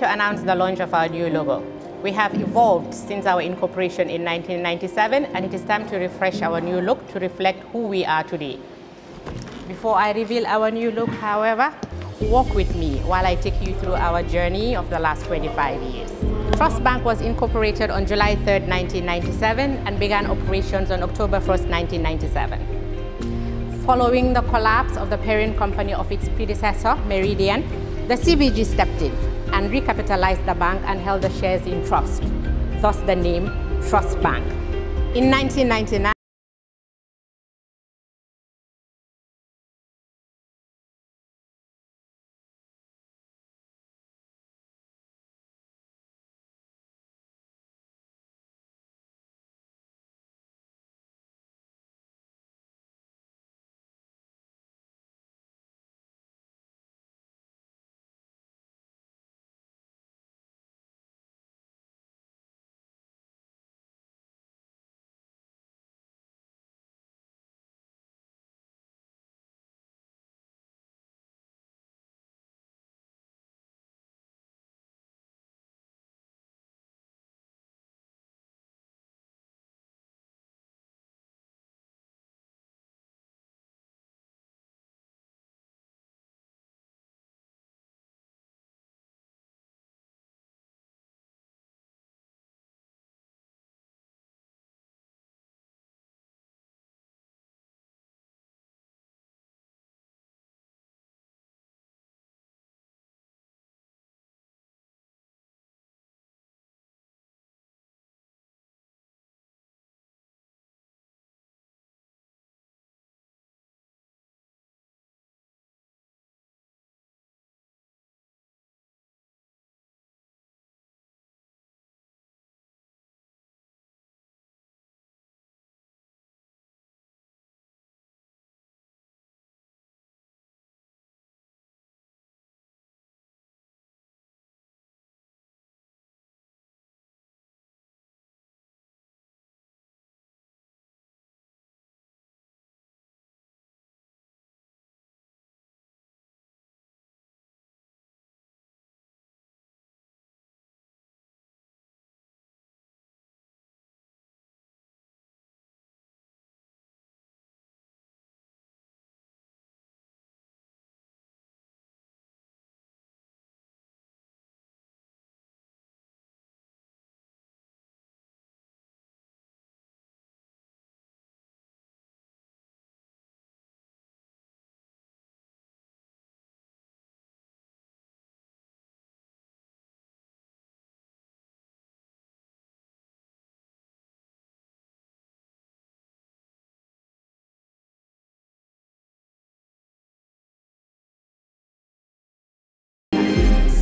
to announce the launch of our new logo. We have evolved since our incorporation in 1997 and it is time to refresh our new look to reflect who we are today. Before I reveal our new look, however, walk with me while I take you through our journey of the last 25 years. Trust Bank was incorporated on July 3, 1997 and began operations on October 1, 1997. Following the collapse of the parent company of its predecessor, Meridian, the CBG stepped in and recapitalized the bank and held the shares in trust, thus the name Trust Bank. In 1999,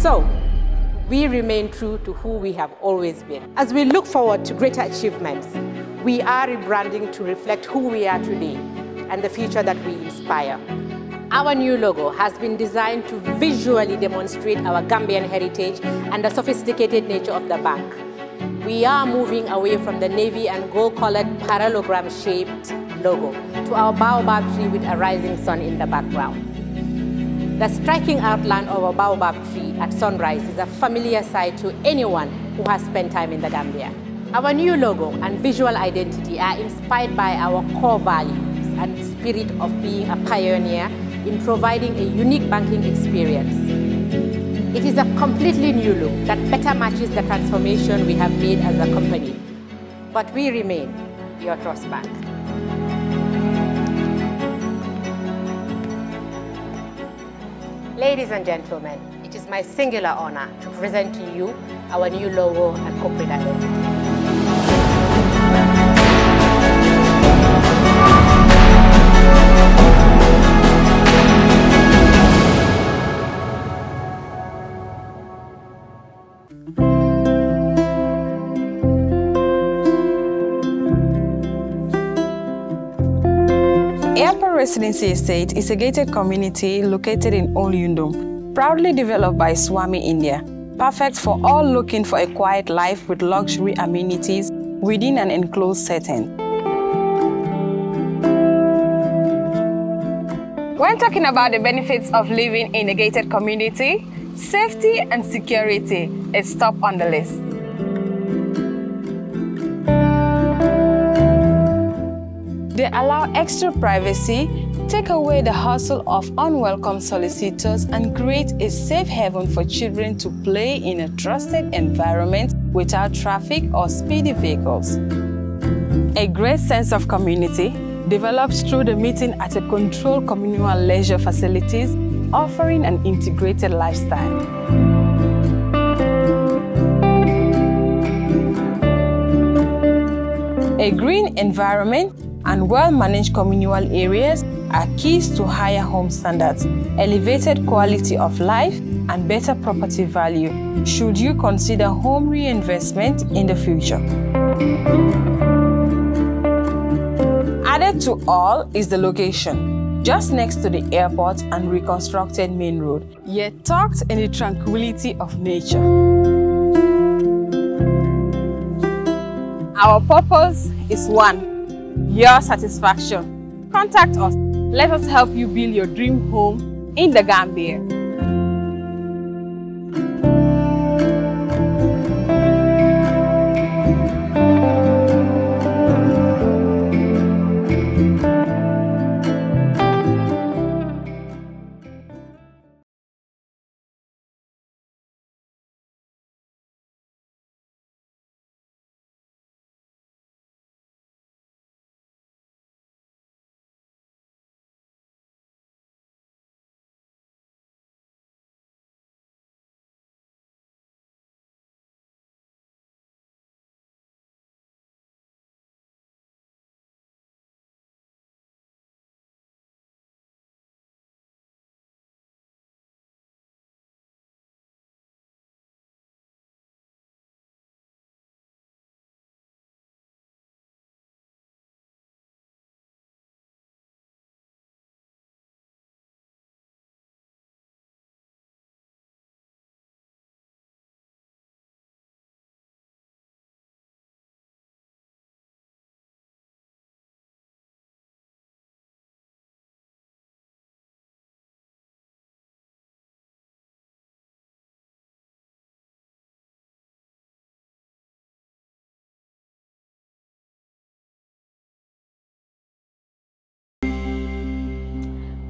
So, we remain true to who we have always been. As we look forward to greater achievements, we are rebranding to reflect who we are today and the future that we inspire. Our new logo has been designed to visually demonstrate our Gambian heritage and the sophisticated nature of the bank. We are moving away from the navy and gold-colored parallelogram-shaped logo to our baobab tree with a rising sun in the background. The striking outline of a baobab tree at sunrise is a familiar sight to anyone who has spent time in the Gambia. Our new logo and visual identity are inspired by our core values and spirit of being a pioneer in providing a unique banking experience. It is a completely new look that better matches the transformation we have made as a company. But we remain your trust bank. Ladies and gentlemen, it is my singular honor to present to you our new logo and corporate identity. Residency Estate is a gated community located in Olyundum, proudly developed by Swami India, perfect for all looking for a quiet life with luxury amenities within an enclosed setting. When talking about the benefits of living in a gated community, safety and security is top on the list. They allow extra privacy, take away the hustle of unwelcome solicitors, and create a safe haven for children to play in a trusted environment without traffic or speedy vehicles. A great sense of community develops through the meeting at a controlled communal leisure facilities, offering an integrated lifestyle. a green environment and well-managed communal areas are keys to higher home standards, elevated quality of life, and better property value should you consider home reinvestment in the future. Added to all is the location just next to the airport and reconstructed main road, yet tucked in the tranquility of nature. Our purpose is one, your satisfaction. Contact us. Let us help you build your dream home in the Gambia.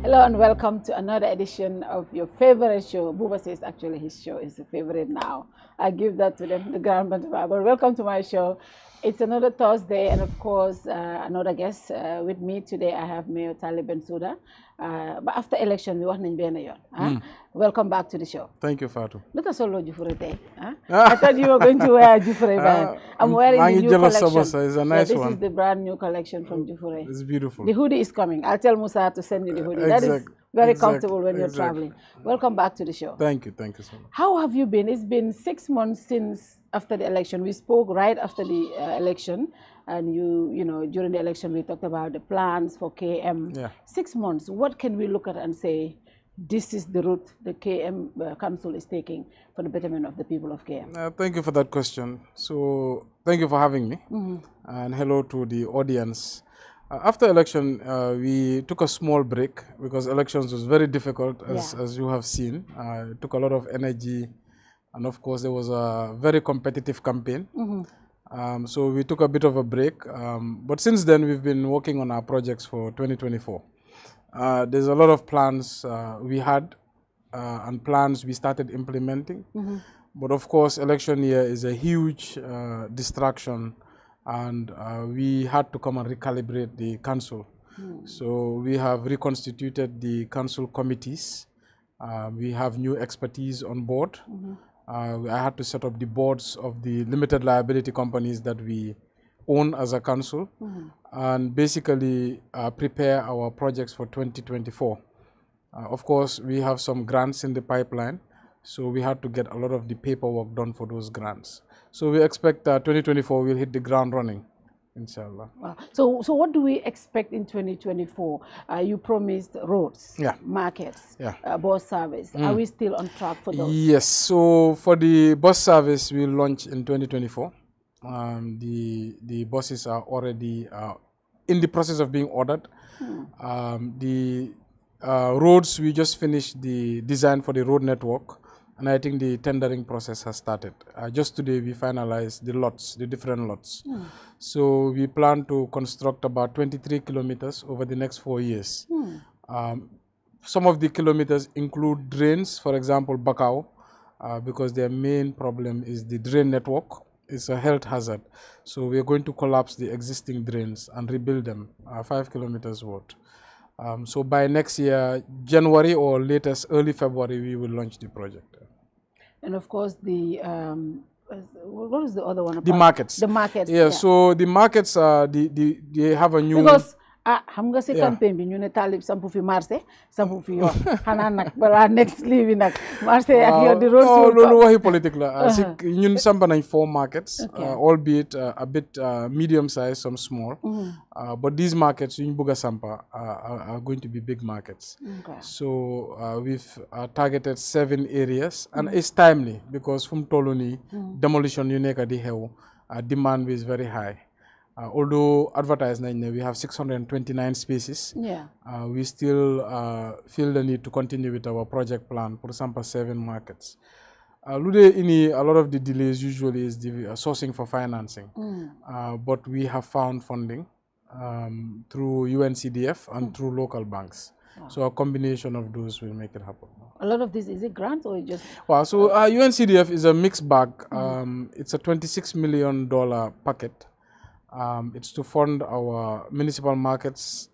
Hello and welcome to another edition of your favorite show. Buba says actually his show is a favorite now. I give that to them, the grand Bible. Welcome to my show. It's another Thursday, and of course, uh, another guest uh, with me today. I have Mayor Tali Bensouda. Uh, but after election, we want to be yon. Hmm. Welcome back to the show. Thank you, Fatou. Look at solo Jufure day. Huh? Ah. I thought you were going to wear Jufure ah, band. I'm wearing i the new collection. It's a nice yeah, this one. is the brand new collection from Jufure. It's beautiful. The hoodie is coming. I'll tell Musa to send you the hoodie. Exactly. That is very exactly. comfortable when you're exactly. traveling. Welcome back to the show. Thank you. Thank you so much. How have you been? It's been six months since after the election. We spoke right after the uh, election, and you, you know, during the election, we talked about the plans for KM. Yeah. Six months. What can we look at and say? This is the route the KM uh, Council is taking for the betterment of the people of KM. Uh, thank you for that question. So, thank you for having me. Mm -hmm. And hello to the audience. Uh, after election, uh, we took a small break because elections was very difficult, as, yeah. as you have seen. Uh, it took a lot of energy, and of course, there was a very competitive campaign. Mm -hmm. um, so we took a bit of a break, um, but since then, we've been working on our projects for 2024. Uh, there's a lot of plans uh, we had uh, and plans we started implementing, mm -hmm. but of course, election year is a huge distraction and uh, we had to come and recalibrate the council. Mm. So we have reconstituted the council committees. Uh, we have new expertise on board. Mm -hmm. uh, I had to set up the boards of the limited liability companies that we own as a council mm -hmm. and basically uh, prepare our projects for 2024. Uh, of course, we have some grants in the pipeline, so we had to get a lot of the paperwork done for those grants. So we expect that 2024 will hit the ground running. Inshallah. So, so what do we expect in 2024? Uh, you promised roads, yeah. markets, yeah. Uh, bus service. Mm. Are we still on track for those? Yes. So for the bus service, we launch in 2024. Um, the the buses are already uh, in the process of being ordered. Hmm. Um, the uh, roads we just finished the design for the road network and I think the tendering process has started. Uh, just today we finalized the lots, the different lots. Mm. So we plan to construct about 23 kilometers over the next four years. Mm. Um, some of the kilometers include drains, for example, Bakau, uh, because their main problem is the drain network. It's a health hazard. So we're going to collapse the existing drains and rebuild them, uh, five kilometers worth. Um, so by next year, January or latest early February, we will launch the project and of course the um, what is the other one? About? The markets. The markets. Yeah, yeah, So the markets are the, the they have a new because ah xam nga si campagne bi ñu ne taalib sampu fi marché sampu fi yoon xanaa nag balaa next lii bi nag marché ak di road oh, show loolu waxi la uh-huh. si ñun samp nañ four markets uh, albeit uh, a bit uh, medium size some small mm-hmm. but these markets yu ñu bëgg a sampa are going to be big markets so we've targeted seven areas and mm-hmm. it's timely because fu mu toll nii mm-hmm. demolition yu nekk di xew demand bi very high Uh, although advertised we have 629 species, yeah. Uh, we still uh, feel the need to continue with our project plan for sample seven markets. Uh, a lot of the delays usually is the uh, sourcing for financing, mm. Uh, but we have found funding um, through UNCDF and mm. through local banks. Wow. So a combination of those will make it happen. A lot of this, is it grants or just? Well, so UNCDF is a mixed bag. Mm. Um, it's a $26 million packet um, it's to fund our municipal markets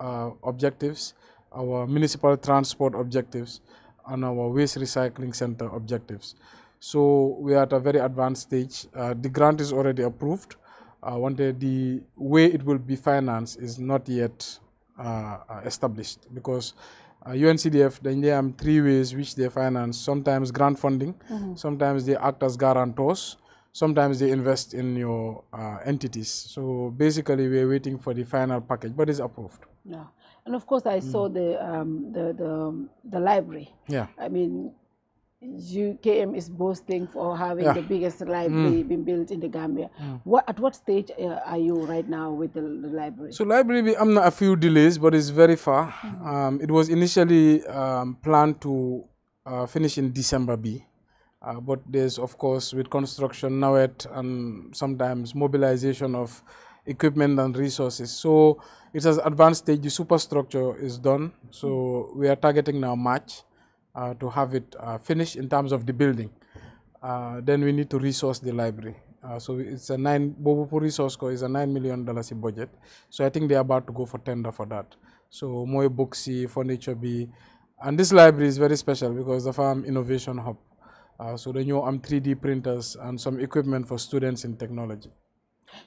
uh, objectives, our municipal transport objectives, and our waste recycling center objectives. So we are at a very advanced stage. Uh, the grant is already approved. Uh, one day the way it will be financed is not yet uh, uh established because UNCDF, uh, they have three ways which they finance. Sometimes grant funding, mm -hmm. sometimes they act as guarantors, sometimes they invest in your uh, entities. So basically, we're waiting for the final package, but it's approved. Yeah, and of course, I mm. saw the, um, the, the um, the library. Yeah, I mean, UKM is boasting for having yeah. the biggest library mm. being built in the Gambia. Mm. What at what stage uh, are you right now with the, the library? So library, I'm not a few delays, but it's very far. Mm. Um, it was initially um, planned to uh, finish in December B. Uh, but there's, of course, with construction now it and sometimes mobilization of equipment and resources. So it's an advanced stage. The superstructure is done. So we are targeting now March uh, to have it uh, finished in terms of the building. Uh, then we need to resource the library. Uh, so it's a nine Bobopo resource is a nine million dollars budget. So I think they're about to go for tender for that. So more booksy furniture be, and this library is very special because the farm innovation hub. Uh, so they know I'm 3D printers and some equipment for students in technology.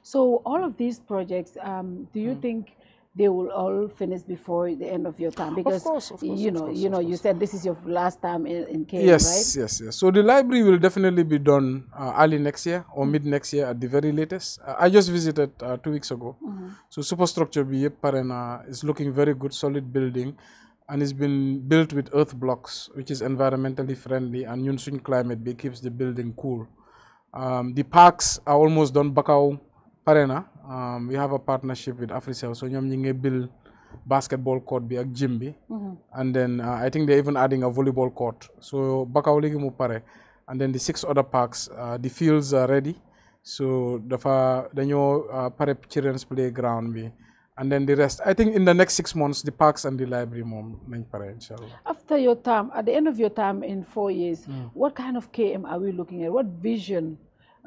So all of these projects, um, do you mm. think they will all finish before the end of your time because of course, of course, you know course, you know you said this is your last time in, in KM, yes right? yes yes so the library will definitely be done uh, early next year or mm mid next year at the very latest uh, i just visited uh, two weeks ago mm -hmm. so superstructure be parana is looking very good solid building and it's been built with earth blocks, which is environmentally friendly, and Yunsun climate be keeps the building cool. Um, the parks are almost done. Bakau Parena, um, we have a partnership with AfriCell, so you ñi build basketball court be ak gym mm-hmm. And then uh, I think they're even adding a volleyball court. So Bakau legi pare. And then the six other parks, uh, the fields are ready. So dafa new uh, pare children's playground bi and then the rest. I think in the next six months, the parks and the library mom inshallah. After your term, at the end of your term in four years, mm. what kind of KM are we looking at? What vision?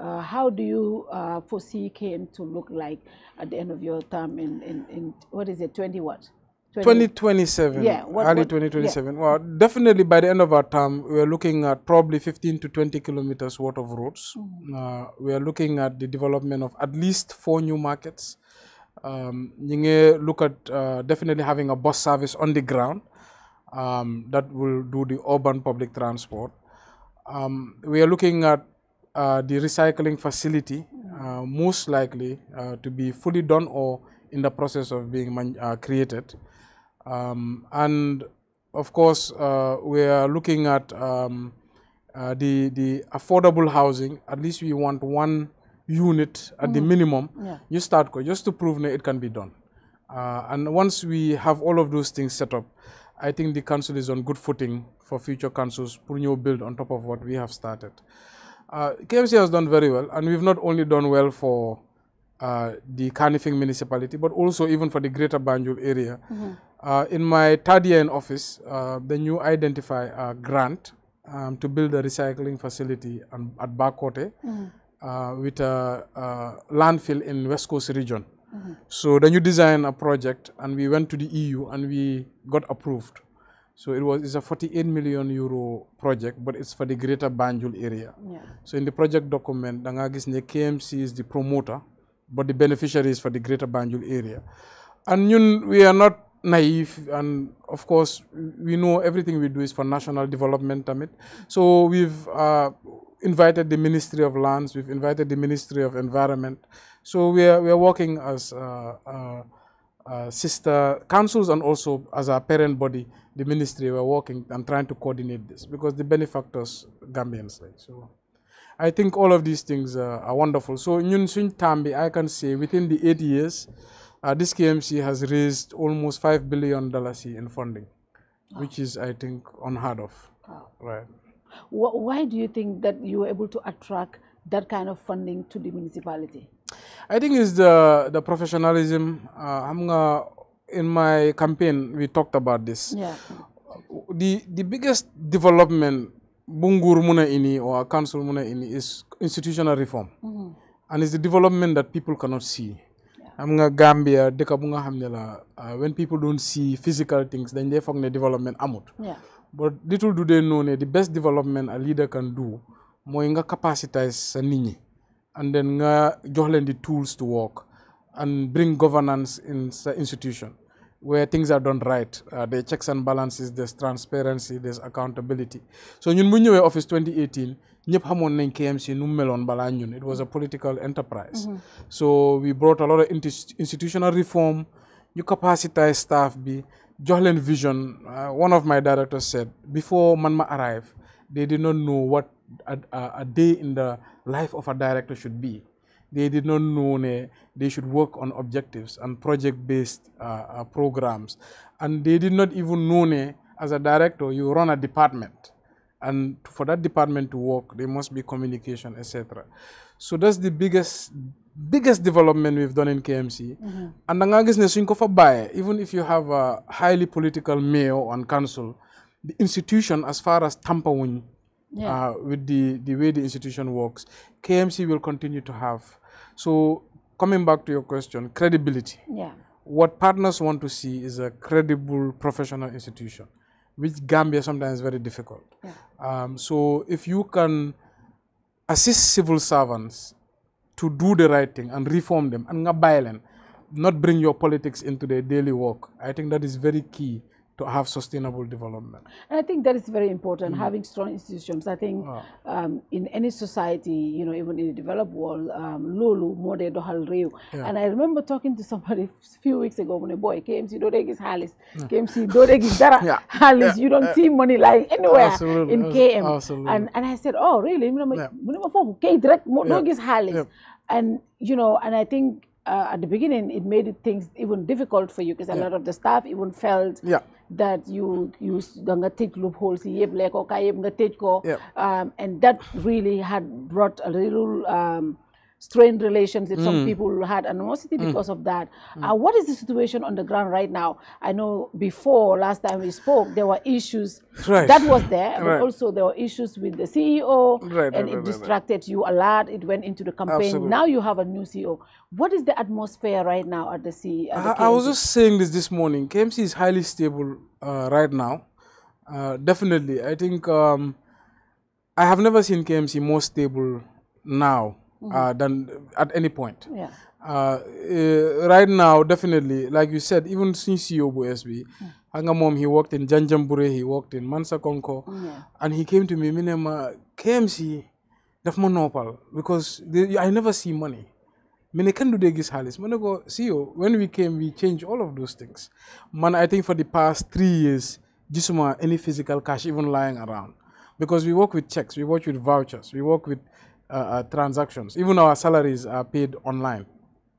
Uh, how do you uh, foresee KM to look like at the end of your term in, in, in what is it, 20 what? 20, 2027, yeah, what, early what, 2027. Yeah. Well, definitely by the end of our term, we are looking at probably 15 to 20 kilometers worth of roads. Mm -hmm. uh, we are looking at the development of at least four new markets um, look at uh, definitely having a bus service on the ground um, that will do the urban public transport. Um, we are looking at uh, the recycling facility, uh, most likely uh, to be fully done or in the process of being uh, created. Um, and of course, uh, we are looking at um, the, the affordable housing. At least we want one unit at mm. the minimum, yeah. you start just to prove that it can be done. Uh, and once we have all of those things set up, I think the council is on good footing for future councils, your build on top of what we have started. Uh, KMC has done very well, and we've not only done well for uh, the Carnifing municipality, but also even for the greater Banjul area. Mm -hmm. uh, in my third year in office, uh, the new identify grant um, to build a recycling facility at Bakote. Mm -hmm uh, with a, landfill in West Coast region. Mm -hmm. So then you design a project and we went to the EU and we got approved. So it was it's a 48 million euro project, but it's for the greater Banjul area. Yeah. So in the project document, the KMC is the promoter, but the beneficiary is for the greater Banjul area. And we are not naive and of course we know everything we do is for national development summit so we've uh, invited the ministry of lands we've invited the ministry of environment so we are, we are working as uh, uh, uh, sister councils and also as our parent body the ministry we're working and trying to coordinate this because the benefactors gambians right so i think all of these things are, are wonderful so in suñ Tambi, i can say within the eight years uh, this KMC has raised almost $5 billion in funding, wow. which is, I think, unheard of. Wow. Right. Why do you think that you were able to attract that kind of funding to the municipality? I think it's the, the professionalism. Uh, I'm, uh, in my campaign, we talked about this. Yeah. The, the biggest development Bungur Muna Ini or Council Muna Ini is institutional reform. Mm -hmm. And it's the development that people cannot see. am nga Gambia dëkk bu nga xam ne la uh, when people don't see physical things dañ dee foog ne development amut but little do they know ne the best development a leader can do mooy nga capacitize sa nit ñi and then nga jox leen di tools to work and bring governance in sa institution where things are done right uh, checks and balances there's transparency there's accountability so in bu office 2018 we had KMC nu mu it was a political enterprise mm -hmm. so we brought a lot of institutional reform you capacitize staff be jox vision uh, one of my directors said before Manma arrived, they did not know what a, a, a day in the life of a director should be they did not know ne they should work on objectives and project-based uh, uh, programs. And they did not even know ne as a director, you run a department. And for that department to work, there must be communication, etc. So that's the biggest biggest development we've done in KMC. Mm-hmm. And Nangagisne even if you have a highly political mayor and council, the institution as far as Tampawun yeah. uh, with the, the way the institution works, KMC will continue to have. So coming back to your question, credibility. Yeah. What partners want to see is a credible professional institution, which Gambia sometimes very difficult. Yeah. Um, so if you can assist civil servants to do the right thing and reform them and not violent, not bring your politics into their daily work, I think that is very key to have sustainable development. And I think that is very important, mm. having strong institutions. I think ah. um, in any society, you know, even in the developed world, um, lulu, mode dohal reu. And I remember talking to somebody a few weeks ago when a boy, came to doregis Halis, came to doregis Dara, Halis, you don't yeah. see money lying anywhere Absolutely. in KM. Absolutely. And, and I said, oh, really? Yeah. direct And, you know, and I think uh, at the beginning, it made things even difficult for you because a lot of the staff even felt yeah that you use nga tëj loopholes yi yëpp lekkokaay yëpp nga tëj ko and that really had brought a little um, strained relations that mm. some hmm. people had animosity hmm. because mm. of that. Mm. Uh, what is the situation on the ground right now? I know before last time we spoke, there were issues right. that was there, but right. also there were issues with the CEO, right, and it distracted you a lot. It went into the campaign. Absolutely. Now you have a new CEO. What is the atmosphere right now at the CEO? I, I, was just saying this this morning. KMC is highly stable uh, right now. Uh, definitely, I think um, I have never seen KMC more stable now mm -hmm. than uh, at any point. Yeah. Uh, right now, definitely, like you said, even since Yobu SB, yeah. Mm. Angamom, he worked in Janjambure, he worked in Mansa Konko, yeah. and he came to me, Minema, KMC, daf ma because I never see money. mene can du dee gis xaalis ma ne ko CEO when we came we changed all of those things man I think for the past three years gisuma any physical cash even lying around because we work with checks we work with vouchers we work with uh, uh, transactions. Even our salaries are paid online.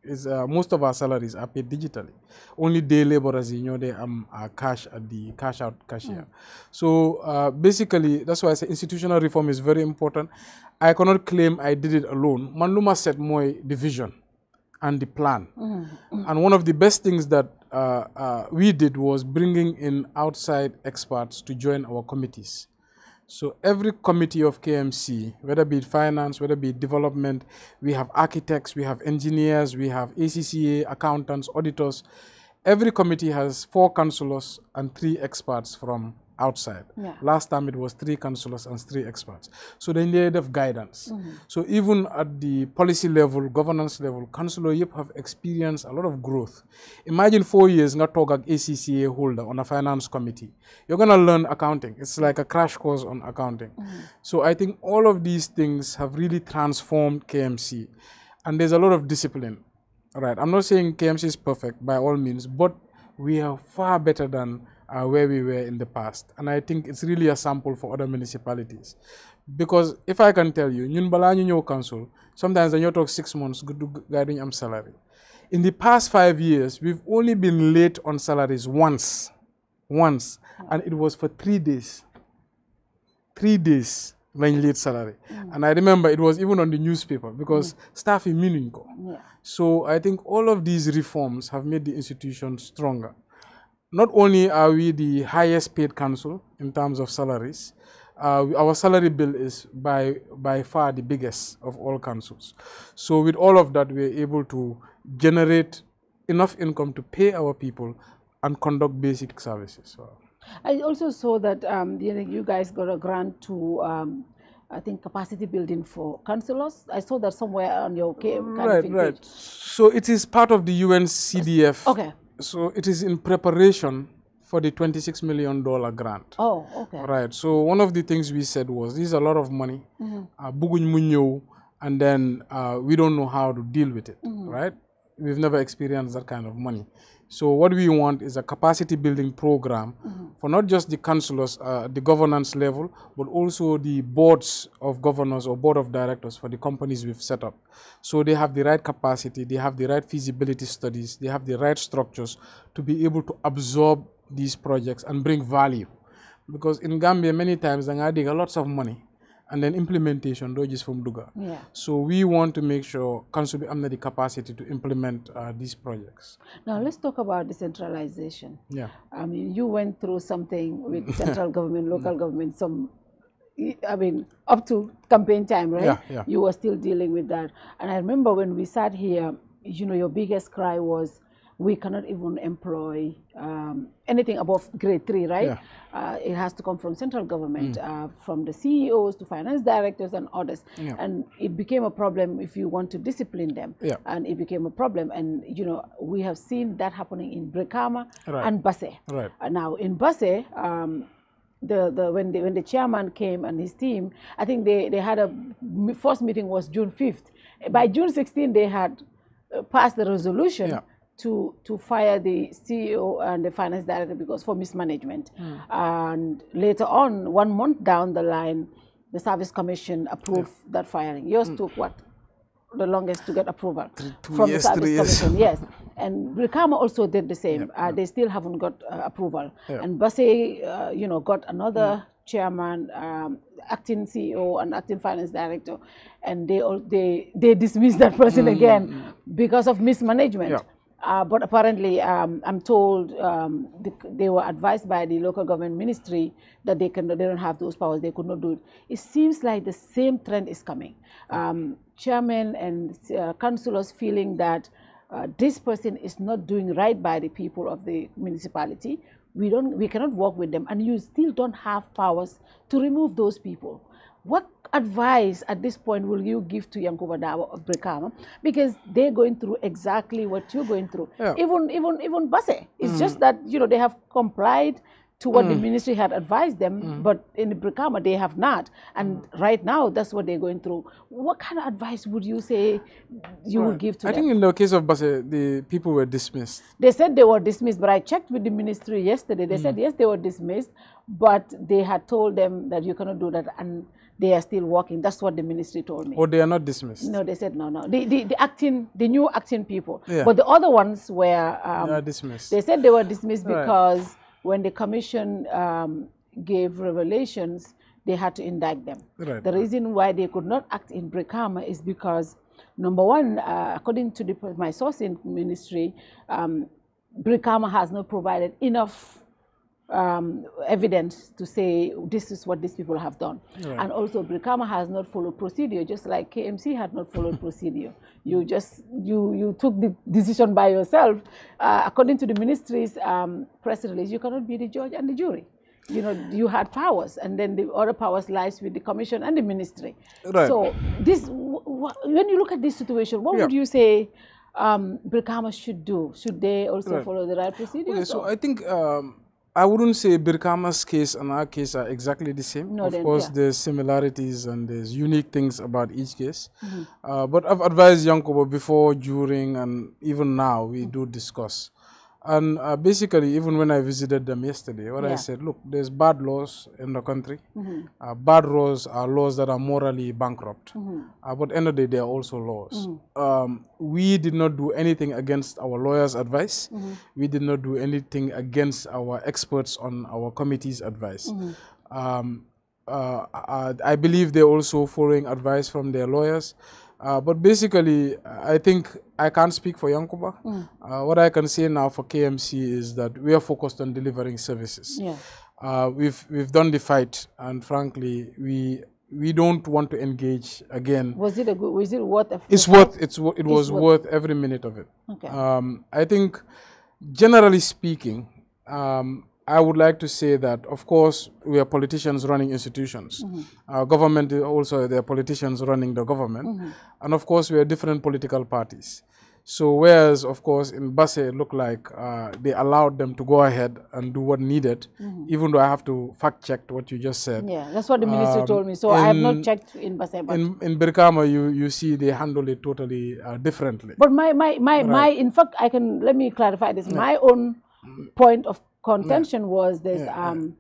Is uh, most of our salaries are paid digitally. Only day laborers, you know, they um, are cash at the cash out cashier. Mm. So uh, basically, that's why I say institutional reform is very important. I cannot claim I did it alone. Manluma set my division and the plan. Mm. And one of the best things that uh, uh, we did was bringing in outside experts to join our committees. So every committee of KMC, whether be finance, whether be development, we have architects, we have engineers, we have ACCA, accountants, auditors. Every committee has four councillors and three experts from outside. Yeah. Last time it was three councillors and three experts. So they need of guidance. Mm -hmm. So even at the policy level, governance level, councillor Yip have experienced a lot of growth. Imagine four years not talk at ACCA holder on a finance committee. You're going to learn accounting. It's like a crash course on accounting. Mm -hmm. So I think all of these things have really transformed KMC. And there's a lot of discipline. Right, right. I'm not saying KMC is perfect by all means, but we are far better than uh, where we were in the past. And I think it's really a sample for other municipalities. Because if I can tell you, ñun balaa council sometimes you talk six months good gaay am salary. In the past five years, we've only been late on salaries once, once, and it was for three days. Three days lañ late salary. Mm. And I remember it was even on the newspaper because mm. staff in mënuñ So I think all of these reforms have made the institution stronger not only are we the highest paid council in terms of salaries, uh, our salary bill is by by far the biggest of all councils. So with all of that, we're able to generate enough income to pay our people and conduct basic services. So. I also saw that um, you guys got a grant to um I think capacity building for councillors. I saw that somewhere on your right, right. Page. So it is part of the UNCDF. okay. So it is in preparation for the $26 million grant. Oh, okay. Right. So one of the things we said was, this is a lot of money. Buguny mm -hmm. and then uh, we don't know how to deal with it, mm -hmm. right? We've never experienced that kind of money. So what we want is a capacity building program mm -hmm. for not just the councillors, uh, the governance level, but also the boards of governors or board of directors for the companies we've set up. So they have the right capacity, they have the right feasibility studies, they have the right structures to be able to absorb these projects and bring value. Because in Gambia, many times, they adding lots of money and then implementation do is from Duga. Yeah. So we want to make sure council am the capacity to implement uh, these projects. Now let's talk about decentralization. Yeah. I mean, you went through something with central government, mm. local government, some. I mean, up to campaign time, right? Yeah, yeah. You were still dealing with that, and I remember when we sat here. You know, your biggest cry was we cannot even employ um, anything above grade three, right? Yeah. Uh, it has to come from central government, mm. uh, from the CEOs to finance directors and others. Yeah. And it became a problem if you want to discipline them. Yeah. And it became a problem. And, you know, we have seen that happening in Brekama right. and Basse. Right. Uh, now, in Basse, um, the, the when the when the chairman came and his team, I think they, they had a first meeting was June 5th. By June 16, they had uh, passed the resolution to to fire the CEO and the finance director because for mismanagement. Mm. And later on, one month down the line, the service commission approved yeah. that firing. Yours mm. took what? The longest to get approval three, from years, the service commission. Years. Yes. And Brikama also did the same. Yep, uh, yep. They still haven't got uh, approval. Yep. And Basse, uh, you know, got another hmm. chairman, um, acting CEO, and acting finance director, and they all, they they dismissed that person mm again hmm. because of mismanagement. Uh, but apparently, um, I'm told um, the, they were advised by the local government ministry that they can they don't have those powers. They could not do it. It seems like the same trend is coming. Um, chairman and uh, councillors feeling that uh, this person is not doing right by the people of the municipality. We don't we cannot work with them, and you still don't have powers to remove those people. What advice at this point will you give to Yankuba of Brikama? Because they're going through exactly what you're going through. Yeah. Even even even Base. It's mm. just that you know they have complied to what mm. the ministry had advised them, mm. but in the Brikama they have not. And mm. right now that's what they're going through. What kind of advice would you say you would give to I them? I think in the case of Base, the people were dismissed. They said they were dismissed, but I checked with the ministry yesterday. They mm. said yes, they were dismissed, but they had told them that you cannot do that and they are still working. That's what the ministry told me. Or oh, they are not dismissed. No, they said no, no. The, the, the acting, the new acting people. Yeah. But the other ones were um, they dismissed. They said they were dismissed right. because when the commission um, gave revelations, they had to indict them. Right. The reason why they could not act in Brekama is because, number one, uh, according to the, my source in ministry, um, Brikama has not provided enough um, evidence to say this is what these people have done. Right. And also, Brikama has not followed procedure, just like KMC had not followed procedure. You just you you took the decision by yourself. Uh, according to the ministry's um, press release, you cannot be the judge and the jury. You know, you had powers, and then the other powers lies with the commission and the ministry. Right. So this, when you look at this situation, what yeah. would you say? Um, Brikama should do? Should they also right. follow the right procedures? Okay, so I think um, I wouldn't say Birkama's case and our case are exactly the same. No, of then, course, yeah. there's similarities and there's unique things about each case. Mm -hmm. uh, but I've advised Yankobo before, during, and even now we mm -hmm. do discuss and uh, basically, even when I visited them yesterday, what yeah. I said, look, there's bad laws in the country. Mm -hmm. uh, bad laws are laws that are morally bankrupt. Mm -hmm. uh, but end of the day, they are also laws. Mm -hmm. um, we did not do anything against our lawyers' advice. Mm-hmm. We did not do anything against our experts on our committee's advice. Mm-hmm. Um, I, uh, uh, I believe they're also following advice from their lawyers. Uh, but basically, I think I can't speak for Yankuba. Mm. Uh, what I can say now for KMC is that we are focused on delivering services. Yeah. Uh, we've we've done the fight, and frankly, we we don't want to engage again. Was it a good? Was it worth? A it's worth. It's it it's was worth. worth. every minute of it. Okay. Um, I think, generally speaking, um, I would like to say that, of course, we are politicians running institutions. Mm -hmm. Our government also, they are politicians running the government. Mm -hmm. And of course, we are different political parties. So whereas, of course, in Basse, it looked like uh, they allowed them to go ahead and do what needed, mm -hmm. even though I have to fact check what you just said. Yeah, that's what the minister um, told me. So in, I have not um, checked in Basse. But in, in Birkama, you, you see they handle it totally uh, differently. But my, my, my, right. my, in fact, I can, let me clarify this. Yeah. My own point of contention yeah. was this yeah, um,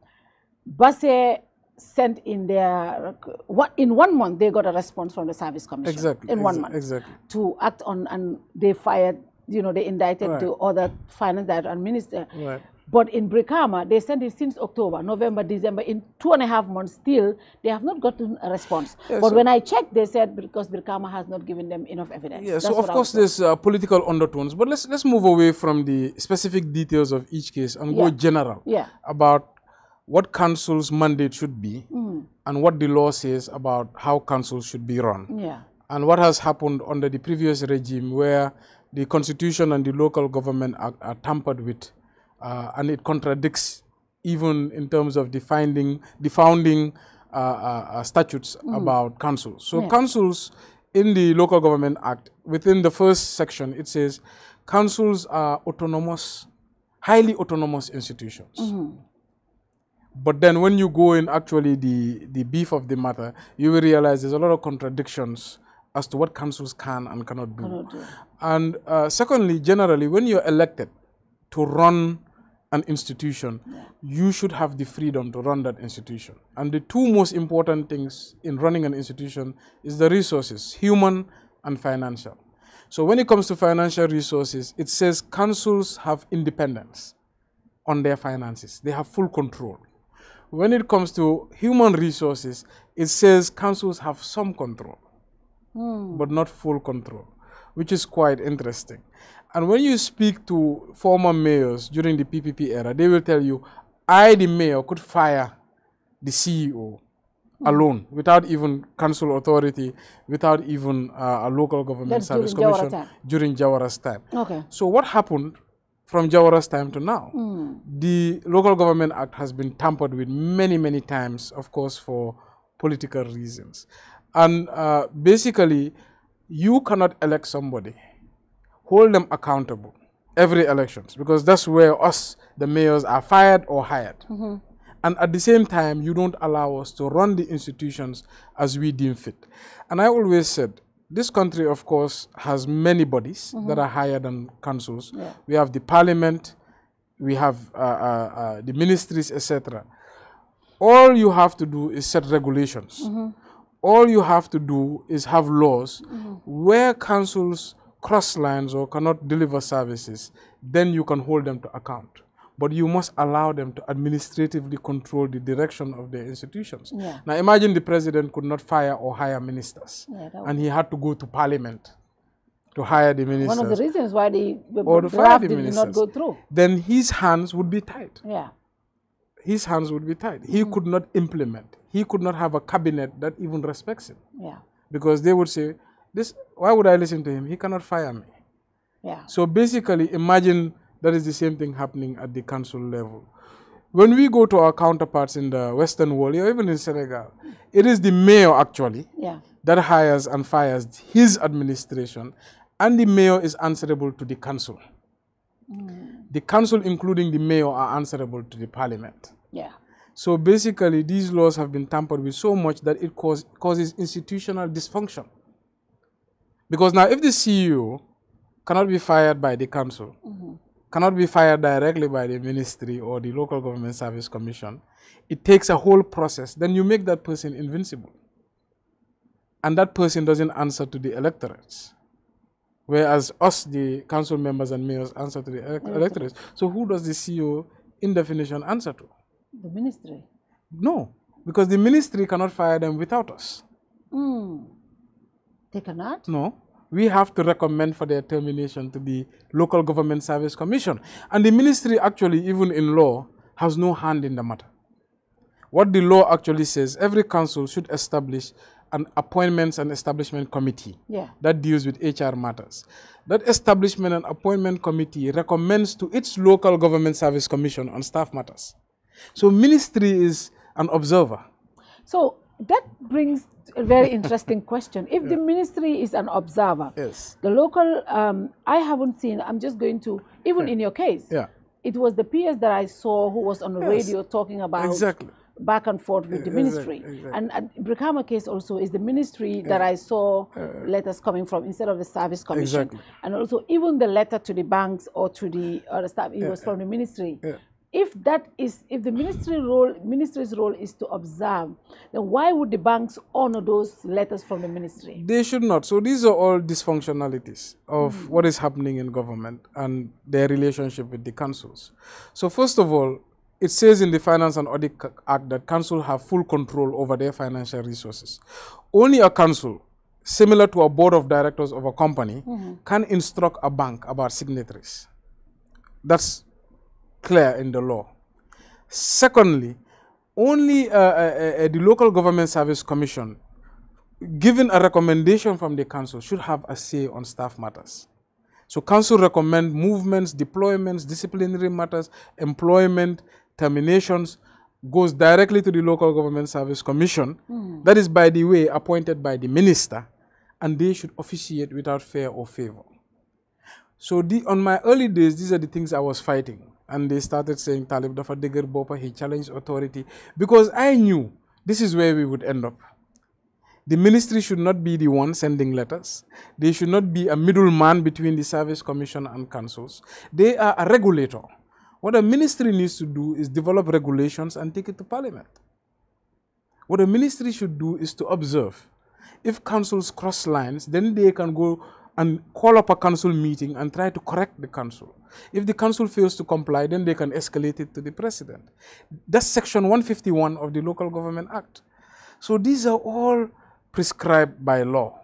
Basse sent in their what in one month they got a response from the service commission exactly in one month exactly to act on and they fired you know they indicted right. the other finance director and minister right. But in Brikama, they sent it since October, November, December. In two and a half months, still, they have not gotten a response. Yeah, but so when I checked, they said because Brikama has not given them enough evidence. Yeah, That's so of course there's uh, political undertones. But let's, let's move away from the specific details of each case and yeah. go general yeah. about what council's mandate should be mm. and what the law says about how councils should be run. Yeah. And what has happened under the previous regime where the constitution and the local government are, are tampered with uh, and it contradicts even in terms of defining the founding uh, uh, uh, statutes mm. about councils. So yeah. councils in the Local Government Act, within the first section, it says councils are autonomous, highly autonomous institutions. Mm -hmm. But then when you go in actually the, the beef of the matter, you will realize there's a lot of contradictions as to what councils can and cannot do. Cannot do. And uh, secondly, generally, when you're elected to run an institution, you should have the freedom to run that institution. And the two most important things in running an institution is the resources, human and financial. So when it comes to financial resources, it says councils have independence on their finances. They have full control. When it comes to human resources, it says councils have some control, mm. but not full control, which is quite interesting. And when you speak to former mayors during the PPP era, they will tell you, I, the mayor, could fire the CEO alone without even council authority, without even uh, a local government That's service commission Jawara during Jawara's time. Okay. So what happened from Jawara's time to now? Mm. The Local Government Act has been tampered with many, many times, of course, for political reasons. And uh, basically, you cannot elect somebody hold them accountable every elections because that's where us, the mayors, are fired or hired. Mm -hmm. And at the same time, you don't allow us to run the institutions as we deem fit. And I always said, this country, of course, has many bodies mm -hmm. that are higher than councils. Yeah. We have the parliament, we have uh, uh, uh, the ministries, etc. All you have to do is set regulations. Mm -hmm. All you have to do is have laws mm -hmm. where councils cross lines or cannot deliver services, then you can hold them to account. But you must allow them to administratively control the direction of their institutions. Yeah. Now imagine the president could not fire or hire ministers, yeah, and he had to go to parliament to hire the ministers. One of the reasons why the, the or fire the ministers, did not go through. Then his hands would be tied. Yeah. His hands would be tied. He mm. could not implement. He could not have a cabinet that even respects him. Yeah. Because they would say, this, why would I listen to him? He cannot fire me. Yeah. So basically, imagine that is the same thing happening at the council level. When we go to our counterparts in the Western world, or even in Senegal, it is the mayor actually yeah. that hires and fires his administration, and the mayor is answerable to the council. Mm. The council, including the mayor, are answerable to the parliament. Yeah. So basically, these laws have been tampered with so much that it cause, causes institutional dysfunction. Because now, if the CEO cannot be fired by the council, mm -hmm. cannot be fired directly by the ministry or the local government service commission, it takes a whole process. Then you make that person invincible. And that person doesn't answer to the electorates. Whereas us, the council members and mayors, answer to the okay. electorates. So who does the CEO, in definition, answer to? The ministry. No, because the ministry cannot fire them without us. Mm. They cannot? No. We have to recommend for their termination to the Local Government Service Commission. And the ministry actually, even in law, has no hand in the matter. What the law actually says, every council should establish an appointments and establishment committee yeah. that deals with HR matters. That establishment and appointment committee recommends to its local government service commission on staff matters. So ministry is an observer. So that brings a very interesting question. If yeah. the ministry is an observer, yes. the local, um, I haven't seen, I'm just going to, even yeah. in your case, yeah. it was the peers that I saw who was on the yes. radio talking about exactly. back and forth with the ministry. Exactly. Exactly. And, and Brikama case also is the ministry that I saw letters coming from instead of the service commission. And also even the letter to the banks or to the, other staff, it was from the ministry if that is if the ministry role ministry's role is to observe then why would the banks honor those letters from the ministry they should not so these are all dysfunctionalities of mm what is happening in government and their relationship with the councils so first of all it says in the finance and audit act that council have full control over their financial resources only a council similar to a board of directors of a company mm -hmm. can instruct a bank about signatories that's clear in the law. Secondly, only uh, uh, uh, the Local Government Service Commission, given a recommendation from the Council, should have a say on staff matters. So Council recommend movements, deployments, disciplinary matters, employment, terminations, goes directly to the Local Government Service Commission. Mm. That is, by the way, appointed by the minister, and they should officiate without fear or favor. So the, on my early days, these are the things I was fighting and they started saying Talib Dafa Deger Bopa, he challenged authority. Because I knew this is where we would end up. The ministry should not be the one sending letters. They should not be a middleman between the service commission and councils. They are a regulator. What a ministry needs to do is develop regulations and take it to parliament. What a ministry should do is to observe. If councils cross lines, then they can go and call up a council meeting and try to correct the council. If the council fails to comply, then they can escalate it to the president. That's section 151 of the Local Government Act. So these are all prescribed by law.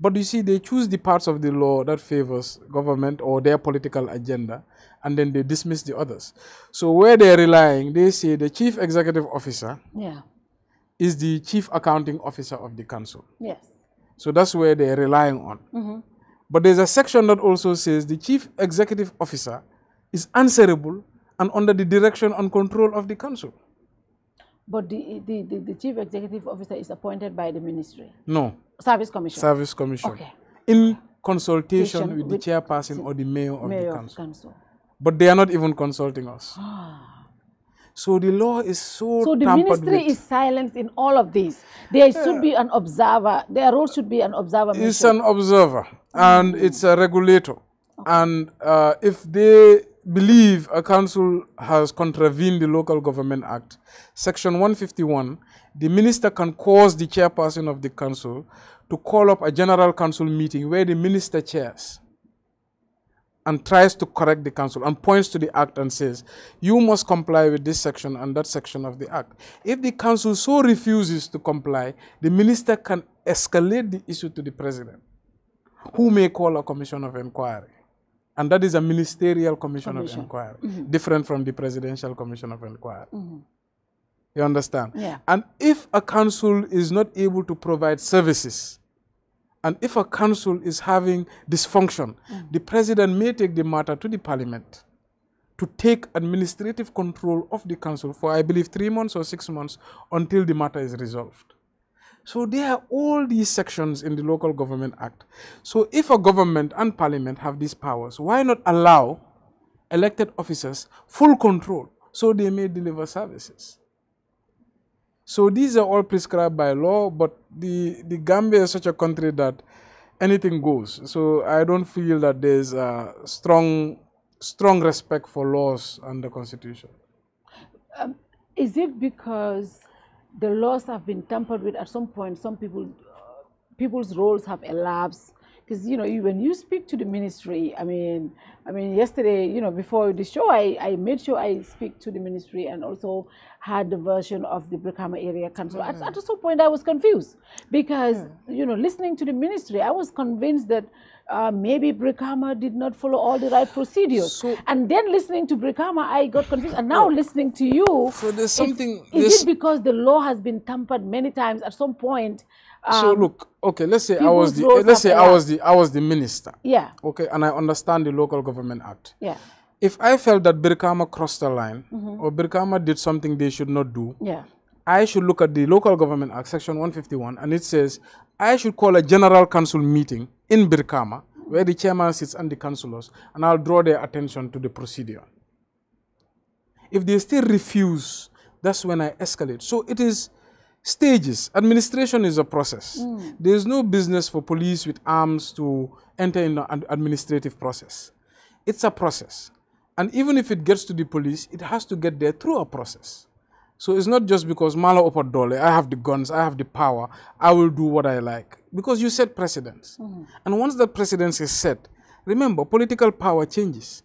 But you see, they choose the parts of the law that favors government or their political agenda, and then they dismiss the others. So where they're relying, they say the chief executive officer yeah. is the chief accounting officer of the council. Yes. So that's where they're relying on. Mm -hmm. But there's a section that also says the chief executive officer is answerable and under the direction and control of the council. But the, the, the, the chief executive officer is appointed by the ministry? No. Service commission? Service commission. Okay. In consultation with, with, the chairperson or the mayor of mayor the council. Of council. But they are not even consulting us. Ah. So the law is so. So the ministry with. is silent in all of this. There yeah. should be an observer. Their role should be an observer. It's ministry. an observer, and mm. it's a regulator. Okay. And uh, if they believe a council has contravened the Local Government Act, Section 151, the minister can cause the chairperson of the council to call up a general council meeting where the minister chairs and tries to correct the council and points to the act and says, you must comply with this section and that section of the act. If the council so refuses to comply, the minister can escalate the issue to the president, who may call a commission of inquiry. And that is a ministerial commission, commission. of inquiry, mm -hmm. different from the presidential commission of inquiry. Mm -hmm. You understand? Yeah. And if a council is not able to provide services, and if a council is having dysfunction, mm. the president may take the matter to the parliament to take administrative control of the council for, I believe, three months or six months until the matter is resolved. So there are all these sections in the Local Government Act. So if a government and parliament have these powers, why not allow elected officers full control so they may deliver services? So these are all prescribed by law, but the, the Gambia is such a country that anything goes. So I don't feel that there's a strong, strong respect for laws and the constitution. Um, is it because the laws have been tampered with at some point? Some people, uh, people's roles have elapsed because you know when you speak to the ministry i mean i mean yesterday you know before the show i i made sure i speak to the ministry and also had the version of the Brikama area council mm. at, at some point i was confused because mm. you know listening to the ministry i was convinced that uh, maybe Brikama did not follow all the right procedures. So, and then listening to Brikama, I got confused. And now oh. listening to you, so there's something. Is, is it because the law has been tampered many times? At some point. Um, so look, okay. Let's say I was the let's say I was the I was the minister. Yeah. Okay, and I understand the Local Government Act. Yeah. If I felt that Birkama crossed the line mm -hmm. or Birkama did something they should not do, yeah. I should look at the Local Government Act, Section 151, and it says I should call a general council meeting in Birkama where the chairman sits and the councillors, and I'll draw their attention to the procedure. If they still refuse, that's when I escalate. So it is stages. Administration is a process. Mm. There is no business for police with arms to enter in an administrative process. It's a process. And even if it gets to the police, it has to get there through a process. So it's not just because Malo Opadole, I have the guns, I have the power, I will do what I like. Because you set precedents. Mm -hmm. And once that precedence is set, remember, political power changes.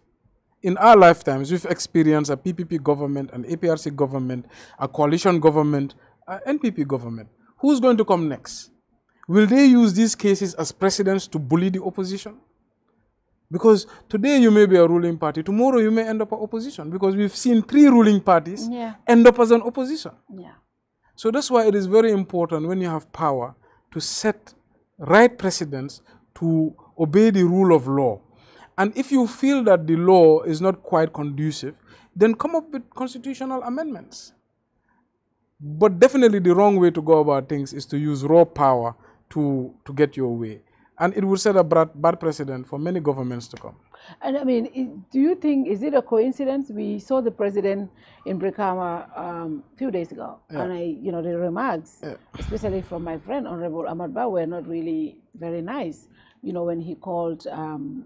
In our lifetimes, we've experienced a PPP government, an APRC government, a coalition government, an NPP government. Who's going to come next? Will they use these cases as precedents to bully the opposition? Because today you may be a ruling party, tomorrow you may end up an opposition. Because we've seen three ruling parties yeah. end up as an opposition. Yeah. So that's why it is very important when you have power to set right precedents to obey the rule of law. And if you feel that the law is not quite conducive, then come up with constitutional amendments. But definitely the wrong way to go about things is to use raw power to, to get your way. And it would set a bad, bad precedent for many governments to come. And I mean, do you think, is it a coincidence? We saw the president in Brikama um, a few days ago, yeah. and I, you know, the remarks, yeah. especially from my friend, Honorable Ahmad Ba, were not really very nice. You know, when he called um,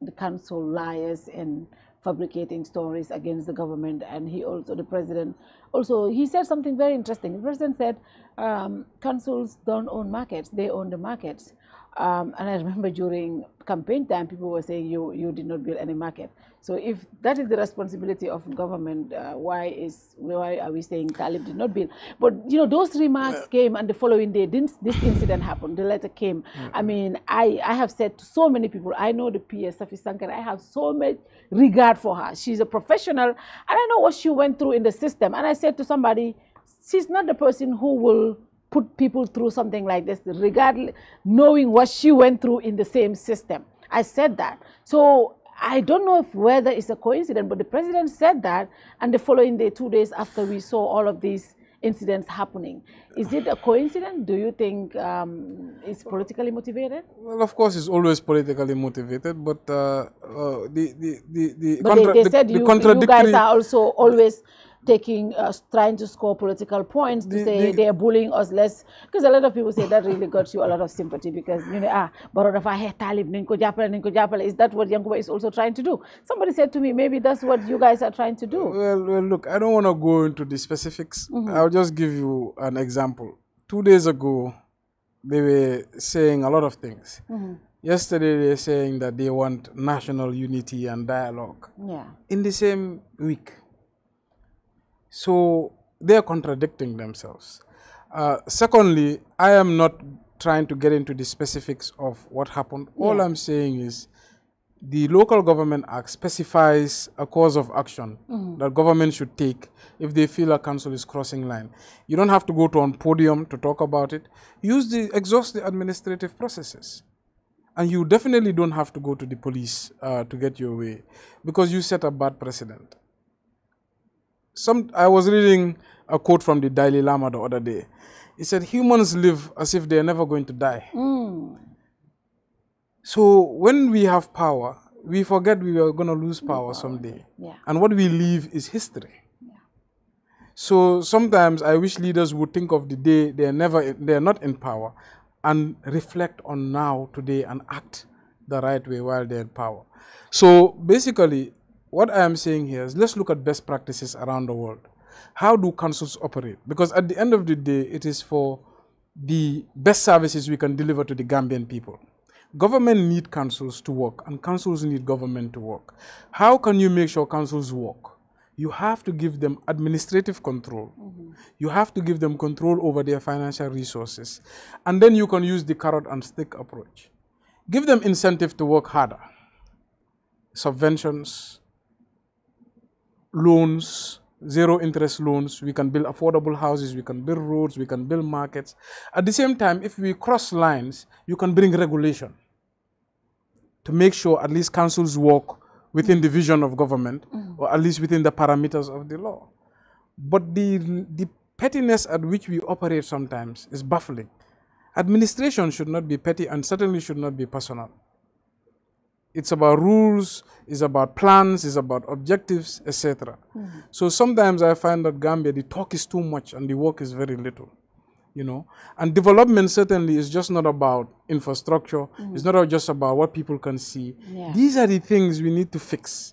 the council liars and fabricating stories against the government and he also the president also he said something very interesting the president said um, councils don't own markets they own the markets um, and I remember during campaign time, people were saying you, you did not build any market. So if that is the responsibility of government, uh, why is why are we saying Talib did not build? But you know those remarks came, and the following day, didn't this incident happen? The letter came. Yeah. Mm. I mean, I I have said to so many people, I know the PS Safi Sankar, I have so much regard for her. She's a professional, and I know what she went through in the system. And I said to somebody, she's not the person who will put people through something like this, regardless, knowing what she went through in the same system. I said that. So I don't know if whether it's a coincidence, but the president said that, and the following day, two days after, we saw all of these incidents happening. Is it a coincidence? Do you think um, it's politically motivated? Well, of course, it's always politically motivated, but uh, uh, the the the the, but they, they said the you, you guys are also always taking uh, trying to score political points to the, say the, they, are bullying us less because a lot of people say that really got you a lot of sympathy because you know ah baradafa hey talib ninko japala ninko japala is that what yankuba is also trying to do somebody said to me maybe that's what you guys are trying to do well, well look i don't want to go into the specifics mm -hmm. i'll just give you an example two days ago they were saying a lot of things mm -hmm. Yesterday they were saying that they want national unity and dialogue. Yeah. In the same week, so they are contradicting themselves. Uh, secondly, I am not trying to get into the specifics of what happened. Yeah. All I'm saying is the Local Government Act specifies a course of action mm -hmm. that government should take if they feel a council is crossing line. You don't have to go to on podium to talk about it. Use the exhaust the administrative processes. And you definitely don't have to go to the police uh, to get your way because you set a bad precedent some I was reading a quote from the Dalai Lama the other day. He said, "Humans live as if they are never going to die." Mm. So when we have power, we forget we are going to lose power, someday. Yeah. And what we leave is history. So sometimes I wish leaders would think of the day they are never they are not in power, and reflect on now today and act the right way while they're in power. So basically, what I am saying here is let's look at best practices around the world. How do councils operate? Because at the end of the day, it is for the best services we can deliver to the Gambian people. Government need councils to work, and councils need government to work. How can you make sure councils work? You have to give them administrative control. Mm -hmm. You have to give them control over their financial resources. And then you can use the carrot and stick approach. Give them incentive to work harder. Subventions, loans, zero interest loans, we can build affordable houses, we can build roads, we can build markets. At the same time, if we cross lines, you can bring regulation to make sure at least councils work within the vision of government mm. or at least within the parameters of the law. But the, the pettiness at which we operate sometimes is baffling. Administration should not be petty and certainly should not be personal. It's about rules, it's about plans, it's about objectives, etc. Mm. So sometimes I find that Gambia, the talk is too much and the work is very little. You know, and development certainly is just not about infrastructure. Mm. It's not just about what people can see. Yeah. These are the things we need to fix.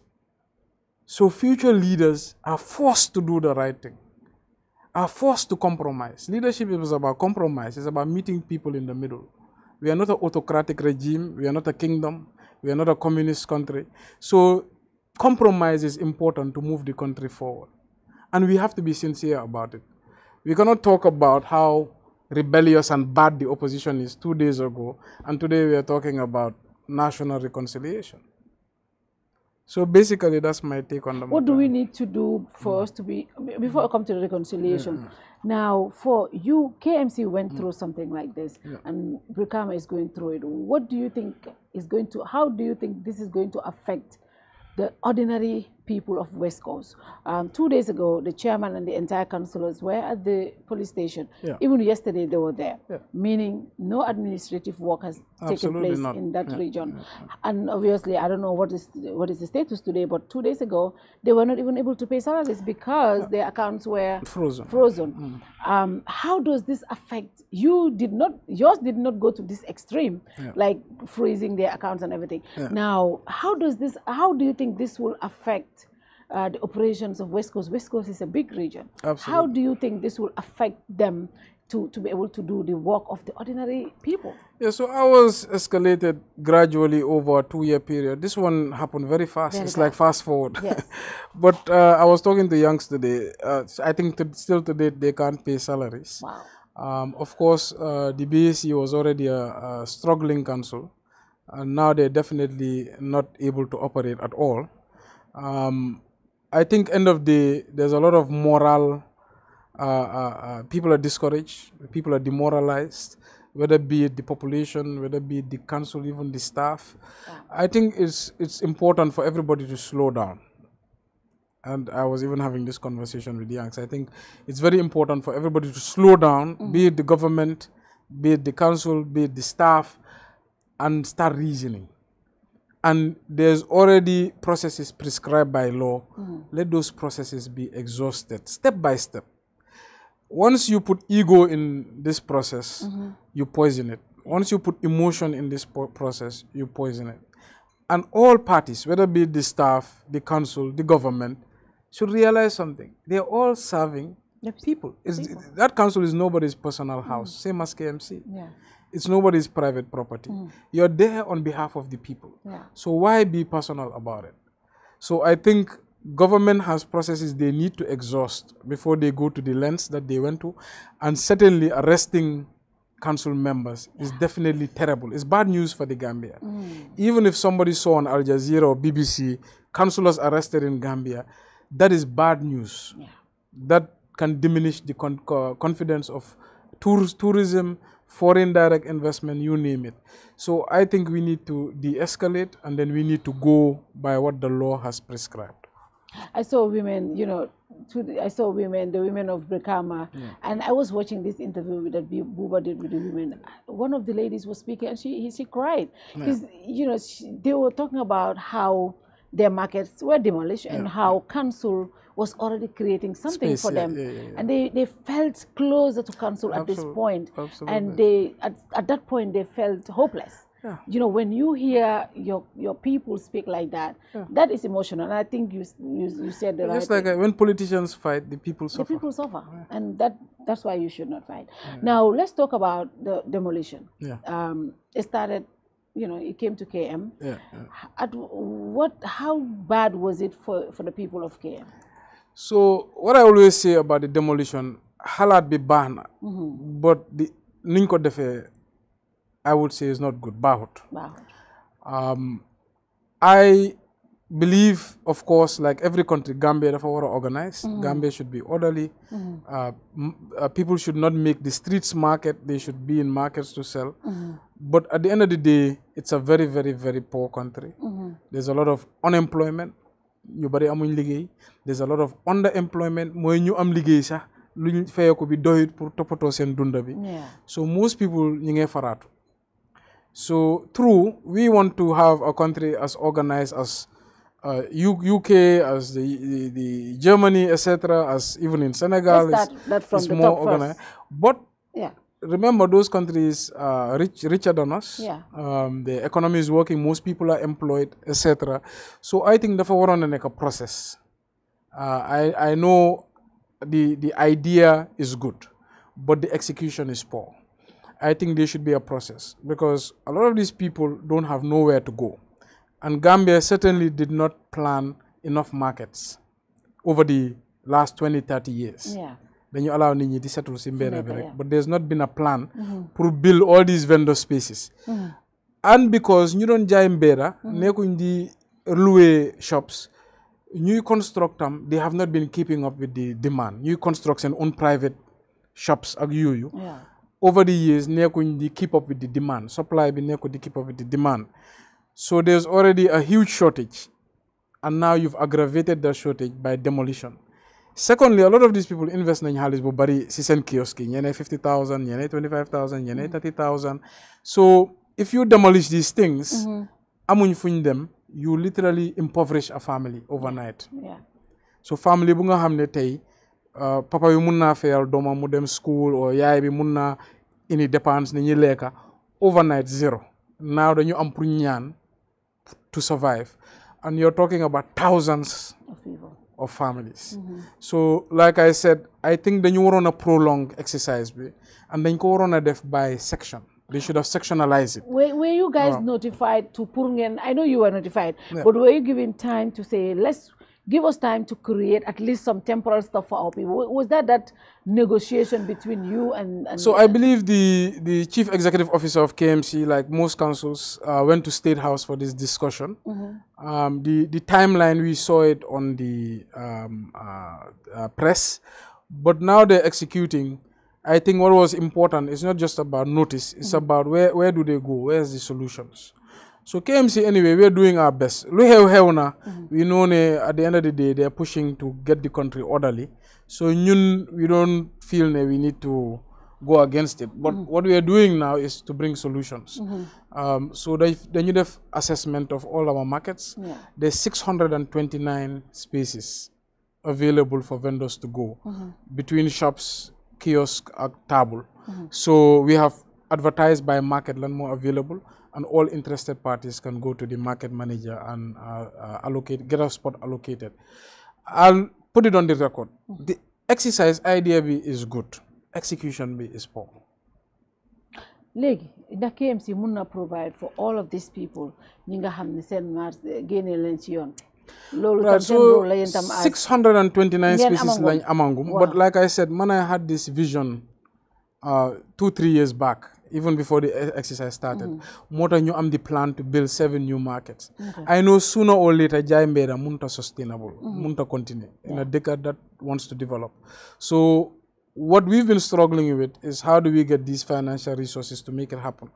So future leaders are forced to do the right thing, are forced to compromise. Leadership is about compromise. It's about meeting people in the middle. We are not an autocratic regime. We are not a kingdom. We are not a communist country. So compromise is important to move the country forward. And we have to be sincere about it. We cannot talk about how rebellious and bad the opposition is two days ago, and today we are talking about national reconciliation. So basically, that's my take on the matter. What do we need to do first mm. to be, before I come to the reconciliation? Yeah. Now, for you, KMC went mm. through something like this, yeah. and Brikama is going through it. What do you think is going to, how do you think this is going to affect the ordinary people of West Coast. Um, two days ago, the chairman and the entire councillors were at the police station. Yeah. Even yesterday, they were there, yeah. meaning no administrative work has Absolutely taken place not. in that yeah. region. And obviously, I don't know what is what is the status today, but two days ago, they were not even able to pay salaries because their accounts were frozen. frozen. Mm. Um, how does this affect you? Did not yours did not go to this extreme, like freezing their accounts and everything. Now, how does this? How do you think this will affect uh, the operations of West Coast. West Coast is a big region. Absolutely. How do you think this will affect them to, to be able to do the work of the ordinary people? Yeah, so was escalated gradually over a two-year period. This one happened very fast. Very it's fast. like fast forward. Yes. but uh, I was talking to youngs today. Uh, I think to, still today they can't pay salaries. Wow. Um, of course, uh, the BAC was already a, a struggling council and uh, now they're definitely not able to operate at all. Um, I think end of the there's a lot of moral. Uh, uh, uh, people are discouraged. People are demoralized. Whether be it the population, whether be it the council, even the staff, yeah. I think it's it's important for everybody to slow down. And I was even having this conversation with Yanks. I think it's very important for everybody to slow down, mm -hmm. be it the government, be it the council, be it the staff, and start reasoning and there's already processes prescribed by law, mm. let those processes be exhausted step by step. Once you put ego in this process, mm -hmm. you poison it. Once you put emotion in this process, you poison it. And all parties, whether it be the staff, the council, the government, should realize something. They're all serving the people. people. That council is nobody's personal house, mm. same as KMC. Yeah it's nobody's private property. Mm. You're there on behalf of the people. Yeah. So why be personal about it? So I think government has processes they need to exhaust before they go to the lengths that they went to. And certainly arresting council members yeah. is definitely terrible. It's bad news for the Gambia. Mm. Even if somebody saw on Al Jazeera or BBC councillors arrested in Gambia, that is bad news. Yeah. That can diminish the con confidence of tour tourism, foreign direct investment, you name it. So I think we need to de-escalate and then we need to go by what the law has prescribed. I saw women, you know, the, I saw women, the women of Brekama, yeah. and I was watching this interview that Buba did with the women. One of the ladies was speaking and she, she cried. Yeah. You know, she, they were talking about how their markets were demolished yeah. and how council was already creating something Space, for them. Yeah, yeah, yeah. And they, they felt closer to council at this point. Absolutely. And they at, at that point, they felt hopeless. Yeah. You know, when you hear your your people speak like that, yeah. that is emotional. And I think you you, you said the Just like uh, when politicians fight, the people suffer. The people suffer, yeah. and that that's why you should not fight. Now let's talk about the demolition. Yeah. Um, it started, you know, it came to KM. Yeah. At what? How bad was it for for the people of KM? So what I always say about the demolition, halad be banned, mm -hmm. but the ninko defe, I would say is not good. Bahut. Um, I believe, of course, like every country, Gambia therefore organized. Mm -hmm. Gambia should be orderly. Mm -hmm. uh, uh, people should not make the streets market. They should be in markets to sell. Mm -hmm. But at the end of the day, it's a very, very, very poor country. Mm-hmm. There's a lot of unemployment ñu amuñ liggéey there's a lot of underemployment mooy ñu am liggéey sax luñ fayeeku bi doyut pour toppatoo seen dunda bi so most people ñi ngay faraatu so through we want to have a country as organized as uh, UK, as the, the, the Germany, etc., as even in Senegal, it's, that, that it's more organized. First. But yeah remember those countries are uh, rich, richer than us. Yeah. Um, the economy is working, most people are employed, etc. So I think therefore we on the a process. Uh, I, I know the, the idea is good, but the execution is poor. I think there should be a process because a lot of these people don't have nowhere to go. And Gambia certainly did not plan enough markets over the last 20, 30 years. Yeah dañu allow nit ñi di settle si mbedd bi rek but there's not been a plan mm-hmm. pour build all these vendor spaces mm-hmm. and because ñu doon jaay mbedda mm-hmm. nekkuñ di louer shops ñuy construct am they have not been keeping up with the demand ñuy construct on own private shops ak over the years nekkuñ di keep up with the demand supply bi nekku di keep up with the demand so there's already a huge shortage and now you've aggravated that shortage by demolition secondly a lot of these people invest in xaalis bu bari si seen kiosque yi fifty thousand Yene five Yene mm-hmm. thirty thousand so if you demolish these things amuñ fuñ dem you literally impoverish a family overnight so family bunga nga xam uh, papa bi mun naa mudem school or yaay bi mun naa ni ñuy overnight zero now the new ampunyan to survive and you're talking about thousands of people of families. Mm-hmm. so like I said I think dañu on a prolonged exercise and then ko waroon a def by section. They should have sectionalized it. Were, were you guys notified to Purungen? I know you were notified, but were you given time to say let's give us time to create at least some temporal stuff for our people. Was that that negotiation between you and... and so I believe the, the chief executive officer of KMC, like most councils, uh, went to State House for this discussion. Mm -hmm. um, the, the timeline, we saw it on the um, uh, uh, press, but now they're executing. I think what was important is not just about notice, it's mm -hmm. about where, where do they go, where's the solutions. So KMC, anyway, we're doing our best. We have, hell now. We know ne, at the end of the day, they're pushing to get the country orderly. So nyun, we don't feel ne, we need to go against it. But mm -hmm. what we are doing now is to bring solutions. Mm -hmm. um, so the, the new assessment of all our markets, yeah. there's 629 spaces available for vendors to go mm -hmm. between shops, kiosk, and table. Mm-hmm. So we have advertised by market land more available and all interested parties can go to the market manager and uh, uh allocate, get a spot allocated. I'll put it on the record. Mm-hmm. The exercise idea B is good, execution B is poor. léegi ndax KMC muna provide for all of these people Ninga ham xam mars génne leen ci yoon six hundred and twenty nine species lañ amangum but like I said man I had this vision uh, two three years back even before the exercise started mm. moo tax am the plan to build seven new markets I know sooner or later jaay mbeeda munta sustainable mm-hmm. munta continue in a decade that wants to develop so what we've been struggling with is how do we get these financial resources to make it happen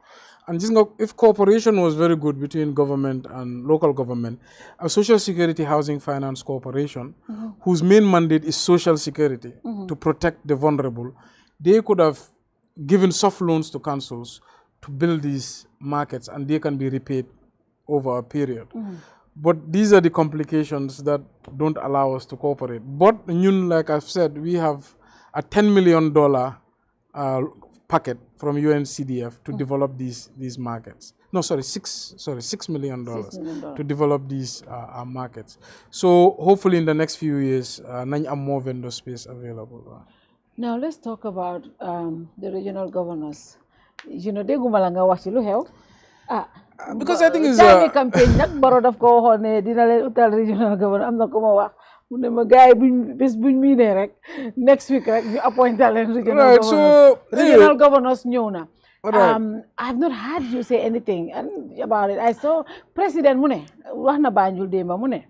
and just if cooperation was very good between government and local government a social security housing finance corporation mm -hmm. whose main mandate is social security mm -hmm. to protect the vulnerable they could have giving soft loans to councils to build these markets and they can be repaid over a period. Mm -hmm. But these are the complications that don't allow us to cooperate. But Nyun, like I've said, we have a $10 million uh, packet from UNCDF to mm -hmm. develop these, these markets. No, sorry, six, sorry, $6 million, $6 million. to develop these uh, uh, markets. So hopefully in the next few years, uh, are more vendor space available. Uh. now let's talk about um, the regional governors you know dégguma la nga wax ci lu xew ah because I uh, campaign nag baro daf ko waxoon ne dina utal regional governor am na ko ma wax mu ne ma gars yi buñ buñ miinee rek next week rek ñu appointal regional governors regional ñëw na Um, I've not heard you say anything about it. I saw President Mune, wax na Banjul ba mu ne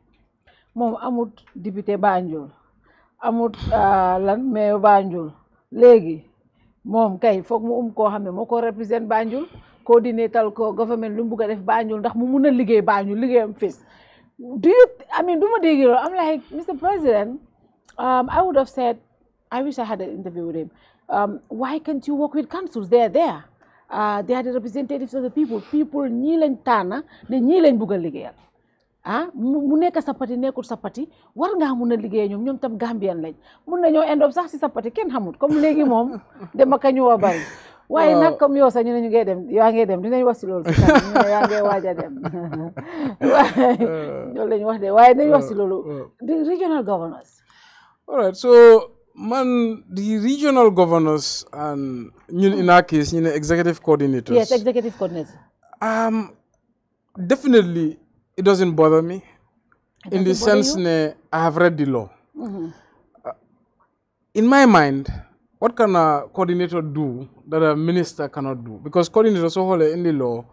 moom amut député Banjul amut ah, lan meew Banjul legi mom kay foog mu um koo xam ko represent Banjul coordinatal ko government lu mu def Banjul ndax mu mun a liggéey Banjul liggéeyam fis do you I mean du ma dégg am like Mr. President um, I would have said I wish I had an interview with him um, why can't you work with councils they are there ah, they are the representatives of the people people ñii lañ they ne ñii lañ bugg liggéeyal ah mu nekk sa pati nekkul sa pati war nga mun na liggéey ñoom ñoom tam Gambien lañ mun nañoo indoom sax si sa pati kenn xamut comme léegi moom dem ak ñu wa bari waaye oh. nag comme yow sax ñu ne ñu ngay dem yaa ngay dem dinañ wax si loolu si kanam yaa ngay dem waaye oh. wax de waaye nañ wax si oh. loolu regional governors all right so man the regional governors and ñun in our case ñu ne executive coordinators yes executive coordinators um definitely it doesn't bother me. in the sense, ne, I have read the law. Mm -hmm. uh, in my mind, what can a coordinator do that a minister cannot do? Because coordinator so whole in the law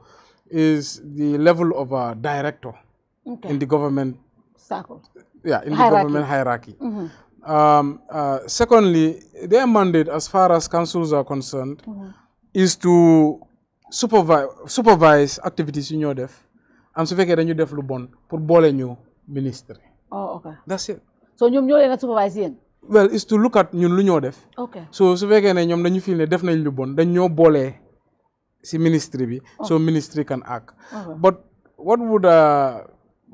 is the level of a director okay. in the government circle. Yeah, in hierarchy. the government hierarchy. Mm -hmm. um, uh, secondly, their mandate, as far as councils are concerned, mm -hmm. is to supervise, supervise activities in your dev am su fekkee dañu def lu bon pour boole ñu ministre. oh ok that's it. so ñoom ñoo leen a supervise yéen. well it's to look at ñun lu ñoo def. ok so su fekkee ne ñoom dañu fil ne def nañ lu bon dañ ñoo boole si ministry bi. so ministry can act. but what would uh,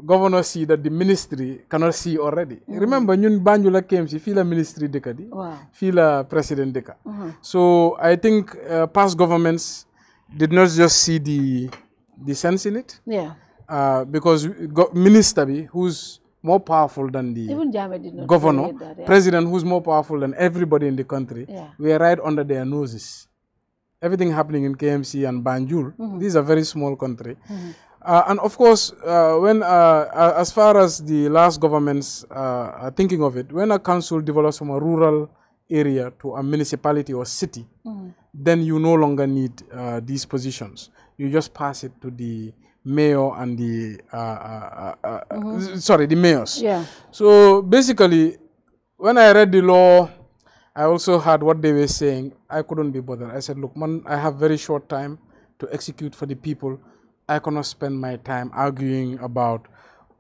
governor see that the ministry cannot see already. Mm-hmm. remember ñun Banjul la kéem si fii la ministry deka di. fii la président dëkka. Mm-hmm. so I think uh, past governments did not just see the the sense in it. yeah. Uh, because minister be, who's more powerful than the governor, that, yeah. president who's more powerful than everybody in the country, yeah. we are right under their noses. Everything happening in KMC and Banjul, mm -hmm. this is a very small country. Mm -hmm. uh, and of course, uh, when uh, uh, as far as the last governments uh, are thinking of it, when a council develops from a rural area to a municipality or city, mm -hmm. then you no longer need these positions. You just pass it to the mayor and the uh, uh, uh, mm -hmm. sorry the mayors. Yeah. So basically, when I read the law, I also heard what they were saying. I couldn't be bothered. I said, look, man, I have very short time to execute for the people. I cannot spend my time arguing about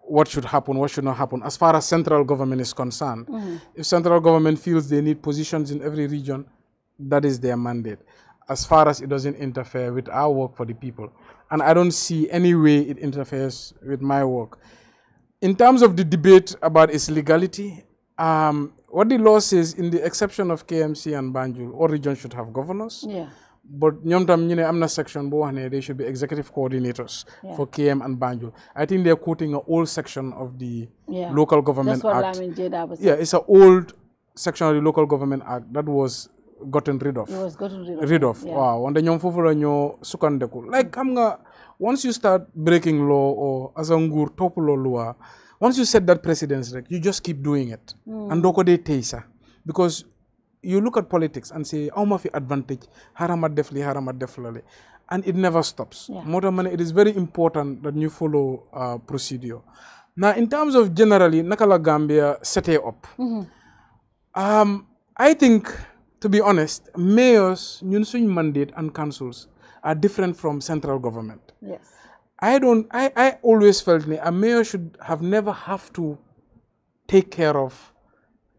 what should happen, what should not happen. As far as central government is concerned, mm -hmm. if central government feels they need positions in every region, that is their mandate. As far as it doesn't interfere with our work for the people and I don't see any way it interferes with my work. In terms of the debate about its legality, um, what the law says, in the exception of KMC and Banjul, all regions should have governors. Yeah. But nyomtam you amna section they should be executive coordinators yeah. for KM and Banjul. I think they're quoting an old section of the yeah. local government That's what act. Lamin was yeah, it's an old section of the local government act that was gotten rid of. He was gotten rid of. Rid of. Yeah. Wow. Wanda ñoom foofu la ñoo sukkandeku. Like gonna. once you start breaking law or as a nguur once you set that precedence you just keep doing it. Hmm. and doo ko dee because you look at politics and say how much advantage Harama def Harama xarama and it never stops. moo tax it is very important that you follow uh, procedure. Now, in terms of generally, Nakala Gambia set it up. Mm -hmm. um, I think to be honest mayors ñun mandate and councils are different from central government. Yes. I don't. I, I always felt a mayor should have never have to take care of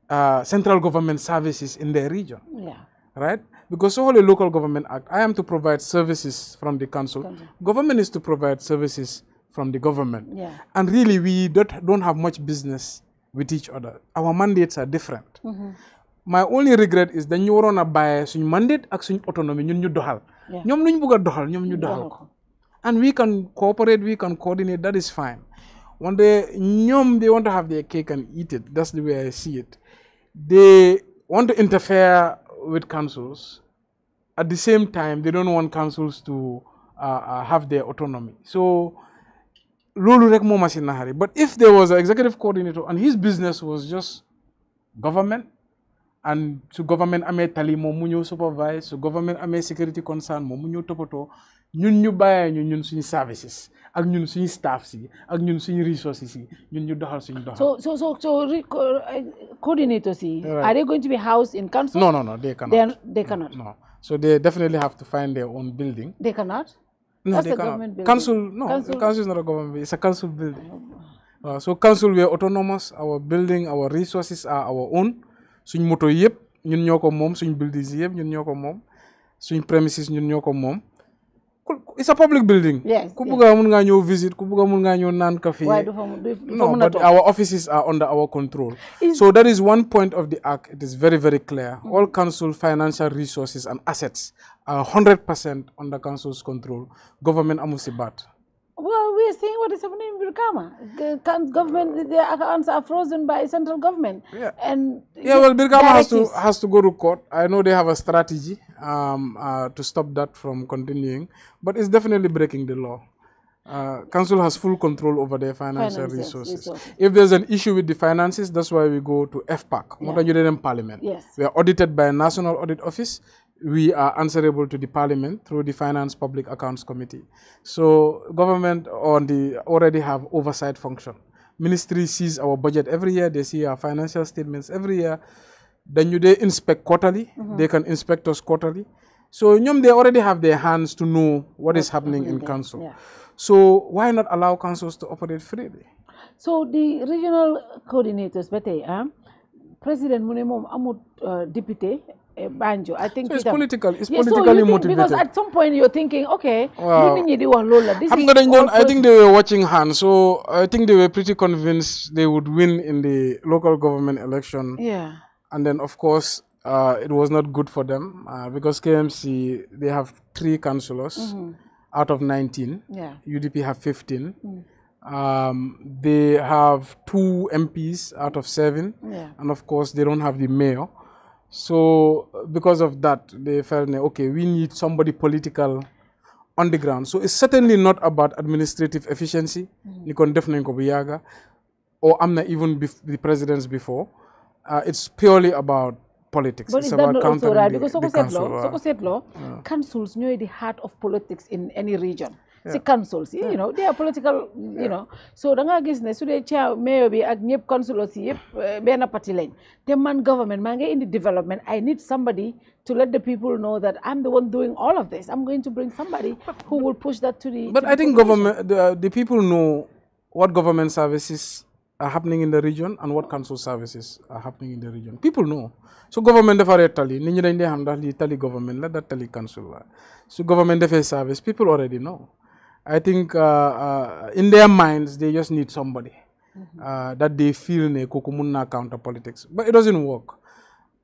uh, central government services in their region. Yeah. Right. Because so the local government act, I am to provide services from the council. Government is to provide services from the government. Yeah. And really, we don't don't have much business with each other. Our mandates are different. Mm -hmm my only regret is dañu waroon a bàyyee suñ mandate ak suñ you ñun you doxal ñoom luñ bugg a doxal ñoom ñu doxal ko and we can cooperate we can coordinate that is fine they ñoom they want to have their cake and eat it that's the way I see it they want to interfere with councils at the same time they don't want councils to uh, uh have their autonomy so lolu rek mo ci nahari but if there was an executive coordinator and his business was just government and su government ame tali moom mu ñëw supervise su government ame security concern moom mu ñëw toppatoo ñun ñu bàyyee ñu ñun suñu services ak ñun suñu staff si ak ñun suñu resources yi ñun ñu doxal suñu doxal. so so so so uh, si. yi. are they going to be housed in council? no no no they cannot. they they cannot. no so they definitely have to find their own building. they cannot. no That's they cannot. government building. council no council is not a government it's a council building. Uh, so council we are autonomous our building our resources are our own suñ moto yëpp ñun ñoo ko moom suñ buildings yëpp ñun ñoo ko moom suñ premises ñun ñoo ko moom it's a public building. yes ku bugg mun ngaa ñëw visit ku bugg a mun ngaa ñëw naan café. waaye du fa no but our offices are under our control. so that is one point of the act it is very very clear. Mm-hmm. all council financial resources and assets are 100% under council's control government amu si baat we are seeing what is happening in Birkama. Government, their accounts are frozen by central government. Yeah. And yeah, well, Birkama has to has to go to court. I know they have a strategy um, uh, to stop that from continuing, but it's definitely breaking the law. Uh, council has full control over their financial resources. resources. If there's an issue with the finances, that's why we go to FPAC, yeah. Modern Parliament. Yes. We are audited by a National Audit Office we are answerable to the parliament through the finance public accounts committee so government on the already have oversight function ministry sees our budget every year they see our financial statements every year then you they inspect quarterly mm -hmm. they can inspect us quarterly so Nyom, they already have their hands to know what What's is happening in council yeah. so why not allow councils to operate freely so the regional coordinators bete ah president Munemom, ne amut uh, Eh, banjo. I think so it's political. It's yeah, politically so think, motivated. Because at some point you're thinking, okay, this I'm is going, I think they were watching hands, so I think they were pretty convinced they would win in the local government election. Yeah. And then, of course, uh, it was not good for them uh, because KMC they have three councillors mm -hmm. out of 19. Yeah. UDP have 15. Mm. Um, they have two MPs out of seven, yeah. and of course they don't have the mayor. So because of that, they felt, okay, we need somebody political on the ground. So it's certainly not about administrative efficiency. Mm. Nikon definitely Kobuyaga or Amna even the presidents before. Uh, it's purely about politics. But it's is that not also right? Because Sokoset law, Sokoset law, councils know the heart of politics in any region si council si you know they are political you know so da ngaa gis ne su dee chair mayor bi ak ñëpp councilor si yëpp eh, benn parti lañ te man government maa ngi indi development I need somebody to let the people know that I'm the one doing all of this I'm going to bring somebody who will push that to the but I think government the people know what government services are happening in the region and what council services are happening in the region. People know. So government defaree tali nit ñi dañ dee xam ndax lii tali government la da tali council la su government defee service people already know. I think uh, uh, in their minds, they just need somebody mm -hmm. that they feel a kukumuna counter politics. But it doesn't work.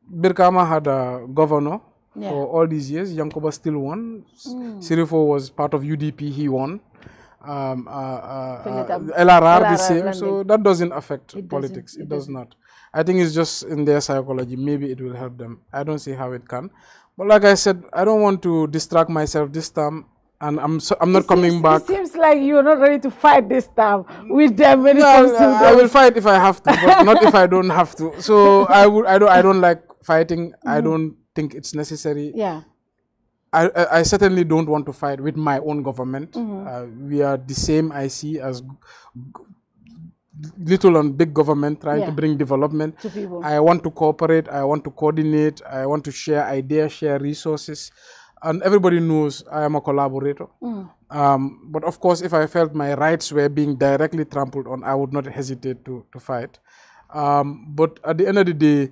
Birkama had a governor yeah. for all these years. Yankoba still won. Mm. Sirifo was part of UDP, he won. Um, uh, uh, LRR, LRR, the same. Landing. So that doesn't affect it politics. Doesn't, it, it does not. I think it's just in their psychology. Maybe it will help them. I don't see how it can. But like I said, I don't want to distract myself this time and I'm so, I'm not it coming seems, back. It seems like you're not ready to fight this time with them. When no, it no, I will fight if I have to, but not if I don't have to. So I would I don't I don't like fighting. Mm. I don't think it's necessary. Yeah. I, I, I certainly don't want to fight with my own government. Mm -hmm. uh, we are the same, I see, as little and big government trying yeah. to bring development. To people. I want to cooperate. I want to coordinate. I want to share ideas, share resources and everybody knows I am a collaborator. Mm. Um, but of course, if I felt my rights were being directly trampled on, I would not hesitate to, to fight. Um, but at the end of the day,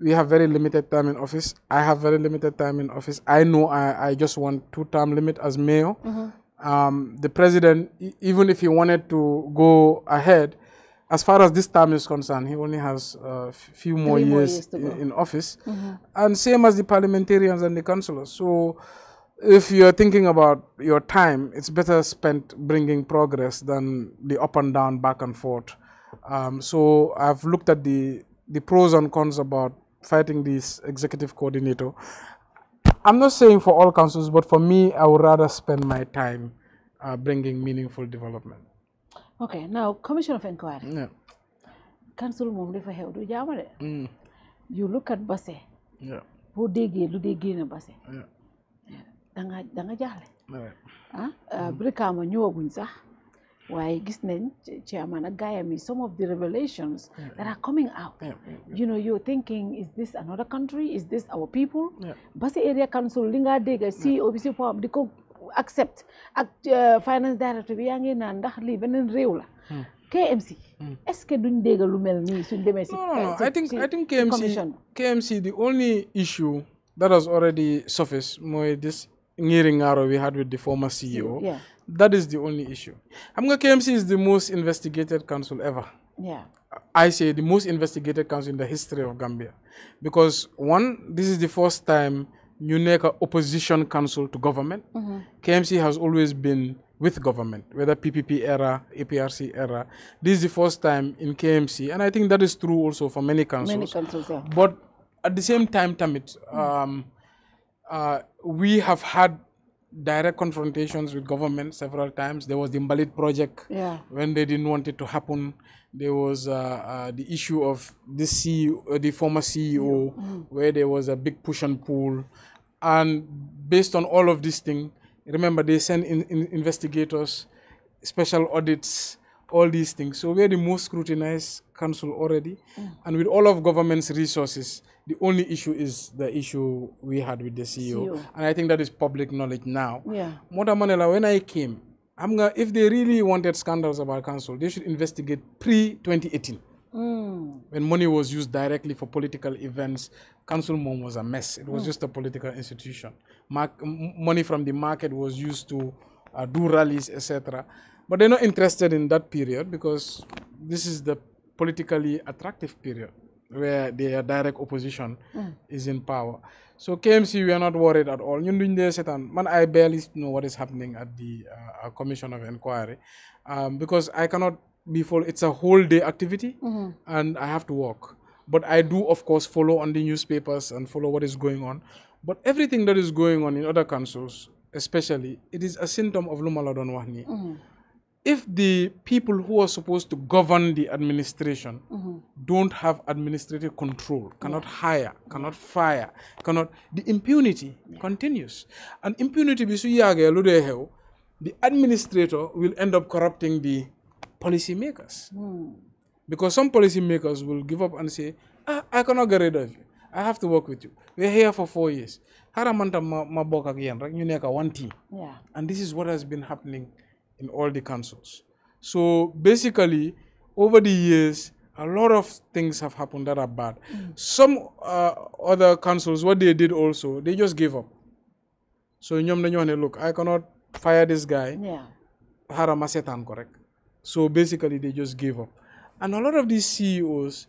we have very limited time in office. I have very limited time in office. I know I, I just want two-term limit as mayor. Mm -hmm. um, the president, even if he wanted to go ahead, as far as this term is concerned, he only has a uh, few more Three years, more years in, office. Mm -hmm. And same as the parliamentarians and the councillors. So if you're thinking about your time, it's better spent bringing progress than the up and down, back and forth. Um, so I've looked at the, the pros and cons about fighting this executive coordinator. I'm not saying for all councils, but for me, I would rather spend my time uh, bringing meaningful development ok now commission of inquiry yeah. council moom for fa do you jaama de mm. you look at Basse boo déggee lu dee génn Basse danga danga jaaxle ah, ah mm. Brikama ñëwaguñ sax waaye gis nañ chairman ak gaayam some of the revelations that are coming out you know you're thinking is this another country is this our people Basse area council li nga dégg CEO bi si the. Accept ak uh, finance director bi yaa ngi naan ndax lii beneen réew la. Hmm. KMC. Hmm. est-ce que duñ dégg lu mel suñ I think I think KMC KMC the only issue that has already surfaced mooy this Ngiri Ngaro we had with the former CEO. yeah that is the only issue. xam nga KMC is the most investigated council ever. yeah. I say the most investigated council in the history of Gambia. Because one, this is the first time ñu opposition council to government. Mm-hmm. KMC has always been with government, whether PPP era, APRC era. This is the first time in KMC, and I think that is true also for many councils. Many councils, yeah. But at the same time, Tamit, um, uh, we have had direct confrontations with government several times. There was the Mbalit project yeah. when they didn't want it to happen there was uh, uh, the issue of the CEO, uh, the former CEO, mm. Mm-hmm. where there was a big push and pull, and based on all of this thing, remember they send in, in investigators, special audits, all these things. So we're the most scrutinized council already, mm. and with all of government's resources, the only issue is the issue we had with the CEO, CEO. and I think that is public knowledge now. Yeah, Mother Manila, when I came, if they really wanted scandals about council they should investigate pre 2018. Mm. When money was used directly for political events, Council Mom was a mess. It was mm. just a political institution. money from the market was used to uh, do rallies, etc. But they're not interested in that period because this is the politically attractive period where their direct opposition hmm. is in power. So KMC, we are not worried at all. man I barely know what is happening at the uh, uh, Commission of Inquiry um, because I cannot be full. It's a whole day activity mm -hmm. and I have to work. But I do, of course, follow on the newspapers and follow what is going on. But everything that is going on in other councils, especially, it is a symptom of Lumala Don Mm -hmm if the people who are supposed to govern the administration mm -hmm. don't have administrative control, cannot yeah. hire, cannot fire, cannot, the impunity yeah. continues. And impunity, the administrator will end up corrupting the policymakers. Mm. Because some policymakers will give up and say, ah, I cannot get rid of you. I have to work with you. We're here for four years. Haramanta ma, one team. Yeah. And this is what has been happening in all the councils. So basically, over the years, a lot of things have happened that are bad. Mm. Some uh, other councils, what they did also, they just gave up. So look, I cannot fire this guy. Yeah. Haramasetan, correct? So basically, they just gave up. And a lot of these CEOs,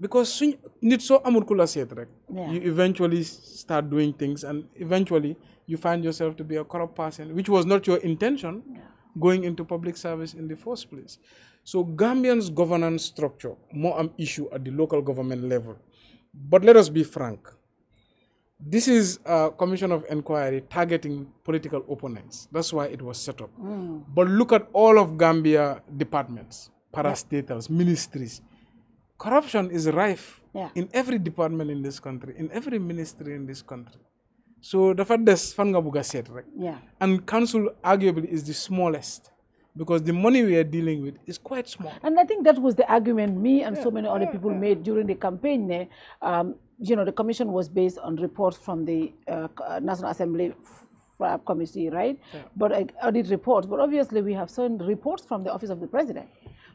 because you eventually start doing things and eventually you find yourself to be a corrupt person, which was not your intention no. going into public service in the first place. So Gambian's governance structure, more an issue at the local government level. But let us be frank. This is a commission of inquiry targeting political opponents. That's why it was set up. Mm. But look at all of Gambia departments, parastatals, yeah. ministries. Corruption is rife yeah. in every department in this country, in every ministry in this country. So the fact fan nga said, right, Yeah. and council arguably is the smallest. because the money we are dealing with is quite small. And I think that was the argument me and yeah, so many other people yeah. made during the campaign. Um, you know, the commission was based on reports from the uh, National Assembly Committee, right? But uh, audit reports. But obviously, we have certain reports from the Office of the President.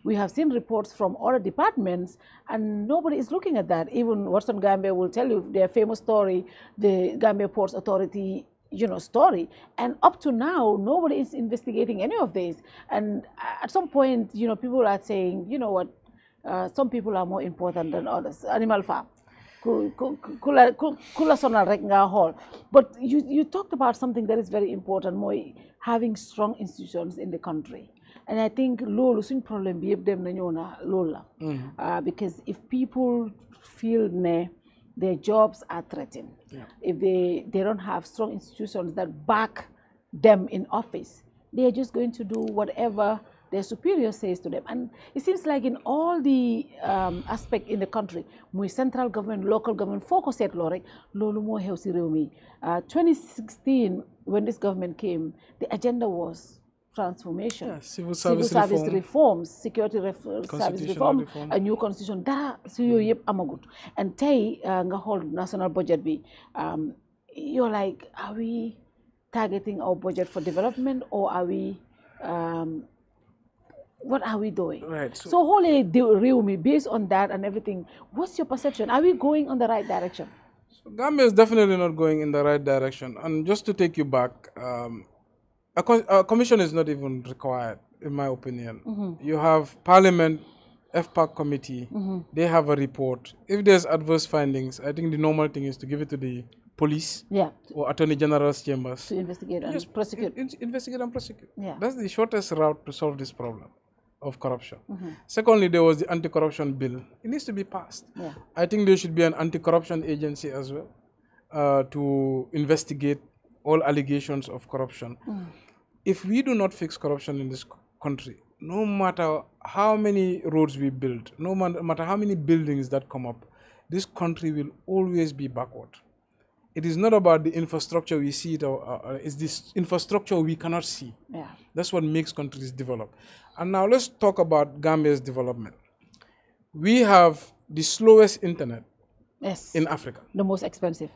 We have seen reports from other departments, and nobody is looking at that. Even Watson Gambia will tell you their famous story, the Gambia Ports Authority you know story and up to now nobody is investigating any of this and at some point you know people are saying you know what uh, some people are more important than others animal farm but you you talked about something that is very important more having strong institutions in the country and I think loolu suñ problème bi yëpp dem na ñëw na la. Mm. Ah, because if people feel ne their jobs are threatened. Yeah. If they, they don't have strong institutions that back them in office, they are just going to do whatever their superior says to them. And it seems like in all the um, aspect in the country, my central government, local government, focus at lorek, lolu mo ah, 2016, when this government came, the agenda was transformation, yeah, civil service, civil service reform, reforms, security ref service reform, reform, a new constitution, dara si yooyu mm-hmm. amagut and Tay the uh, whole national budget bi um, you're like are we targeting our budget for development or are we um, what are we doing? Right. So, so the real me based on that and everything. What's your perception? Are we going on the right direction? So Gambia is definitely not going in the right direction. And just to take you back, um, a, a, commission is not even required, in my opinion. Mm -hmm. You have Parliament, FPAC committee, mm -hmm. they have a report. If there's adverse findings, I think the normal thing is to give it to the police yeah. or attorney general's chambers to investigate and prosecute. In, in, investigate and prosecute. Yeah. That's the shortest route to solve this problem of corruption. Mm -hmm. Secondly, there was the anti-corruption bill. It needs to be passed. Yeah. I think there should be an anti-corruption agency as well uh, to investigate all allegations of corruption. Mm if we do not fix corruption in this country, no matter how many roads we build, no matter how many buildings that come up, this country will always be backward. It is not about the infrastructure we see it, or, or, it's this infrastructure we cannot see. Yeah. That's what makes countries develop. And now let's talk about Gambia's development. We have the slowest internet yes. in Africa. The most expensive.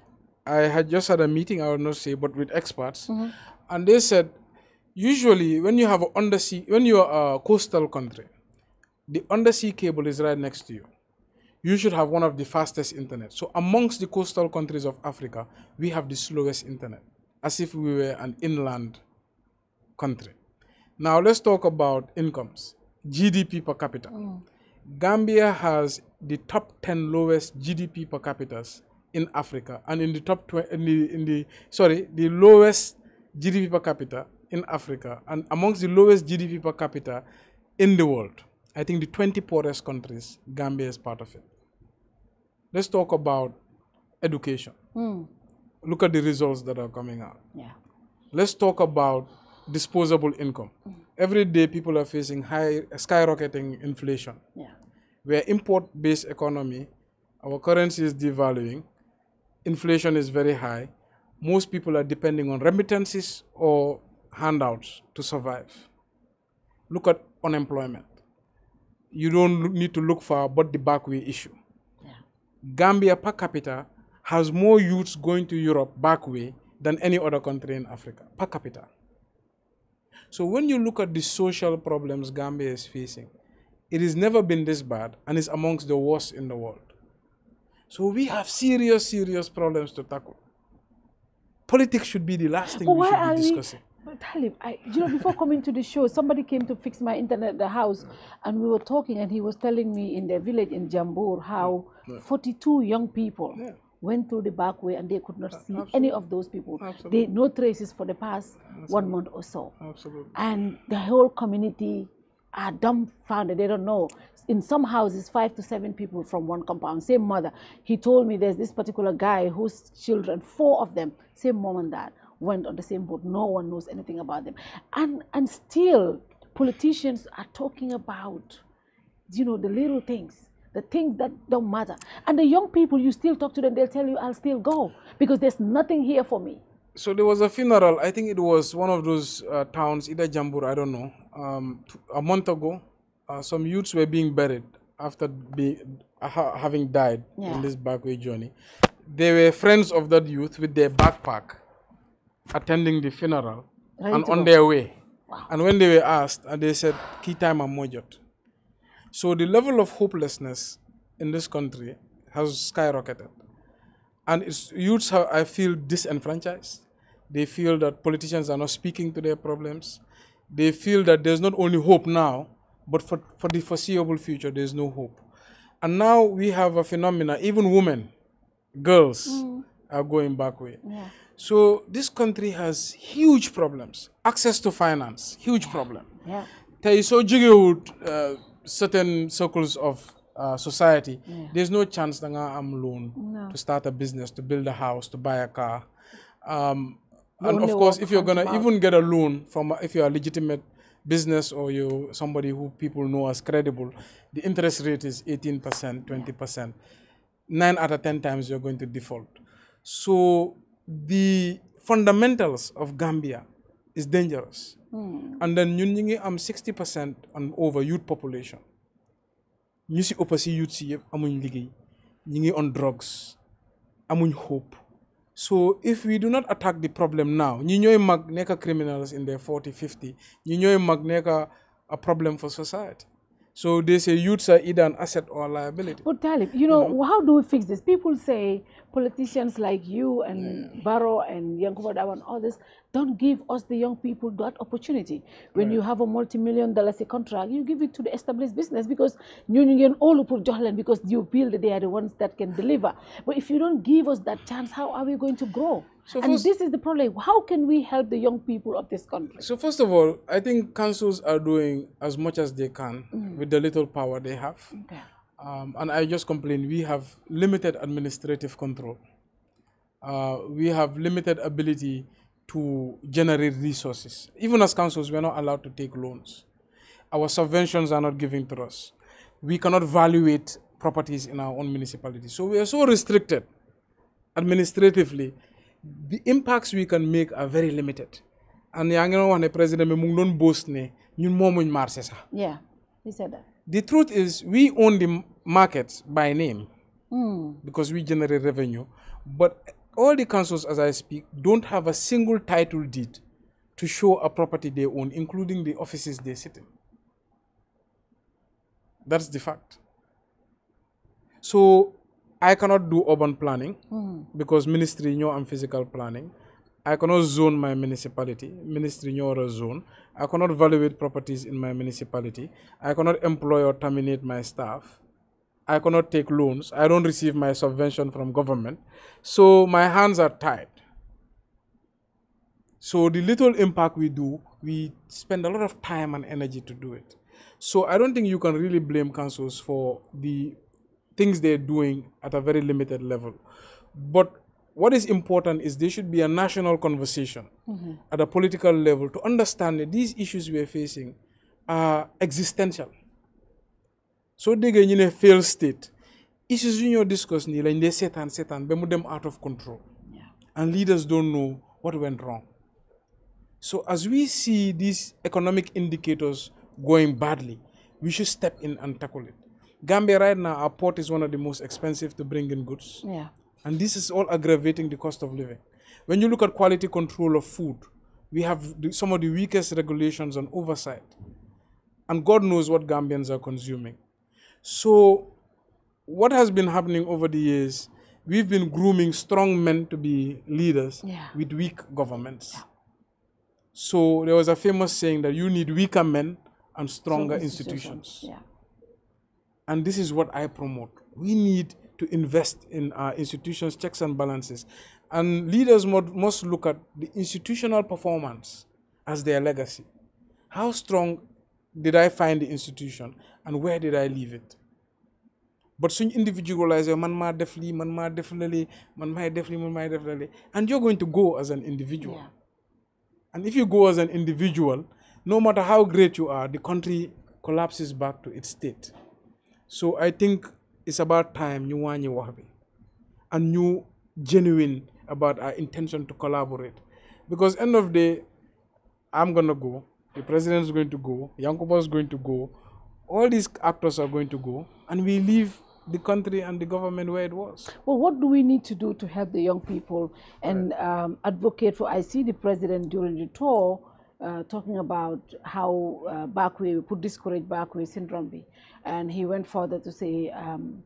I had just had a meeting, I will not say, but with experts, mm -hmm. and they said usually when you have undersea, when you are a coastal country, the undersea cable is right next to you. You should have one of the fastest internet. So amongst the coastal countries of Africa, we have the slowest internet, as if we were an inland country. Now let's talk about incomes, GDP per capita. Mm. Gambia has the top 10 lowest GDP per capita in Africa and in the top 20, in the, in the sorry, the lowest GDP per capita in Africa and amongst the lowest GDP per capita in the world. I think the 20 poorest countries, Gambia is part of it. Let's talk about education. Mm. Look at the results that are coming out. Yeah. Let's talk about disposable income. Mm. Every day people are facing high skyrocketing inflation. Yeah. We're import-based economy, our currency is devaluing, inflation is very high. Most people are depending on remittances or handouts to survive. Look at unemployment. You don't need to look far but the backway issue. Yeah. Gambia per capita has more youths going to Europe backway than any other country in Africa per capita. So when you look at the social problems Gambia is facing, it has never been this bad and is amongst the worst in the world. So we have serious, serious problems to tackle. Politics should be the last thing we should be discussing. But Talib, I, you know, before coming to the show, somebody came to fix my internet at the house, and we were talking, and he was telling me in the village in Jambur how yeah. 42 young people yeah. went through the back way, and they could not see Absolutely. any of those people. Absolutely. They no traces for the past Absolutely. one month or so. Absolutely. And the whole community are dumbfounded. They don't know. In some houses, five to seven people from one compound, same mother. He told me there's this particular guy whose children, four of them, same mom and dad Went on the same boat. No one knows anything about them. And, and still, politicians are talking about, you know, the little things, the things that don't matter. And the young people, you still talk to them, they'll tell you, I'll still go because there's nothing here for me. So there was a funeral, I think it was one of those uh, towns, either Jambur, I don't know, um, a month ago. Uh, some youths were being buried after be, uh, having died yeah. in this backway journey. They were friends of that youth with their backpack attending the funeral and on their way. Wow. And when they were asked, and they said, and Mojot. So the level of hopelessness in this country has skyrocketed. And its youths, have, I feel, disenfranchised. They feel that politicians are not speaking to their problems. They feel that there's not only hope now, but for, for the foreseeable future, there's no hope. And now we have a phenomena, even women, girls, mm. are going back way. Yeah. So this country has huge problems. Access to finance, huge problem. Yeah. There is so uh, certain circles of uh, society, yeah. there's no chance that I'm loan no. to start a business, to build a house, to buy a car. Um, and of course, if you're gonna even get a loan from if you're a legitimate business or you somebody who people know as credible, the interest rate is 18%, 20%. Nine out of 10 times you're going to default. So the fundamentals of Gambia is dangerous. Mm. And then ñun ñi ngi am 60% on over youth population. ñu si ëpp si youth i yëpp amuñ liggéey ñi ngi on drugs amuñ hope. So if we do not attack the problem now, ñi ñooy mag nekk criminals in their 40, 50, ñi ñooy mag nekk a problem for society. So they say youths are either an asset or a liability. But Talib, you know, you know, how do we fix this? People say politicians like you and yeah. Barrow and Yankuba Dawa and others don't give us the young people that opportunity. When right. you have a multi-million dollar contract, you give it to the established business because union all put Johlan because you build they are the ones that can deliver. But if you don't give us that chance, how are we going to grow? So and this is the problem. How can we help the young people of this country? So first of all, I think councils are doing as much as they can mm. with the little power they have. Okay. Um, and I just complain, we have limited administrative control. Uh, we have limited ability to generate resources. Even as councils, we're not allowed to take loans. Our subventions are not given to us. We cannot evaluate properties in our own municipality. So we are so restricted administratively. The impacts we can make are very limited. And the Anglo President Mungnon Bosne, you know, marse Yeah, he said that. The truth is, we own the markets by name mm. because we generate revenue. But all the councils, as I speak, don't have a single title deed to show a property they own, including the offices they sit in. That's the fact. So I cannot do urban planning mm. because ministry you know I'm physical planning. I cannot zone my municipality, ministry nyora zone. I cannot evaluate properties in my municipality. I cannot employ or terminate my staff. I cannot take loans. I don't receive my subvention from government. So my hands are tied. So the little impact we do, we spend a lot of time and energy to do it. So I don't think you can really blame councils for the things they're doing at a very limited level. But what is important is there should be a national conversation mm -hmm. at a political level to understand that these issues we are facing are existential. So they in a failed state. Issues in your discuss ni like they set and set and them out of control. Yeah. And leaders don't know what went wrong. So as we see these economic indicators going badly, we should step in and tackle it. Gambia right now, our port is one of the most expensive to bring in goods. Yeah. And this is all aggravating the cost of living. When you look at quality control of food, we have some of the weakest regulations on oversight. And God knows what Gambians are consuming. So, what has been happening over the years, we've been grooming strong men to be leaders yeah. with weak governments. Yeah. So, there was a famous saying that you need weaker men and stronger institutions. institutions. Yeah. And this is what I promote. We need to invest in our uh, institutions' checks and balances. And leaders must look at the institutional performance as their legacy. How strong did I find the institution and where did I leave it? But soon individualize man ma def li, man ma def man ma def man ma And you're going to go as an individual. Yeah. And if you go as an individual, no matter how great you are, the country collapses back to its state. So I think it's about time ñu are wax bi and ñu genuine about our intention to collaborate because end of day I'm gonna go the president is going to go Yankuba is going to go all these actors are going to go and we leave the country and the government where it was. Well, what do we need to do to help the young people and right. um, advocate for? I see the president during the tour uh, talking about how uh, Bakwe, we could discourage Bakwe syndrome. be, And he went further to say, um,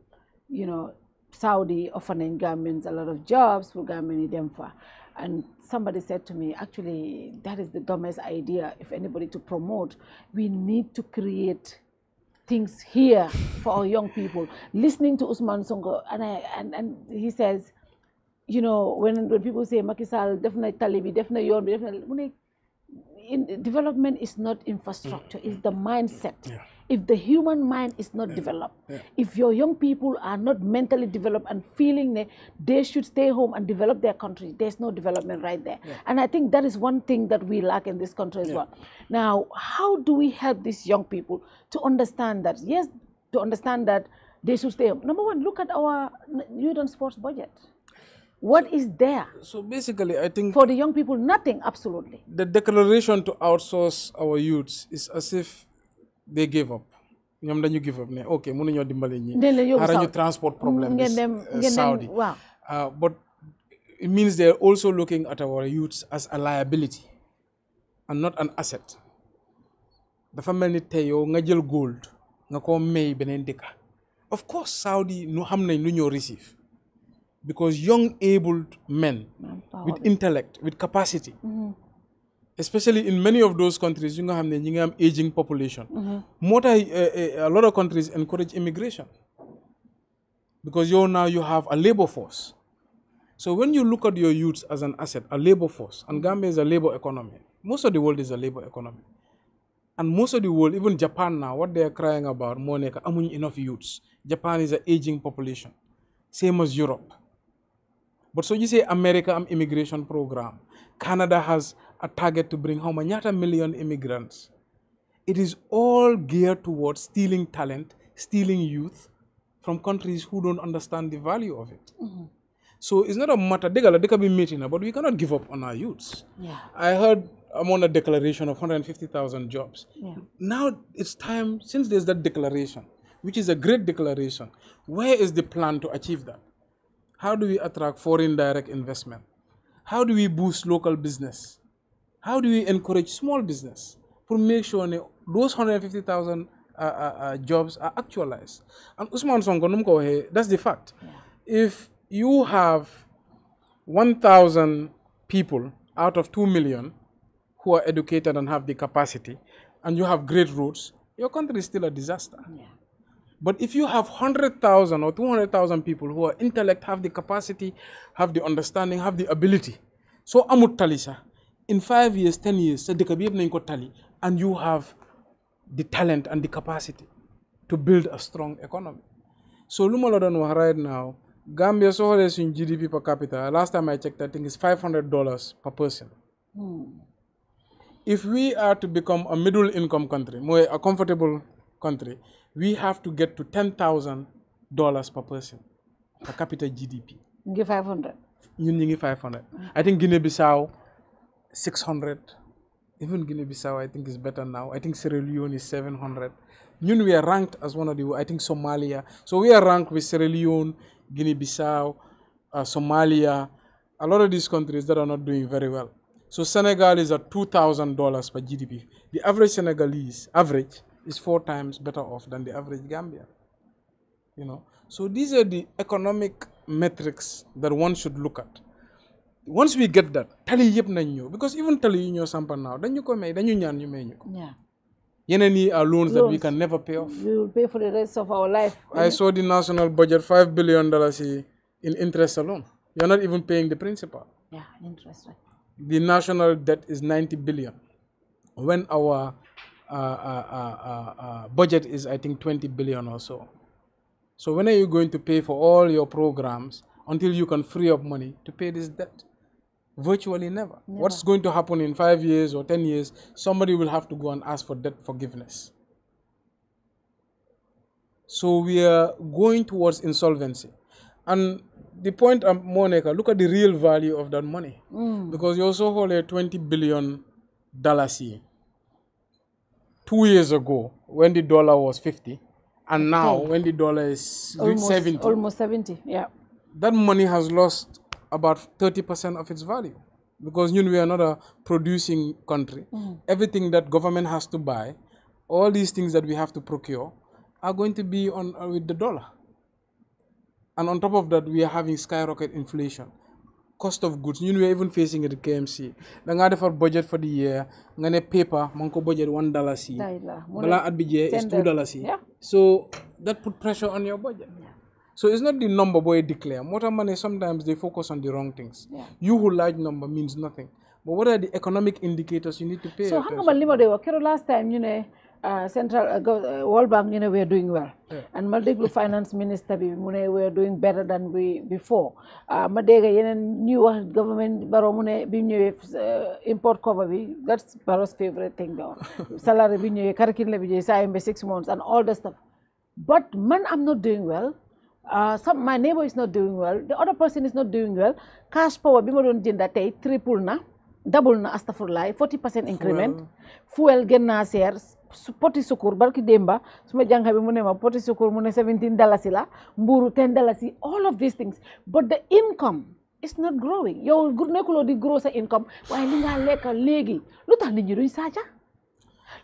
you know, Saudi offering governments a lot of jobs for government in Denver. And somebody said to me, actually, that is the dumbest idea if anybody to promote. We need to create things here for our young people. Listening to Usman Songo, and, I, and, and he says, you know, when, when people say Makisal, definitely Talibi, definitely Yon, definitely, in, development is not infrastructure, mm. it's the mindset. Yeah. If the human mind is not yeah. developed, yeah. if your young people are not mentally developed and feeling that they should stay home and develop their country, there's no development right there. And I think that is one thing that we lack in this country as well. Now, how do we help these young people to understand that? Yes, to understand that they should stay home. Number one, look at our youth and sports budget. What is there? So basically, I think... For the young people, nothing, absolutely. The declaration to outsource our youths is as if they gave up. ñoom dañu give up ne ok mënuñoo dimbale ñi xaaral ñu transport problems Saudi uh, but it means they're also looking at our youths as a liability and not an asset The family tayo tey gold nga may beneen of course Saudi no xam nañ lu receive because young abled men with intellect with capacity mm-hmm. especially in many of those countries you nga xam aging population mm-hmm. eh, eh, a lot of countries encourage immigration because you now you have a labor force so when you look at your youths as an asset a labor force and Gambia is a labor economy most of the world is a labor economy and most of the world even Japan now what they are crying about moo enough youths Japan is an aging population same as Europe but so you say America am immigration program. Canada has a target to bring home a million immigrants. It is all geared towards stealing talent, stealing youth from countries who don't understand the value of it. Mm -hmm. So it's not a matter, they can be meeting, but we cannot give up on our youths. Yeah. I heard I'm on a declaration of 150,000 jobs. Yeah. Now it's time, since there's that declaration, which is a great declaration, where is the plan to achieve that? How do we attract foreign direct investment? How do we boost local business? How do we encourage small business to make sure those 150,000 uh, uh, uh, jobs are actualized? And Usman Songo, that's the fact. If you have 1,000 people out of 2 million who are educated and have the capacity, and you have great roads, your country is still a disaster. Yeah. But if you have 100,000 or 200,000 people who are intellect, have the capacity, have the understanding, have the ability, so amut tali in five years ten years sa dëkk bi tali and you have the talent and the capacity to build a strong economy so lu ma la right now Gambia so in GDP per capita last time I checked I think it's five hundred dollars per person hmm. if we are to become a middle income country a comfortable country we have to get to $10,000 per person, per capita GDP. 500. You need 500. I think Guinea-Bissau, 600. Even Guinea-Bissau, I think, is better now. I think Sierra Leone is 700. Yun, we are ranked as one of the, I think, Somalia. So we are ranked with Sierra Leone, Guinea-Bissau, uh, Somalia, a lot of these countries that are not doing very well. So Senegal is at $2,000 per GDP. The average Senegalese, average, is four times better off than the average Gambian. You know, so these are the economic metrics that one should look at. Once we get that, tell you nañ because even tell you ñoo sampa now you ko may dañu ñaan you, may ñu ko. yeneen yi are loans, loans that we can never pay off. We will pay for the rest of our life. I saw the national budget five billion dollars in interest alone. You're not even paying the principal. Yeah, interest. Right. The national debt is ninety billion. When our uh, uh, uh, budget is, I think, 20 billion or so. So when are you going to pay for all your programs until you can free up money to pay this debt? Virtually never. never. What's going to happen in five years or 10 years? Somebody will have to go and ask for debt forgiveness. So we are going towards insolvency. And the point, um, Monica, look at the real value of that money. Mm. Because you also hold a 20 billion dollars here two years ago when the dollar was 50 and now oh. when the dollar is almost, 70 almost 70 yeah that money has lost about 30% of its value because you know, we are not a producing country mm. everything that government has to buy all these things that we have to procure are going to be on uh, with the dollar and on top of that we are having skyrocket inflation cost of goods ñun we even facing the KMC da ngaa defar budget for the year nga ne paper ma ko budget one dollar si balaa at bi jee is two dollars si so that put pressure on your budget so it's not the number boy declare What are ma sometimes they focus on the wrong things you who large number means nothing but what are the economic indicators you need to pay so xam nga man li ma doy last time you know. Uh, central uh, uh, World Bank ñu ne we are doing well and ma déglu finance minister bi mu ne we are doing better than before ma dégg yeneen ñuy wax government Barrow mu ne bi ñëwee import cover bi that's Barrow's favorite thing salary bi ñëwee karakin la bi ñëwee saa yembe six months and all the stuff but man I'm not doing well Uh, my neighbor is not doing well, the other person is not doing well, cash power bi ma doon jënda tey triple na double na astafur forty 40% increment fuel gen na poti sukur barki demba su jang habi bi mu ma poti sukur mune 17 dollars dalasi la mburu ten dalasi all of these things but the income is not growing yow nekulo di grow sa income waaye li nga lekka legi lu tax nit ñi duñ saaca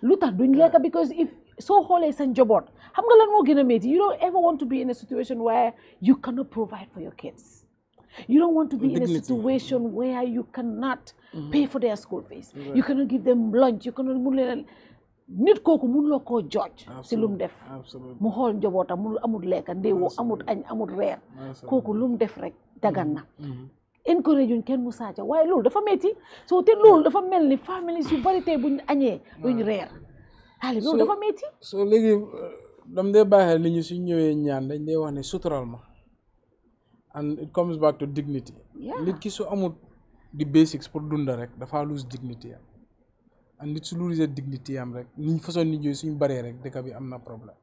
lu duñ lekka because if so hole sa njaboot xam nga lan mo gën a you don't ever want to be in a situation where you cannot provide for your kids You don't want to be Dignity. in a situation where you cannot mm -hmm. pay for their school fees. Right. You cannot give them lunch. You cannot mun leen nit kooku mun loo koo si lum def mu xool njobootam mu amul lekk ndéewoo amul añ amul reer kooku lum def rek dagan na mm-hmm. Mm-hmm. encourage yuñ kenn mu saaca waaye loolu dafa metti soo te loolu dafa mel ni families yu bari tey buñ añee duñ reer xaali loolu dafa metti soo léegi uh, dam dee baaxee nit ñi suñ ñaan dañ dee wax ne sutural ma and it comes back to dignity nit ki su amul di basics pour dunda rek dafa lose dignity am and nit su lose dignity am rek ni façon nit yooyu suñu baree rek dëkk bi am na problème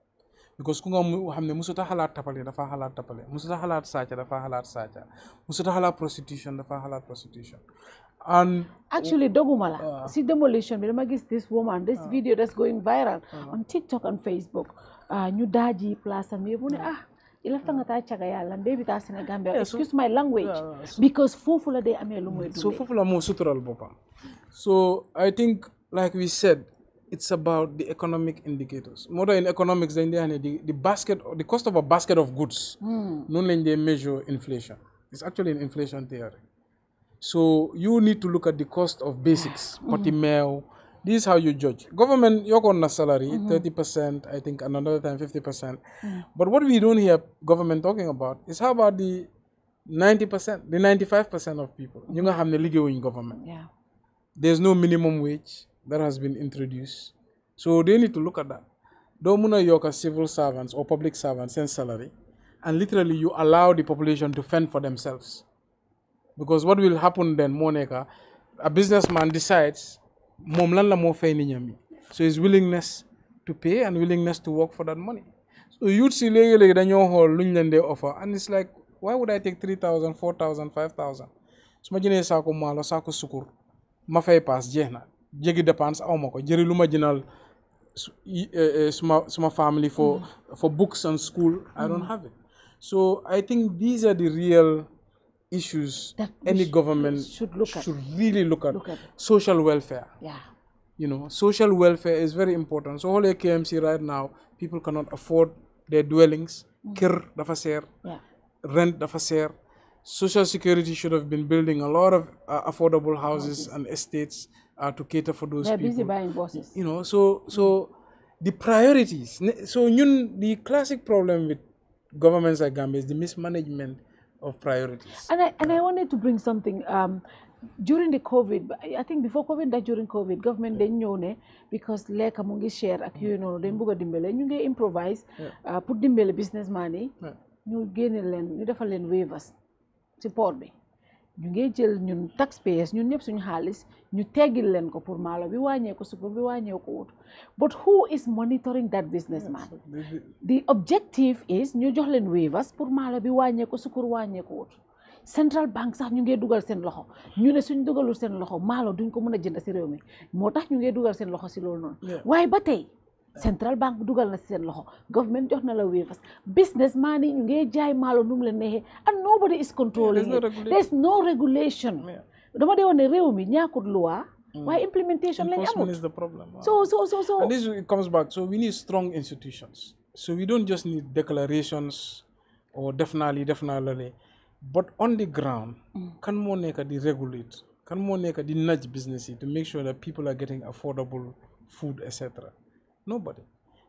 because ku nga xam ne musuta xalaat tapale dafa xalaat tapale musuta xalaat sàcca dafa xalaat sàcca musuta xalaat prostitution dafa xalaat prostitution and actually doguma la ah. si demolition bi dama gis this woman this ah. video that's going viral ah. on TikTok and Facebook ñu daaji place am yëpp mu ne ah Mm. excuse my language because foofu la day amee so foofu la sutural boppam so i think like we said it's about the economic indicators Modern in economics dañ dee the the basket the cost of a basket of goods hmm. noonu lañ dee measure inflation it's actually an inflation theory so you need to look at the cost of basics hmm. potimeew this is how you judge. Government, you're on a salary, mm-hmm. 30 mm -hmm. percent, I think another time 50 percent. Mm. But what we don't hear government talking about is how about the 90 percent, the 95 percent of people, you know, mm-hmm. have the legal in government. Yeah. There's no minimum wage that has been introduced, so they need to look at that. Don't muna york as civil servants or public servants and salary, and literally you allow the population to fend for themselves, because what will happen then, Monica, A businessman decides mom lan la mo fay nit ñam yi so his willingness to pay and willingness to work for that money so youth si léegi legi dañoo xool luñ leen dee offer and it's like why would I take three thousand four thousand five thousand ko ma sa ko sukur ma fay pass jehna. jegi dépenses dépense aw ma ko jëri lu eh, eh, suma suma family for mm. for books and school I don't mm. have it so I think these are the real issues that any government should, look should at, really look at, look at social welfare. Yeah. You know, social welfare is very important. So all AKMC right now, people cannot afford their dwellings. Mm. Kir dafa Yeah. Rent dafa Social security should have been building a lot of uh, affordable houses and estates uh, to cater for those They're people. busy buying buses. You know, so so the priorities. So the classic problem with governments like Gambia is the mismanagement of priorities. And I, and I wanted to bring something. Um, during the COVID, I think before COVID, that during COVID, government yeah. dañ ñëw ne because lekk mu ngi share ak yooyu noonu dañ bëgg a dimbale ñu ngi put pour business money. yi. ñu génne leen ñu defal leen waivers Support me. ñu ngi jël ñun tax taxpayers ñun ñëpp suñu xaalis ñu teggil leen ko pour maalo bi wàññeeku sukur bi wàññeeku wut but who is monitoring that businessman the objective is ñu jox leen waivers pour maalo bi ko wàññeeku sukur wàññeeku wut central bank sax ñu ngee dugal seen loxo ñu ne suñ dugalul seen loxo maalo duñ ko mën a jënd si réew mi moo tax ñu ngee dugal seen loxo si loolu noonu waaye ba tey central bank dugal na loxo government jox na la waivers businessman ñu ngee jaay and nobody is controlling it there is no regulation dama dee woon ne réew mi ñaakut loi mm. why implementation lañ amul is the problem so so so so and this it comes back so we need strong institutions so we don't just need declarations or definitely, definitely, but on the ground mm. kan moo nekk di regulate kan moo nekk di nudge business to make sure that people are getting affordable food etc. Nobody.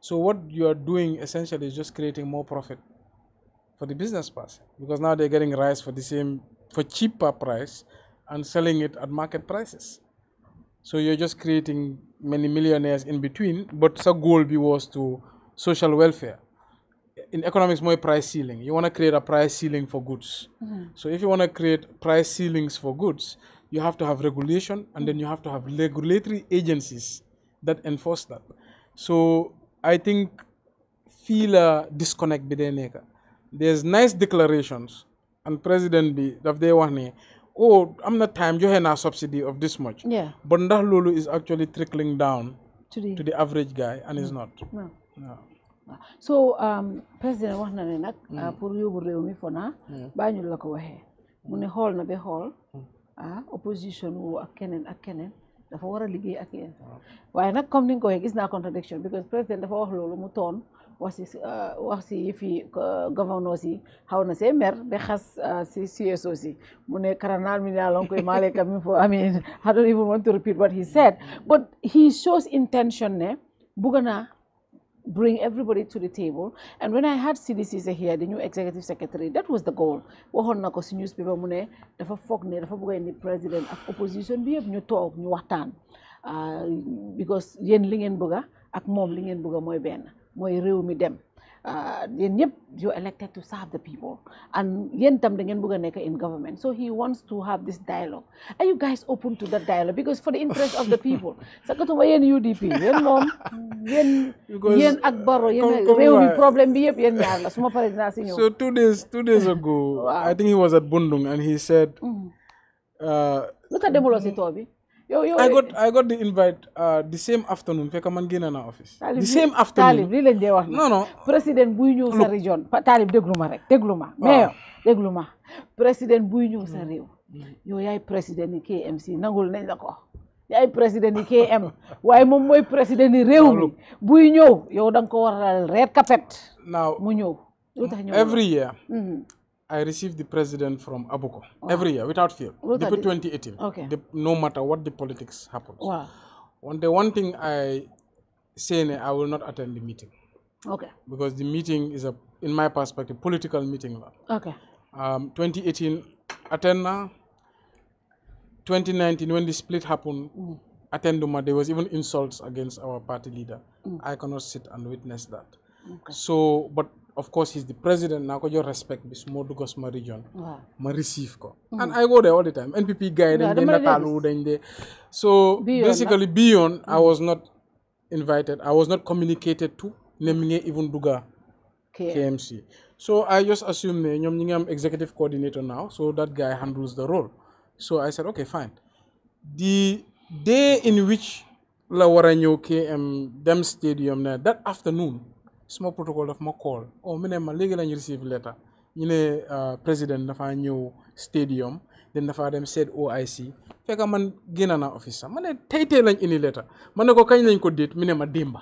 So what you are doing essentially is just creating more profit for the business person because now they're getting rice for the same for cheaper price and selling it at market prices. So you're just creating many millionaires in between, but the goal was to social welfare. In economics, more price ceiling. You want to create a price ceiling for goods. Mm-hmm. So if you want to create price ceilings for goods, you have to have regulation, and then you have to have regulatory agencies that enforce that. So I think feel a disconnect between day there's nice declarations and president B of day wax ne oh am not time joxe a subsidy of this much. Yeah. but that lulu is actually trickling down. to the average guy and is not. Mm. so um, président wax na ne nag. Mm. Ah, pour yóbbu umi fona, mm. ba naa. baa ñu na be hall, ah opposition wo ak keneen dafa war a liggéey ak ah, waaye nag comme ni nga ko waxee gis naa contradiction because président dafa wax loolu mu toon wax si euh, wax si yëf yi euh, gouvernance yi xaw na see mer ba xas euh, si CSO si mu ne karanal mi naa lon koy maaleka min fo I mean I don't even want to repeat what he said mm. but he shows intention ne bugg naa bring everybody to the table and when I had CDCs here the new executive secretary that was the goal waxoon na ko si newspaper mu ne dafa foog ne dafa bëgg ni président ak opposition bi yëpp ñu toog ñu waxtaan ah, because yéen li ngeen bëgga ak moom li ngeen bëgga mooy benn mooy réew mi dem Uh, yéen ñëpp you elected to serve the people and yéen tam da ngeen bëgg a nekk in government so he wants to have this dialogue are you guys open to that dialogue because for the interest of the people sakatuma yéen UDP yéen moom yéen yéen ak Barrow yéen réew mi problème bi yëpp yéen ñaar la suma pare dinaa si ñëw so two days two days ago I think he was at Bundung and he said mm-hmm. uh, lu tax demuloo si bi yow yow eh. I got the invite uh, the same afternoon fekk man génne na office. Taalib lii lañ dee wax. non non président buy ñëw sa région Taalib déglu ma rek déglu ma. Ah. mais yow ma président buy ñëw sa hmm. réew. yow yaay président yi KMC nangul nañ la ko. yaay président KM waaye moom mooy président yi réew mi buy ñëw yow da nga ko waral reer kapet. naaw mu ñëw lu tax ñëw every year. Hmm. I receive the president from Abuko wow. every year without fail. The 2018. Okay. The, no matter what the politics happens. Wow. One, the one thing I say, I will not attend the meeting. Okay. Because the meeting is a, in my perspective, political meeting. Okay. Um, 2018, attend now. 2019, when the split happened, mm. there was even insults against our party leader. Mm. I cannot sit and witness that. Okay. So, but of course he's the president now. I go respect this su ma dugg region ma receive mm-hmm. and I go there all the time NPP guy, then dañ dee then dañ so basically beyond I mm-hmm. was not invited I was not communicated to ne mi even KMC so I just assume that ñoom am executive coordinator now so that guy handles the role so I said okay fine the day in which la war a ñëw KM dem stadium that afternoon small protocol of my call oh mu ne ma receive letter ñu ne euh, président dafa ñëw stadium then dafa dem said OIC fekka ginana génn naa office sax ma ne tey tey lañ letter ma ne ko kañ ne ma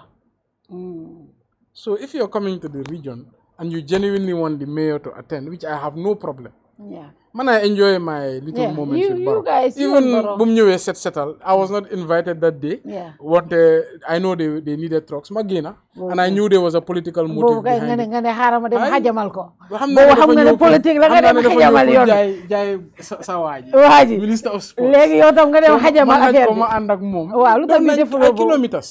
so if you are coming to the region and you genuinely want the mayor to attend which I have no problem Yeah. Man, I enjoy my little yeah. moments you, with Barrow. You guys, Even bum ñëwé set settle, I was not invited that day. Yeah. What uh, I know they they needed trucks ma gëna okay. and I knew there was a political motive Bo, behind. Bo nga nga ne xaaral ma dem xajamal ko. Bo xam na ne la nga dem xajamal yoon. Jaay sa waaji. Waaji. Minister of tam nga dem xajamal affaire bi. Ma lu tax ñu defuloo boobu. Kilometers.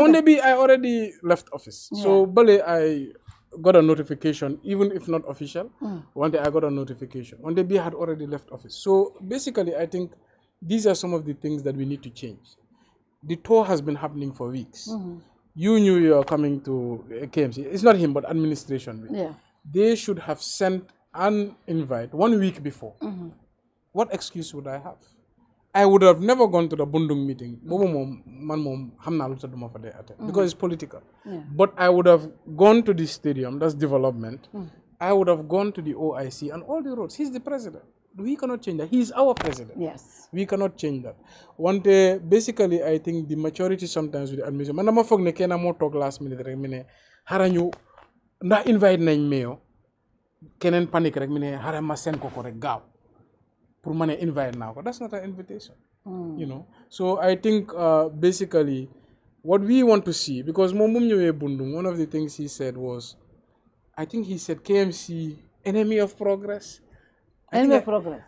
Monday bi I already left office. So bële I got a notification, even if not official. Mm. One day I got a notification. One day B had already left office. So basically, I think these are some of the things that we need to change. The tour has been happening for weeks. Mm -hmm. You knew you were coming to uh, KMC. It's not him, but administration. Yeah. They should have sent an invite one week before. Mm -hmm. What excuse would I have? I would have never gone to the Bundung meeting. Mm. mm. Because it's political. Yeah. But I would have gone to the stadium, that's development. Mm. I would have gone to the OIC and all the roads. He's the president. We cannot change that. He's our president. Yes. We cannot change that. One day, basically, I think the maturity sometimes with the administration. Manama fog ne kena mo talk last minute rek mine haranyu na invite me. mayo kenen panic rek mine i sen ko ko rek pour ma invite naa that's not an invitation. Hmm. you know so I think uh, basically what we want to see because moom bu Bundung one of the things he said was I think he said KMC enemy of progress. enemy of progress.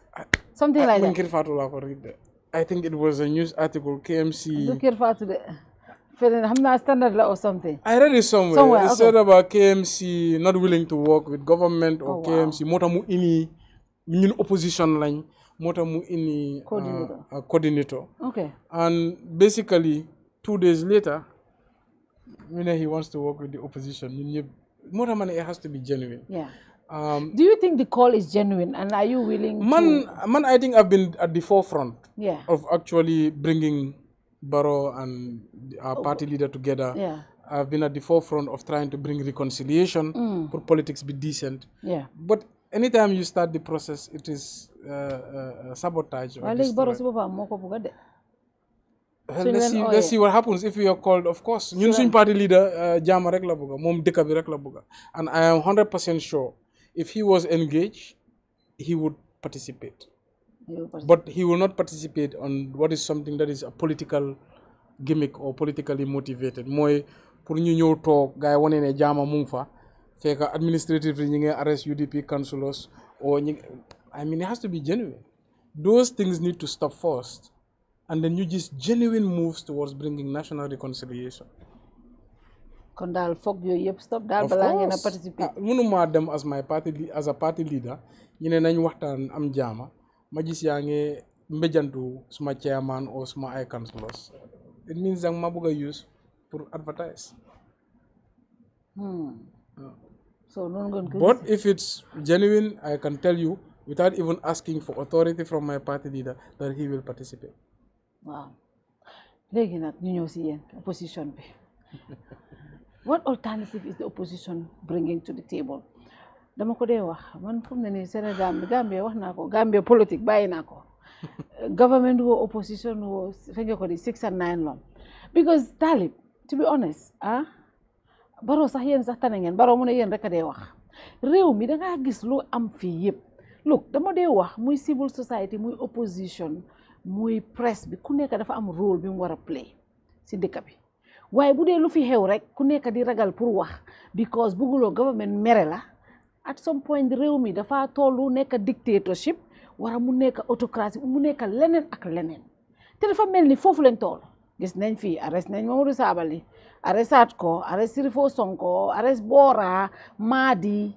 something like that. I think it was a news article KMC. Munkir Fatou de. or something. I read it somewhere. somewhere it okay. said about KMC not willing to work with government or oh, KMC. Wow. Motamu ini, opposition line moo mu indi uh, uh, coordinator okay and basically two days later you know he wants to work with the opposition moo man it has to be genuine yeah um, Do you think the call is genuine, and are you willing? Man, to... man, I think I've been at the forefront yeah. of actually bringing Barrow and our oh. party leader together. Yeah. I've been at the forefront of trying to bring reconciliation, mm. for politics be decent. Yeah. But anytime you start the process, it is Euh, euh, sabotage. waaw léegi Barrow si boppam moo ko bugg de. let's see what happens if we are called of course. ñun suñ party leader euh, jaama rek la bugg moom dëkk bi rek la bugg a. and I am hundred percent sure if he was engaged he would participate. but he will not participate on what is something that is a political gimmick or politically motivated mooy pour ñu ñëw toog gars yi wane ne jaama mu fa fekk administrative yi ñu arrest UDP councillors o I mean, it has to be genuine. Those things need to stop first. And then you just genuine moves towards bringing national reconciliation. kon daal foog yooyu yëpp stop daal balaa ngeen a participer ah, mënuma dem as a party leader ñu ne nañ waxtaan am jaama ma gis yaa ngi mbéjantu suma chairman or suma ay councillors it means that ma bëgg a use pour advertise hmm. ah. but if it's genuine I can tell you without even asking for authority from my party leader that he will participate. Wow. léegi nag ñu ñëw opposition bi what alternative is the opposition bringing to the table dama ko day wax man fu mu ne nii Sénégal bi Gambia wax naa ko Gambia politique bàyyi ko government wo opposition wo fenge ko di six and nine long because Talib to be honest ah baro sax yéen sax tane ngeen Barrow mu ne yéen rek day wax réew mi da nga gis lu am fi yëpp. look dama dee wax muy civil society muy opposition muy presse bi ku nekk dafa am rôle bi mu war a play si dëkk bi waaye bu dee lu fi xew rek ku nekk di ragal pour wax because bugguloo government mere la at some point réew mi dafa tollu nekk dictatorship wara mu nekk autocratie mu nekk leneen ak leneen te dafa mel ni foofu lañ toll gis nañ fii arrest nañ saabali Sabally arrestaat ko arrest Sirifo Sonko arrest Bora Madi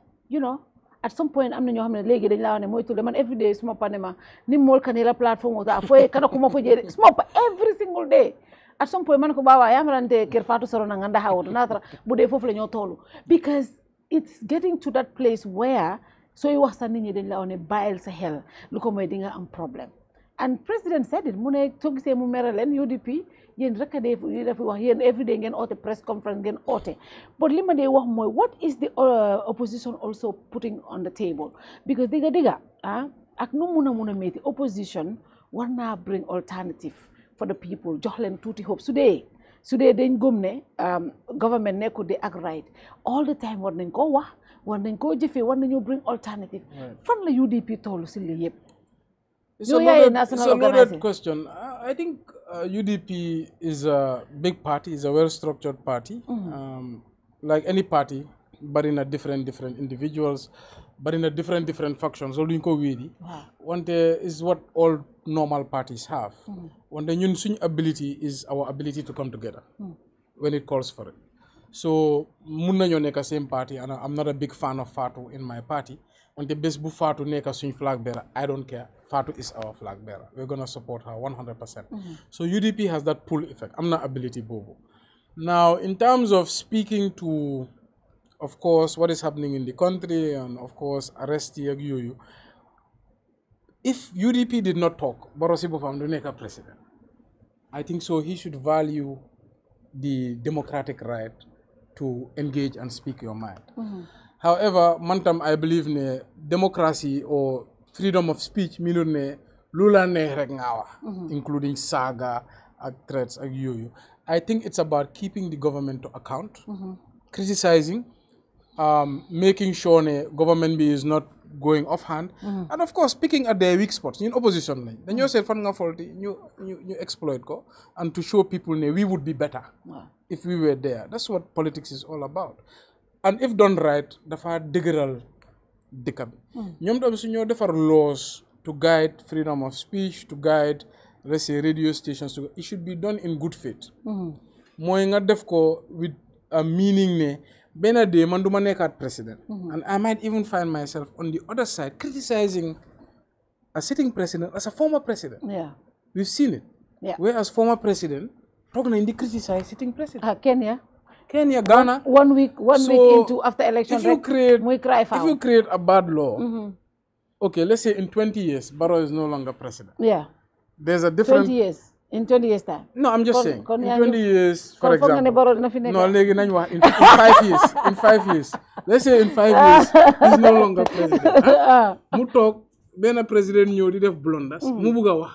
at some point am na ñoo xam ne léegi dañ la wax ne mooy tudde man every day suma pane ma ni mool ka ni la plateforme ota foye kana kuma fo jeede suma pa every single day at some point man ko baawa yamarante ker fatu soro na nganda hawoto natara bu dee foofu la ñoo toolu because it's getting to that place where sooy wax sa nit ñi dañ la wax ne bàyyil sa xel lu ko mooy di nga am problème and president said it mu ne soo gisee mu mere leen UDP yéen rek a dee yu dafa wax yéen everyday ngeen oote press conference ngeen oote but li ma dee wax mooy what is the uh, opposition also putting on the table because dëgga dëgga ah ak nu mun na mun a métti opposition war naa bring alternative for the people jox leen tuuti hope su dee su dee dañ gëm ne um, government nekkul di ak right all the time war nañ koo wax war nañ koo jëfee war nañoo bring alternative fan la UDP toll si lii yëpp It's you a loaded, it's a loaded question. Uh, I think uh, UDP is a big party, is a well-structured party, mm -hmm. um, like any party, but in a different, different individuals, but in a different, different factions. So ko wéri. Wante is what all normal parties have. Mm-hmm. Wante ñun suñ ability is our ability to come together mm. when it calls for it. So mun yoneka same party and I'm not a big fan of Fatu in my party until bés bu Fatu nekk suñ flag bearer I don't care Fatu is our flag bearer we're gonna support her 100 percent mm-hmm. so UDP has that pull effect i am not ability Bobo. now in terms of speaking to of course what is happening in the country and of course arrest yeeg if UDP did not talk Barrow si boppam du president I think so he should value the democratic right to engage and speak your mind mm-hmm however man I believe ne democracy or freedom of speech meanul ne lu mhm. including saga, threats ak I think it's about keeping the government to account mhm. criticizing um, making sure ne government be is not going offhand mhm. and of course picking at their weak spots in opposition Then you seet fan nga faulty you you exploit ko and to show people ne we would be better if we were there that's what politics is all about and if done right dafa dëgëral dëkk bi hmm. ñoom tamit su ñoo defar laws to guide freedom of speech to guide let's say radio stations it should be done in good faith hmm. mooy nga def ko with a meaning ne benn day man du ma president hmm. and I might even find myself on the other side criticizing a sitting president as a former president yeah we've seen it whereas former president toog nañ criticize sitting president ah Kenya Kenya, Ghana. One, one week, one so week into after election, if you create, we cry foul. If you create a bad law, mm -hmm. okay, let's say in 20 years, Barrow is no longer president. Yeah. There's a different... 20 years. In 20 years time? No, I'm just kon, saying. Kon in 20 years, for example. No, in, in five years. In five years. Let's say in five years, he's no longer president. Ah, mu toog benn président ñëw di def blunders. Mm-hmm. mu bugg a wax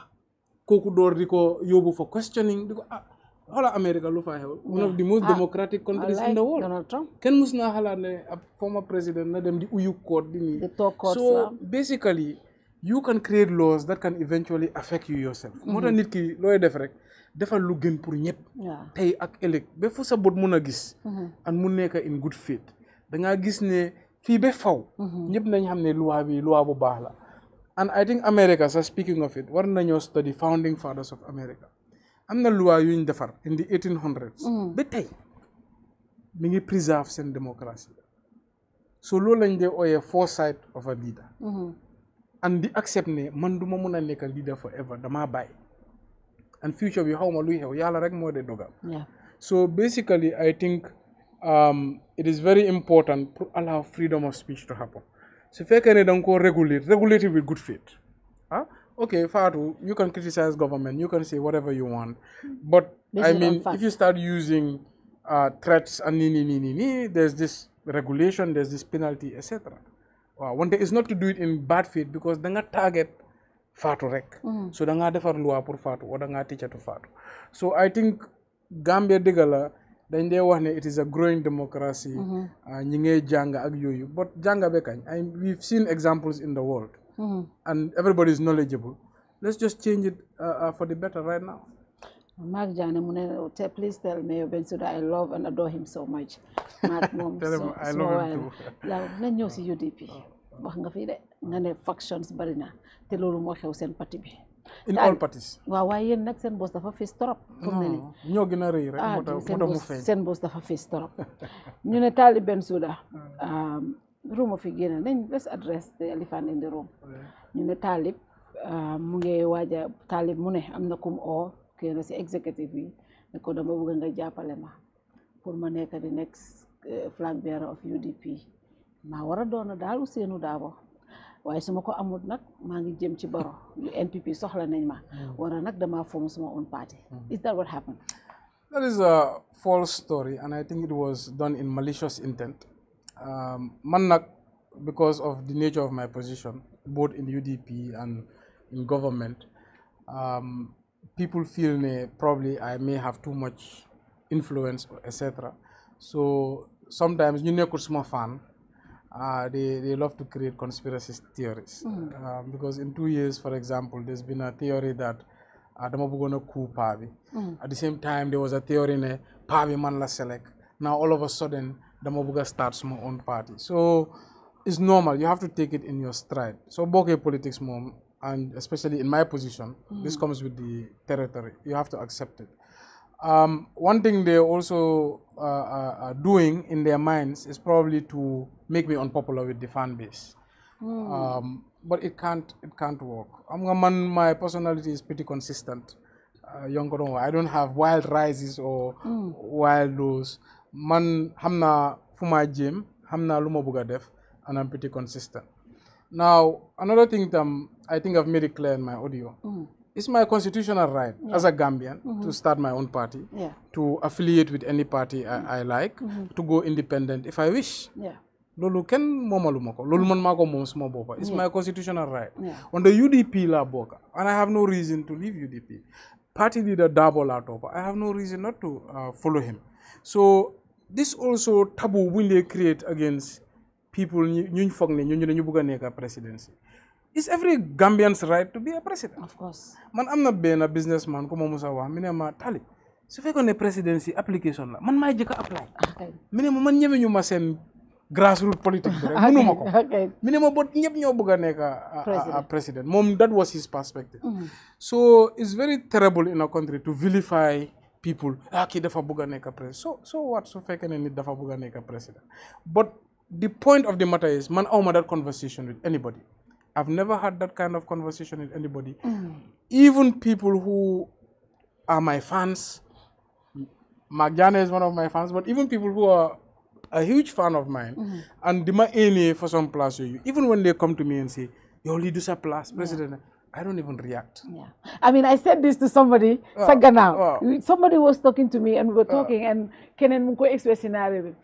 kooku for questioning diko ah xoolal America lu faa xew one of the most ah, democratic countries in the world kenn mus naa xalaat ne ab former president na dem di uyu court di nii so basically you can create laws that can eventually affect you yourself moo tax mhm. nit ki looy def rek defal lu gën pour ñëpp tey ak ëllëg ba sa bët mun a gis mhm. an mu nekk in good faith dangaa gis ne fii ba faw mhm. ñëpp nañ xam ne loi bi loi bu baax la and I think America sax speaking of it war nañoo study am loi yu ñu defar in the eighteen hundreds mm. ba tey mi ngi préserve seen démocratie so loolu lañ dee ooyee foresight of a leader mm-hmm. and di accept ne man du ma mun leader forever Dama bay, and future bi xaw ma luy xew yàlla rek moo dogal so basically I think um, it is very important to allow freedom of speech to happen su if ne can nga koo réguler regulate with good faith ok faatu you can criticize government, you can say whatever you want, but this I mean, if you start using uh, threats and ni, ni ni ni ni there's this regulation, there's this penalty, etc. Wow. One is not to do it in bad faith because then target Fatu rek. Mm. So then I defer law for Fatu or then I teacher to Fatu. So I think Gambia Digala. dañ de wax ne it is a growing democracy. Mm-hmm. Ah, ñi ngay jàng ak yooyu but jàng be kañ ay we've seen examples in the world. -hmm. and everybody is knowledgeable uh, uh, mu ne please tell Mayor Bensouda I love and adore him so much Mark moom tell him I love him si UDP oh. wax nga fii de nga ne factions bari na te loolu moo xew seen parti bi in all parties waaw waaye yéen nag seen bos dafa fees torop comme ne ñoo gën a rëy rek ah, seen bos dafa fees torop ñu ne Tali Bensouda ah. um, room of génn nañ let's address the elephant in the room ñu ne taalib euh, mu ngi waaja taalib mu ne am na kum oo kenn si executive yi ne ko dama bëgg nga jàppale ma pour ma nekk di next euh, flag bearer of UDP maa war a doona daal seenu Darboe waaye suma ko amul nag maa ngi jëm ci baro yu NPP soxla nañ ma hmm. wara nag dama form suma own party hmm. is that what happened that is a false story and I think it was done in malicious intent um, because of the nature of my position both in UDP and in government um, people feel ne probably I may have too much influence etc so sometimes you know, small fan uh, they, they love to create conspiracy theories mm because in two years for example there's been a theory that Adamo uh, bëggoon a coup hmm. at the same time there was a theory ne paa bi man select now all of a sudden Damabuga starts my own party. So it's normal. You have to take it in your stride. So Boke politics mom and especially in my position, mm. this comes with the territory. You have to accept it. Um, one thing they're also uh, uh doing in their minds is probably to make me unpopular with the fan base. Mm. Um, but it can't it can't work. I'm a man, my personality is pretty consistent. Uh, I don't have wild rises or mm. wild lows man xam naa fu maa jéem xam def and I'm pretty consistent now another thing that I think I've made it clear in my audio mm-hmm. it's my constitutional right yeah. as a Gambian mm -hmm. to mm-hmm. start my own party, yeah. to affiliate with any party I, I like, mm -hmm. to go independent if I wish. Yeah. loolu kenn moomaluma ko loolu man maa suma it's my constitutional right on the UDP laboka, and I have no reason to leave UDP party leader double out of. I have no reason not to uh, follow him so this also taboo buñ dee create against people ñuñ foog ne ñu dañu bëgg a nekk a presidency it's every Gambian's right to be a president. man am na benn businessman ku ma musa wax mi ne ma tali su fekkoon ne presidency application la man maay jëkk a apply ah, mi ne ma man ñemeñu ma seen grassroots politique bi rek mënuma ko mi ne ma bot ñëpp ñoo bëgg a nekk a president moom that was his perspective mm-hmm. so it's very terrible in a country to vilify people ah kii dafa bëgg a président so so what su fekkee ne nit dafa bëgg a président but the point of the matter is man awma that conversation with anybody I've never had that kind of conversation with anybody mm. even people who are my fans Mark is one of my fans but even people who are a huge fan of mine mm-hmm. and the dima ene for some place even when they come to me and say you lii du sa place président I don't even react. Yeah. I mean, I said this to somebody, uh, oh. Sagana. Uh, oh. somebody was talking to me and we were oh. talking uh, and Kenen Munko expressed scenario.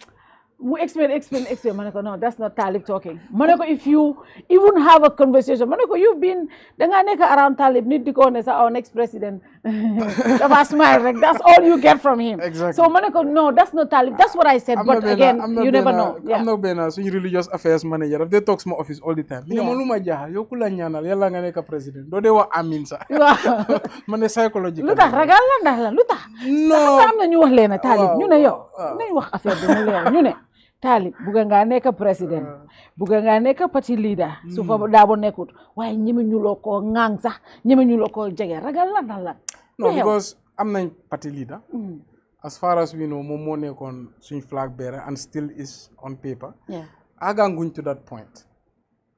mu explain explain explain ma ne ko non that's not Talib talking ma ne ko if you even have a conversation ma ne ko you've been dangaa nekk around Talib nit di ko ne oh, president dafa that's all you get from him so ma ne ko no that's not Talib that's what I said but again you never know am na benn suñu religious affairs manager daf dee toog sama office all the time mi ne ma lu ma jaaxal yow amin sax waaw ma ne ragal la ndax la lu am na ñu wax leen Talib ñu ne yow nañ wax affaire ñu ne tali nga nek president ah. nga nek party leader mm. su fa dabo nekut waye ñimi ñulo ko ngang sax ñimi ñulo ko jégué ragal la dal la no because am nañ party leader hmm. as far as we know mom mo nekkon suñ flag bearer and still is on paper yeah nguñ to that point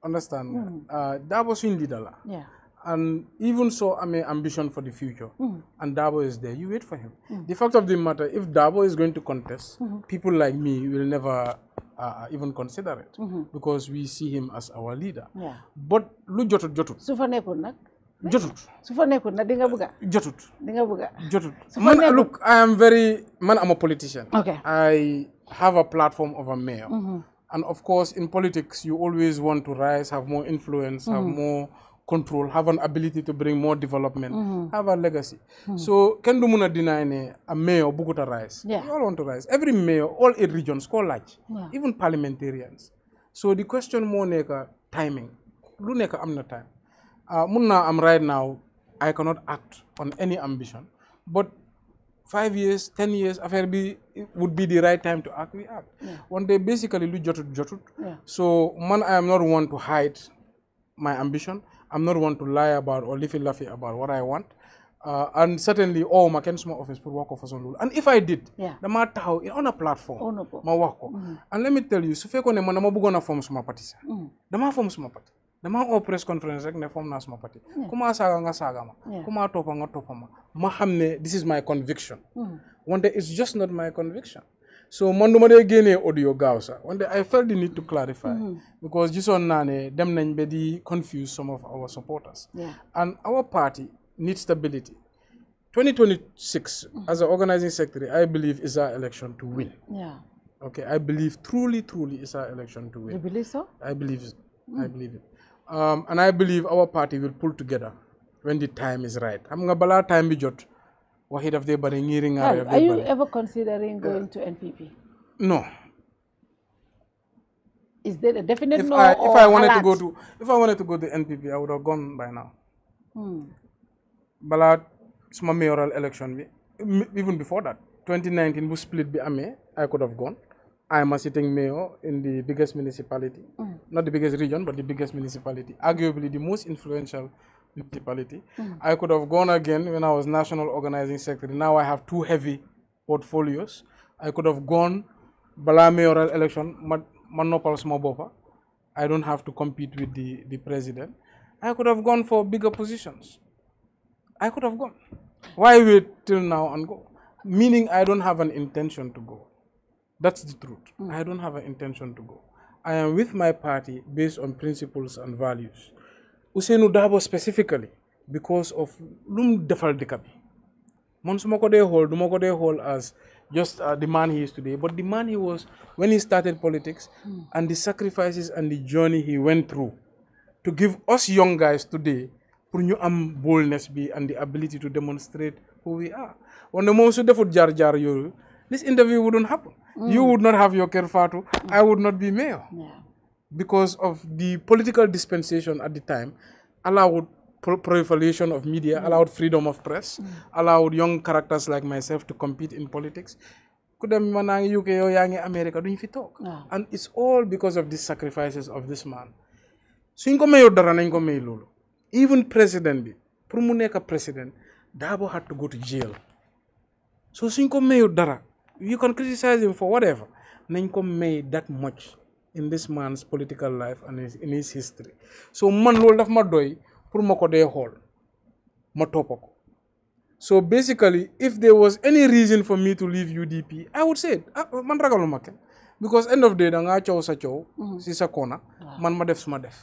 understand mm. uh, dabo suñ leader la yeah And even so, I mean, ambition for the future. Mm. And Dabo is there. You wait for him. Mm. The fact of the matter, if Dabo is going to contest, -hmm. people like me will never uh, uh even consider it -hmm. because we see him as our leader. Yeah. But lu jotut jotut. jotut su fa nekkul nag di nga bëgg a. Uh, jotut di jotut man uh, look I am very man i am a politician. okay I have a platform of a mayor. Mm-hmm. and of course in politics you always want to rise have more influence. have mm-hmm. more control, have an ability to bring more development, mm -hmm. have a legacy. Mm -hmm. So can do muna deny a mayor bukuta rise. Yeah. We all want to rise. Every mayor, all eight regions, call large, yeah. even parliamentarians. So the question more timing. Luneka amna time. Uh, ah, muna I'm right now, I cannot act on any ambition. But five years, ten years, affair be would be the right time to act, we act. Yeah. One day basically lu jotut jotut. So man I am not one to hide my ambition. I'm not one to lie about or leave laffy about what I want. Uh, and certainly all oh, my ken small office put work for some And if I did, yeah. the matter how on a platform, oh, no, my work. Mm -hmm. And let me tell you, so fake on a manamobugona form my party. The mm. man form my party. The man all press conference like form na small party. on, saga nga saga ma. Kuma topa nga topa ma. Mahamne, this is my conviction. Mm -hmm. One day it's just not my conviction. so man du audio I felt the need to clarify. Mm-hmm. because this one, ne dem nañ ba confuse some of our supporters. and our party needs stability. 2026, mm-hmm. as an organizing secretary, I believe is our election to win. Yeah. Okay, I believe truly, truly is our election to win. You believe so? I believe it. I mm. believe it. Um, and I believe our party will pull together when the time is right. I'm going to time be jot. Wahid of the Baringiring Are, are you ever considering going to NPP? No. Is there a definite if no? I, if I wanted alert? to go to if I wanted to go to NPP, I would have gone by now. Hmm. But uh, my mayoral election, even before that, 2019 we split by Ame, I could have gone. I am a sitting mayor in the biggest municipality, mm. not the biggest region, but the biggest municipality, arguably the most influential municipality. Mm. I could have gone again when I was national organizing secretary. Now I have two heavy portfolios. I could have gone Balame election, Manopal Smobopa. I don't have to compete with the, the president. I could have gone for bigger positions. I could have gone. Why wait till now and go? Meaning I don't have an intention to go. That's the truth. Mm. I don't have an intention to go. I am with my party based on principles and values. Ousseynou Dabo specifically because of lu mu defal dëkk bi man su ma ko dee xool as just uh, the man he is today but the man he was when he started politics hmm. and the sacrifices and the journey he went through to give us young guys today pour ñu am boldness bi and the ability to demonstrate who we are wante moom su defut jar jar yooyu this interview wouldn't happen you hmm. would not have your Kerr hmm. I would not be mayor because of the political dispensation at the time allowed proliferation of media, mm. allowed freedom of press, mm. allowed young characters like myself to compete in politics. UK yow yaa ngi America and it's all because of the sacrifices of this man. So ko mayoo dara nañ ko may even president bi pour president Dabo had to go to jail. so suñ ko mayoo you can criticize him for whatever nañ ko may that much. in this man's political life and in his history so man loolu daf ma doy pour ma ko dee xool ma toppa ko so basically if there was any reason for me to leave UDP I would say ah, man ragalu ma kenn because end of day da ngaa coow sa cow mm-hmm. si sa koona man ma def ma def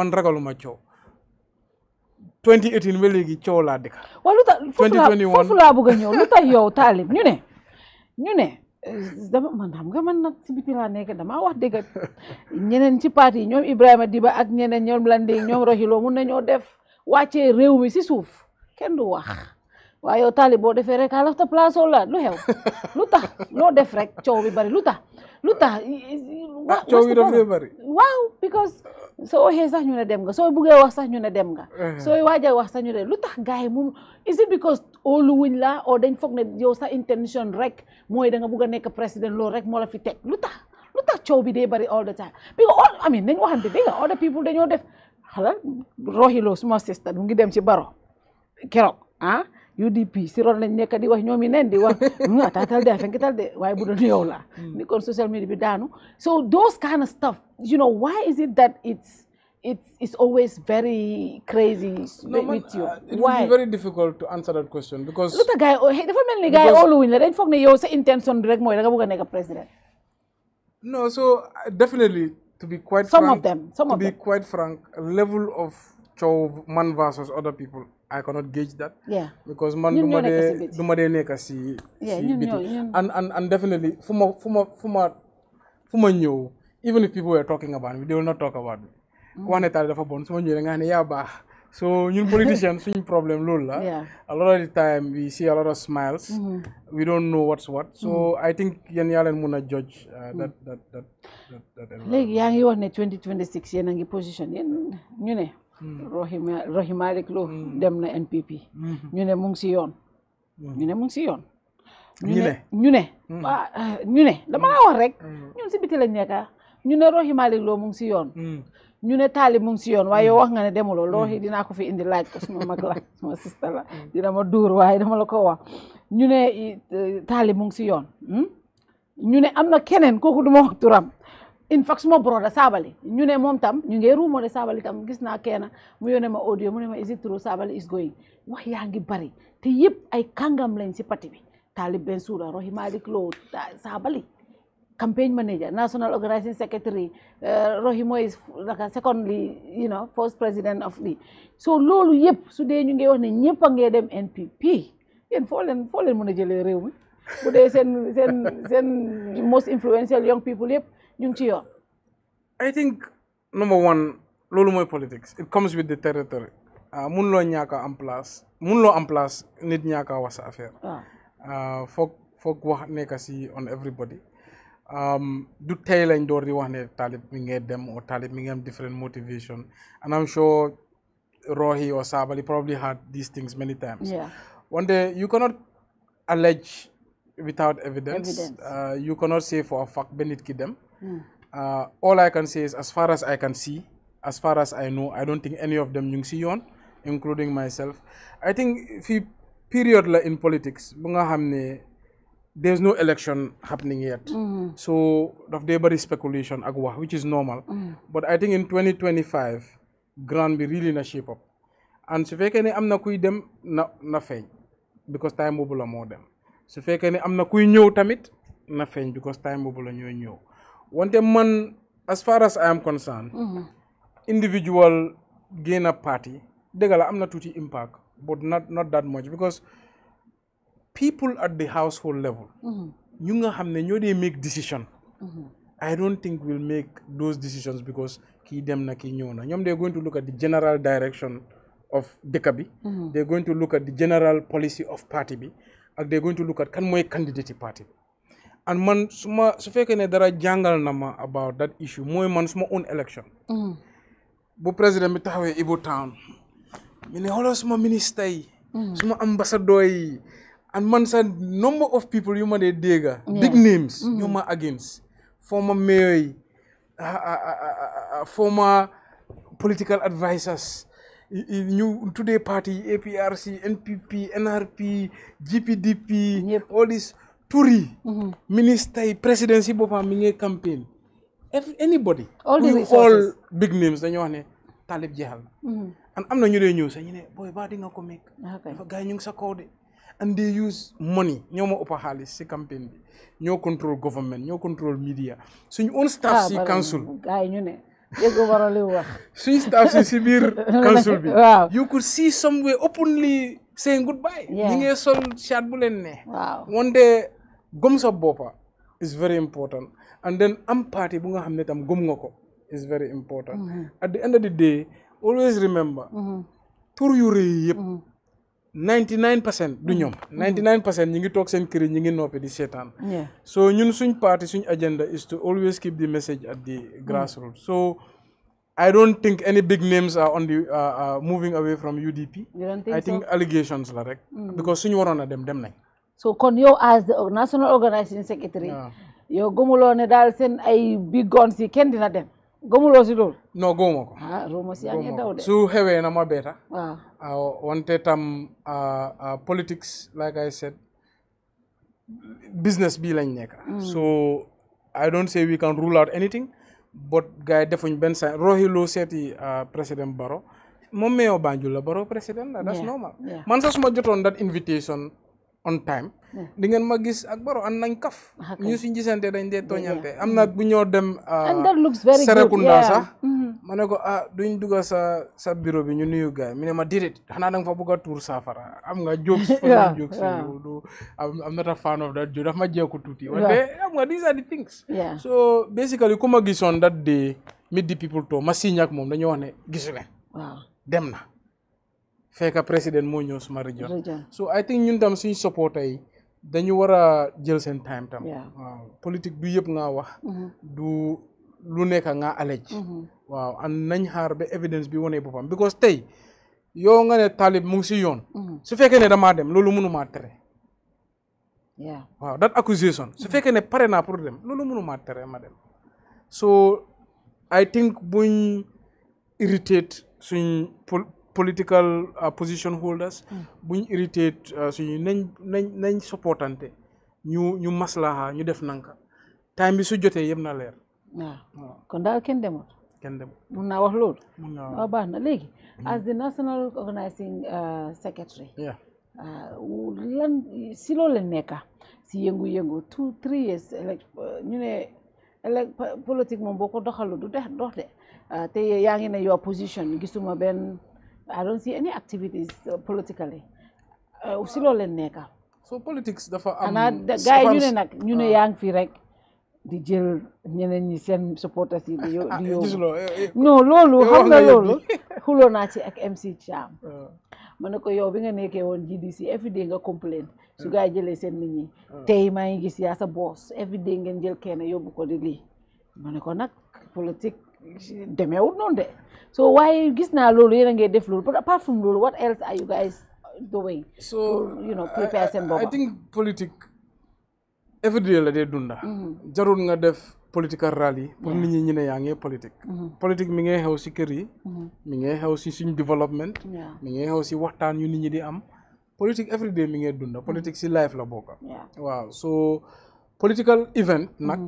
man ragaluma ma coow 2018 ba léegi coow laa dëkk. waaw lu tax foofu laa bëgg ñëw lu tax yow Talib ñu ne ñu ne. dama man xam nga man nag ci biti laa nekk damaa wax dëgg ñeneen ci parti yi ñoom Ibrahima Diba ak ñeneen ñoom Landing ñoom Rohilo mun nañoo def wàccee réew mi si suuf kenn du wax waaye yow taali boo defee rek àlafta place la lu xew lu tax loo def rek coow bi bari lu tax lu tax coow bi dafay waaw because soo waxee sax ñu ne dem nga soo buggee wax sax ñu ne dem nga eh. sooy waaja wax sax ñu lu tax gars yi moom is it because óolu dañ foog ne yow sa intention rek mooy da bugg nekk président loolu rek moo la fi teg lu tax lu tax coow bi day bari all the time because all I mean nañ waxante dégg dañoo def suma sister mu ngi dem ci baro keroog ah UDP si ron lañ nekk di wax ñoom yi neen di wax nga tatal de fenk tal de waaye bu doon yow la hmm. ni social media bi daanu so those kind of stuff you know why is it that it's it's it's always very crazy no, with man, you uh, it why? would be that question because lu tax gars oh, yi dafa mel ni gars yi ooluwuñ la dañ foog ne yow sa intention bi rek mooy da nga a nekk président no so uh, definitely to be quite some frank, of them some to of level of coow man versus other people I cannot gauge that. Yeah. Because man duma dee duma dee nekk si. yeah ñun ñoo ñun and and and definitely fu ma fu ma fu even if people were talking about me they will not talk about me. ku mm. wax ne taal dafa bon su ma ñëwee da nga so you politicians suñu problem, lola. yeah a lot of the time we see a lot of smiles. Mm -hmm. we don't know what's what. so mm -hmm. I think yani yalan muna judge. Uh, that, mm. that that that that. léegi yaa ngi ne 2026 yéen ngi position yéen ñu ne. Hmm. Rohima Rohimaric Lo hmm. dem na NPP hmm. ñu ne mu si yoon ñu ne mu si yoon ñu ne ñu ne ah ñu ne rek ñun si biti lañ nekka ñu ne Rohimaric Lo mu ngi si yoon ñu ne eh, taali ah. mu si yoon waaye yow wax nga ne demuloo looxi dinaa ko fi indi laaj ko suma mag la suma sista la dina ma dóor waaye dama la ko wax ñu ne eh, Taalib mu si yoon ñu ne am na keneen kooku duma wax turam infection broda sabali ñu ne mom tam ñu ngi rumo de sabali tam gis na kena mu yone ma audio mu ne ma is it true sabali is going wax yaa ngi bari te yeb ay kangam lañ ci parti bi Talib soura rohi malik lo sabali campaign manager national organizing secretary eh, Rohey mooy like secondly you know first president of the so lolu yeb su dee ñu ngi wax ne ñepp nga dem NPP yeen fo len fo len mën a jëlee réew mi bu dee sen sen sen most influential young people yëpp ñu ngi ci yoon. I think number one loolu mooy politics it comes with the territory uh, Munlo ñàkk amplas. am place mënuloo am place nit ñàkk a wax sa affaire. Ah. Uh, foog foog wax nekk si on everybody. Um, du tey lañ door di wax ne taalib mi ngay dem or taalib mi ngi am different motivation and I'm sure Rohi or Sabali probably had these things many times. Yeah. One day you cannot allege without evidence. evidence. Uh, you cannot say for a fact benit ki dem. Mm. Uh, all I can say is, as far as I can see, as far as I know, I don't think any of them ñu ngi including myself I think you period in politics there's no election happening yet. Mm-hmm. so of dee speculation which is normal. Mm-hmm. but I think in 2025 Grand be really na shape up and su fekkee I am na kuy dem na na feeñ because time more la them. if I can, i am na kuy ñëw tamit na feeñ because time boobu la ñooy ñëw. wante man as far as I am concerned. Mm-hmm. individual gain a party dëgg la am na tuuti impact but not not that much because people at the household level. Mm-hmm. ñu nga xam ne ñoo dee make decision. Mm-hmm. I don't think we'll make those decisions because kii dem na kii ñëw na ñoom de going to look at the general direction of dëkk bi. they're going to look at the general policy of party bi ak de going to look at kan mooy candidate party bi. and man suma su janggal nama dara jangal na about that issue moy man suma own election. Mm-hmm. bu président bi taxawé Ibo Town. ñu ne xoolal suma ministre yi. Mm-hmm. suma ambassadeur yi. and man sa number of people you ma dee big names. Mm-hmm. you ma against. former mayor yi. Ah, ah, ah, former political advisors, ñu today party, APRC NPP NRP GPDP. all this. tur yi. Mhm. ministre yi président si boppam mi ngi campagne. if anybody. all the resources all big names dañoo wax ne Talib jeexal na. Mhm. and am na ñu dee ñëw sax ñu ne booy ba di ko mekk. Ah, dafa ñu sa kaw de. and they use money ñoo ma ëpp xaalis si campagne bi ñoo control government ñoo control media suñu own staff ah, si council. gars yi ñu ne dégg waroon li si si bi. waaw you could see somewhere openly saying goodbye. ñi ngee sol chat bu ne. gëm sa is very important and then am parti bu nga xam tam nga ko is very important mhm. at the end of the day always remember mhm. tur yu rëy mhm. ninety nine percent du ninety nine percent ñi ngi toog seen kër ñi ngi di seetaan so ñun suñ parti suñ agenda is to always keep the message at the grassroots so I don't think any big names are on the uh, uh, moving away from UDP. You don't think I think allegations la rek. Mm. Because suñu waroon a dem dem nañ. so kon yow as the national organizing secretary. yow gëmuloo ne daal seen ay big guns yi kenn dina dem gëmuloo si loolu. non gëmuma ko. Ah, su xewee na ma beeta. waaw ah. ah, wante tam politics like I said business bi lañ nekk. Mm. so I don't say we can rule out anything. but gars defuñ benn sa roxi loo seeti président Barrow moom meeyoo Banjul la Barrow président that's normal man sax su jotoon that invitation. on time ya. di ngeen ma gis ak baro an nañ kaf ñu suñ gisante dañ dé tooñante amna bu ñoo dem Serekunda sax mané ko ah kan. duñ ya, ya. hmm. uh, mm-hmm. ah, juga sa sa bureau bi ñu nuyu gaay mi ne ma dirit xana da nga fa bëgg a safara am nga jokes fa jokes du am na fan of that daf ma jeeku tuuti wante am nga these are the things so basically kuma gisone that day meet people to ma signe ak mom dañu wax gisu dem na fekk président moo ñëw suma région so I think ñun tam suñu supporter yi dañu war a jël seen time tam waaw du yëpp nga wax mm-hmm. du lu nekk ngaa allege mm-hmm. waaw an nañ xaar ba évidence bi wanee boppam because tey yow nga ne Talib mu si yoon mm-hmm. su fekkee ne damaa dem loolu mënumaa tere waaw that accusation su fekkee ne pare naa pour dem loolu mënumaa tere ma dem so I think buñ irritate suñ political uh, position holders mm. buñ irritate uh, suñu nañ nañ nañ supportante ñu ñu maslaha ñu def nanka time bi su jotee yëpp na leer waaw kon daal kenn demut kenn demut mun naa wax loolu waaw baax na léegi mm. as the national organizing uh, secretary lan si loolu la si yëngu-yëngu two three ñu ne elec moom boo ko doxalu du de te yaa ngi ne your position gisuma benn I don't see any activities uh, politically uh, si loolu leen nekka so politics dafa am xanaa gars ñu ne nag ñu ne ah. yaa ngi fi rek di jël ñeneen ñi seen supporters si di ah, eh, eh, yow di yow loolu xam nga loolu xuloo naa ci ak MC Cham ah. ma ne ko yow bi nga nekkee woon GDC everyday nga complain su gars jëlee seen nit ñi tey maa ngi gis yaa sa boss everyday ngeen jël kena yóbbu ko di lii ma ne ko nag politique demeewul noonu de so waaye gis naa loolu yéen a def loolu but apart from loolu what else are you guys doing so you know prepare I think politique la dee dunda mm-hmm. jarul nga def political rally pour nit ñi ñu ne yaa ngi politique mm-hmm. politique mi ngay xew si kër yi mm-hmm. mi ngay xew si suñ développement mi ngay xew si waxtaan yu nit ñi di am politique everyday mi ngay dunda politique si life la bokka waaw so political event nag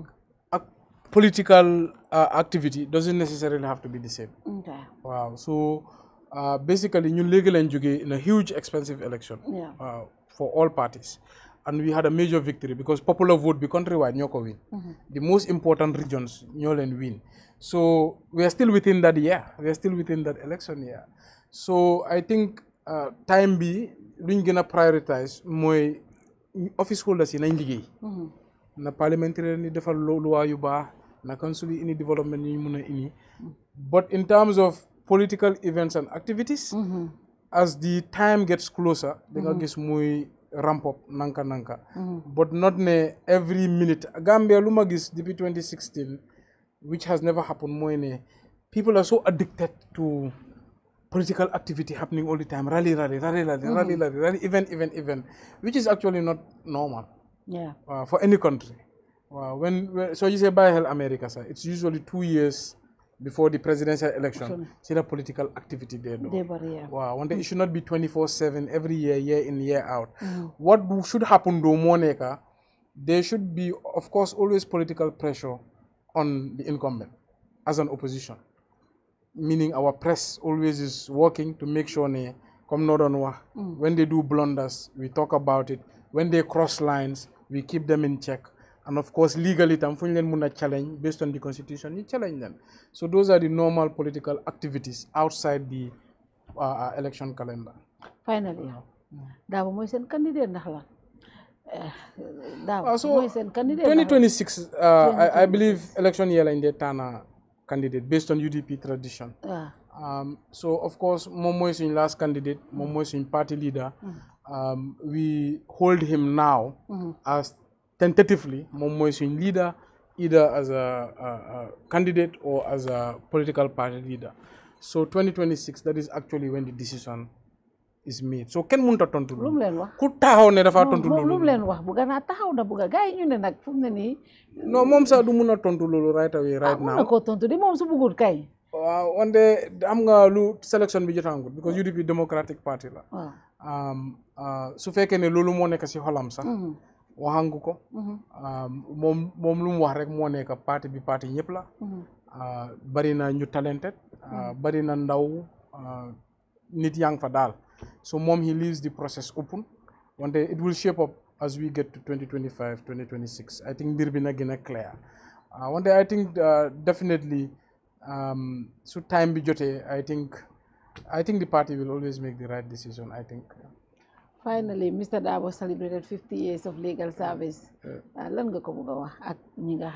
political uh, activity doesn't necessarily have to be the same. Okay. Wow. So uh, basically, new legal and in a huge, expensive election yeah. uh, for all parties. And we had a major victory because popular vote be countrywide, Nyoko win. Mm -hmm. The most important regions, Nyolen win. So we are still within that year. We are still within that election year. So I think uh, time be, we're going to prioritize my office holders in Indigay. Mm -hmm. na parliamentary ni defa lo loa yuba naka suñu indi development ñu mën a but in terms of political events and activities mm-hmm. as the time gets closer da nga mm-hmm. gis muy ramp up nanka nanka mm-hmm. but not ne every minute Gambia lu ma gis depuis 2016 which has never happened mooy ne people are so addicted to political activity happening all the time rally rally rally rally rally rally rally event event event which is actually not normal yeah. Uh, for any country Wow. When, when so you say by hell America, sir, it's usually two years before the presidential election. See the political activity there, though. yeah. Wow. One day mm it should not be 24/7 every year, year in year out. Mm What should happen to Monica? There should be, of course, always political pressure on the incumbent as an opposition. Meaning our press always is working to make sure they come not on war. Mm. When they do blunders, we talk about it. When they cross lines, we keep them in check and of course legally tam fuñ leen mun challenge based on the constitution You challenge them so those are the normal political activities outside the uh, uh election calendar. finally daaw mooy seen candidate ndax la. candidate eh, so 2026 uh, I believe election year lañ dee candidate based on UDP tradition. Ah. Um, so of course Momo is in last candidate, Momo is in party leader. Mm -hmm. um, we hold him now mm -hmm. as tentatively moom mooy suñ leader either as a, a, a, candidate or as a political party leader so 2026 that is actually when the decision is made so kenn mënut ta tontu. lu mu leen wax ku taxaw ne dafa tontu. loolu lu mu leen wax bëgg naa taxaw na bëgg gars ñu ne nag fu ne nii. non moom sax du mun a tontu loolu right away right now. ah mun na koo tontu moom su bëggul kay. wante am nga lu sélection bi jotaangut because ah. UDP Democratic Party la. Ah. Um, uh, su fekkee ne loolu moo nekk si xolam sax. Mm-hmm. waxangu ko mm-hmm. um, mom, moom lu mu wax rek moo nekk parti bi parti ñëpp la mm-hmm. uh, bari na ñu talented uh, mm-hmm. bari na ndaw uh, nit yaa fa so mom, he leaves the process open One day it will shape up as we get to 2025 2026 I think mbir bi na gën a clair I think definitely um, So time bi jote. I think I think the party will always make the right decision I think finally Mr Dabo celebrated 50 years of legal service uh, lan nga ko bëgg wax ak ñi nga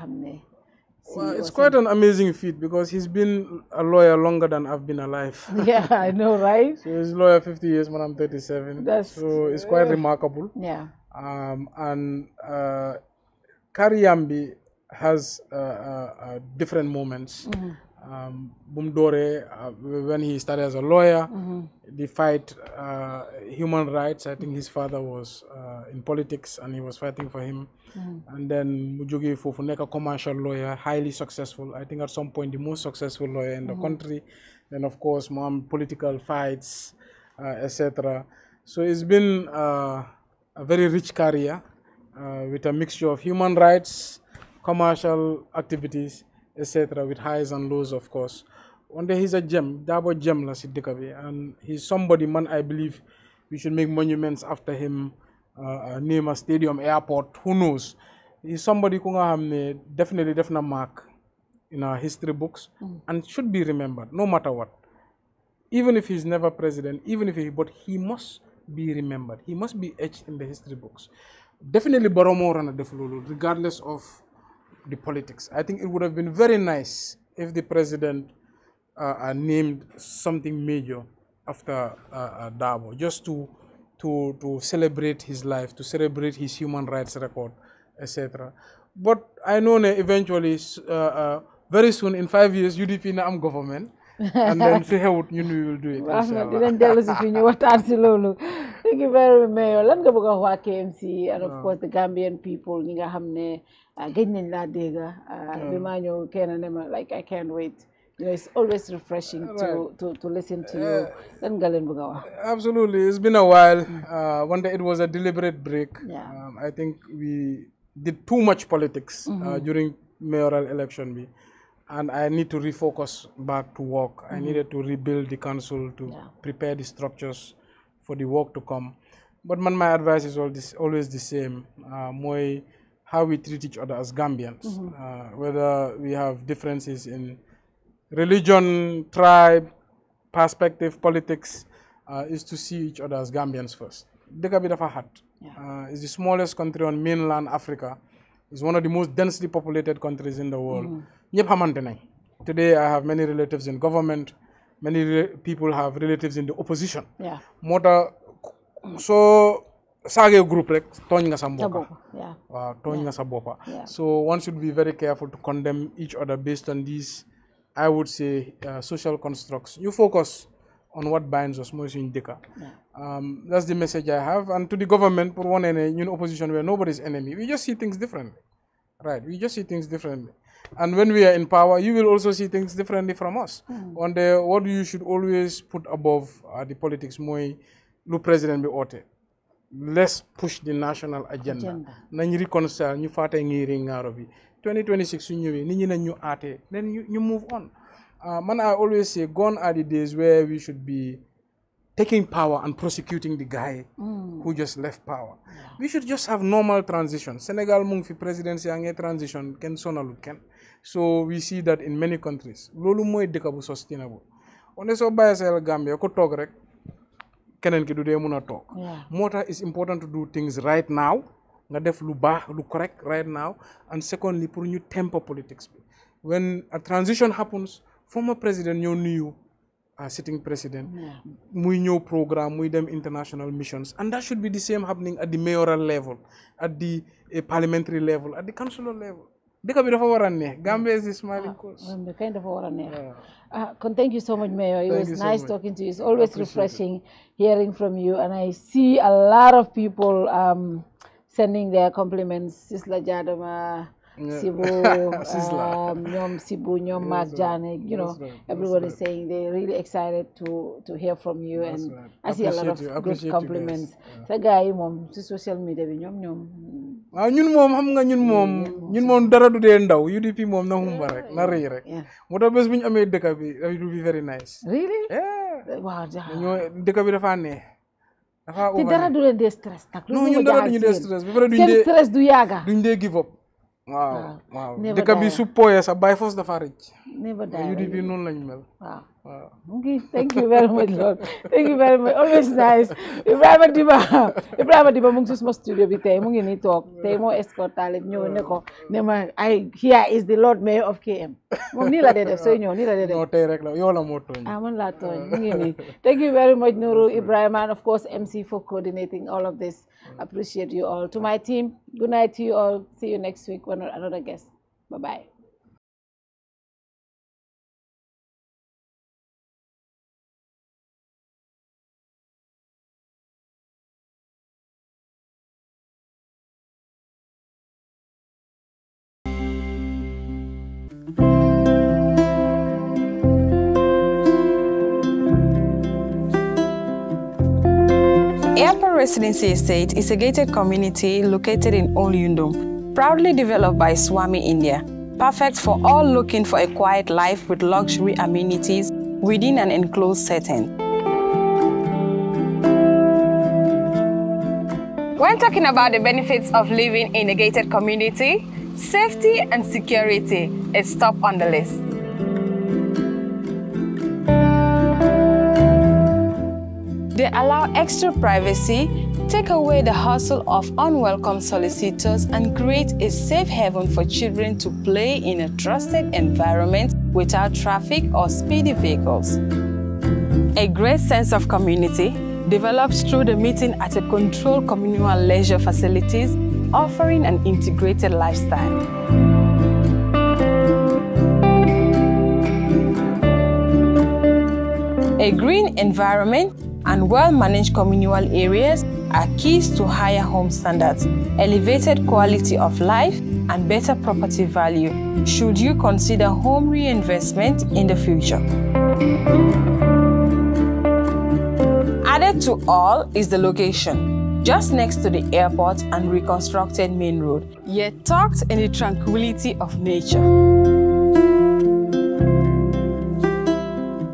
Well, it's quite an amazing feat because he's been a lawyer longer than I've been alive. yeah, I know, right? so he's lawyer 50 years when I'm 37. That's, so it's quite uh, remarkable. Yeah. Um, and uh, Kariambi has uh, uh, uh, different moments. Mm -hmm um, Bumdore, uh, when he started as a lawyer, mm -hmm. the fight uh, human rights. I think his father was uh, in politics and he was fighting for him. Mm -hmm. And then Mujugi Fufuneka, commercial lawyer, highly successful. I think at some point the most successful lawyer in mm -hmm. the mm-hmm. country. And of course, mom, political fights, uh, etc. So it's been uh, a very rich career uh, with a mixture of human rights, commercial activities etc with highs and lows of course One day he's a gem double gem la si and he's somebody man I believe we should make monuments after him uh, uh, name a stadium airport who knows he's somebody who nga definitely mark in our history books mm. and should be remembered no matter what even if he's never president even if he but he must be remembered he must be etched in the history books definitely Barrow moo rana def regardless of the politics. I think it would have been very nice if the president uh, uh named something major after uh, uh, Dabo, just to, to, to celebrate his life, to celebrate his human rights record, etc. But I know that eventually, uh, uh, very soon, in five years, UDP nam government, and then su xewut ñu will do it wax na dinañ you what fi ñu waxtaan si loolu thank you very much lan nga bëgg a wax KMC and of course the Gambian people ñi nga xam ne uh, gëj nañ laa dégg uh, bi maa ñëw kenn ne ma like I can't wait you know, it's always refreshing right. to, to, to listen to you. bugawa. absolutely. It's been a while. Mm. Uh, one day it was a deliberate break. Yeah. Um, I think we did too much politics mm -hmm. uh, mm-hmm. during mayoral election and I need to refocus back to work. Mm -hmm. I mm-hmm. needed to rebuild the council to yeah. prepare the structures for the work to come. But man, my advice is always, always the same. Uh, how we treat each other as Gambians, mm -hmm. uh, whether we have differences in religion, tribe, perspective, politics, uh, is to see each other as Gambians first. Take a bit of a heart. Yeah. Uh, it's the smallest country on mainland Africa. It's one of the most densely populated countries in the world. ñëpp mm-hmm. today I have many relatives in government many people have relatives in the opposition. Yeah. tax So, saagee group rek nga nga so one should be very careful to condemn each other based on these I would say uh, social constructs. You focus on what binds us mooy in dëkka that's the message I have and to the government for one, in ñun opposition we are nobody's enemy we just see things differently right we just see things differently and when we are in power you will also see things differently from us mm. on the what you should always put above the politics mooy lu président bi let's push the national agenda nañ reconcile ñu fata ngiiri ngaaro bi 2026 you ñëwee nit ñi nañ ñu then you move on uh, man, I always say, gone are the days where we should be taking power and prosecuting the guy mm. who just left power. Yeah. We should just have normal transition. Senegal Mungfi presidency, presidency ange transition ken sonalut ken. So we see that in many countries. Lolu moy dekk bu sustainable. One so baye sel Gambia ko tok rek kenen ki du dé mëna talk? Motax is important to do things right now. Nga def lu lu correct right now and secondly pour new tempo politics. When a transition happens former président ñoo nuyu uh, sitting president hmm. muy ñëw programme muy dem international missions and that should be the same happening at the mayoral level at the eh, parliamentary level at the councilor level bi dafa neex Gambia is smiling ah, kay dafa ah, thank you so much Mayor it was nice talking to you it's always refreshing hearing from you and I see a lot of people um, sending their compliments Jadama Sibu, um, Nyom Sibu, Nyom Mark Janek, you know, right. everyone is right. saying they're really excited to to hear from you, That's and I see a lot of compliments. sa gars yi moom si social media bi ñoom ñoom. waaw ñun moom xam nga ñun moom ñun moom dara du dee ndaw UDP moom na xumba rek na rëy rek. moo tax bés bu ñu amee dëkk bi it will be very nice. really. waaw ñoo dëkk bi dafa neex. dafa te dara du ñu dee stress. du yaaga waaw waaw dëkk bi su pooyee sax Baye Fos dafa rëcc. never die UDP noonu lañu always nice Ibrahima Diba Ibrahima Diba mu ngi si studio bi tey mu ngi nii toog tey moo escort Talib ñëw ne ko ne ma ay here is the Lord Mayor of KM moom nii la dee def sooy ñëw nii la dee def. non tey rek la la moo tooñ. ah man laa tooñ nii thank you very much Nuru Ibrahima and of course MC for coordinating all of this. Appreciate you all. To my team, good night to you all. See you next week when another guest. Bye bye. Residency Estate is a gated community located in Old proudly developed by Swami India. Perfect for all looking for a quiet life with luxury amenities within an enclosed setting. When talking about the benefits of living in a gated community, safety and security is top on the list. They allow extra privacy, take away the hustle of unwelcome solicitors, and create a safe haven for children to play in a trusted environment without traffic or speedy vehicles. A great sense of community develops through the meeting at a controlled communal leisure facilities, offering an integrated lifestyle. A green environment and well-managed communal areas are keys to higher home standards, elevated quality of life, and better property value should you consider home reinvestment in the future. Added to all is the location, just next to the airport and reconstructed main road, yet tucked in the tranquility of nature.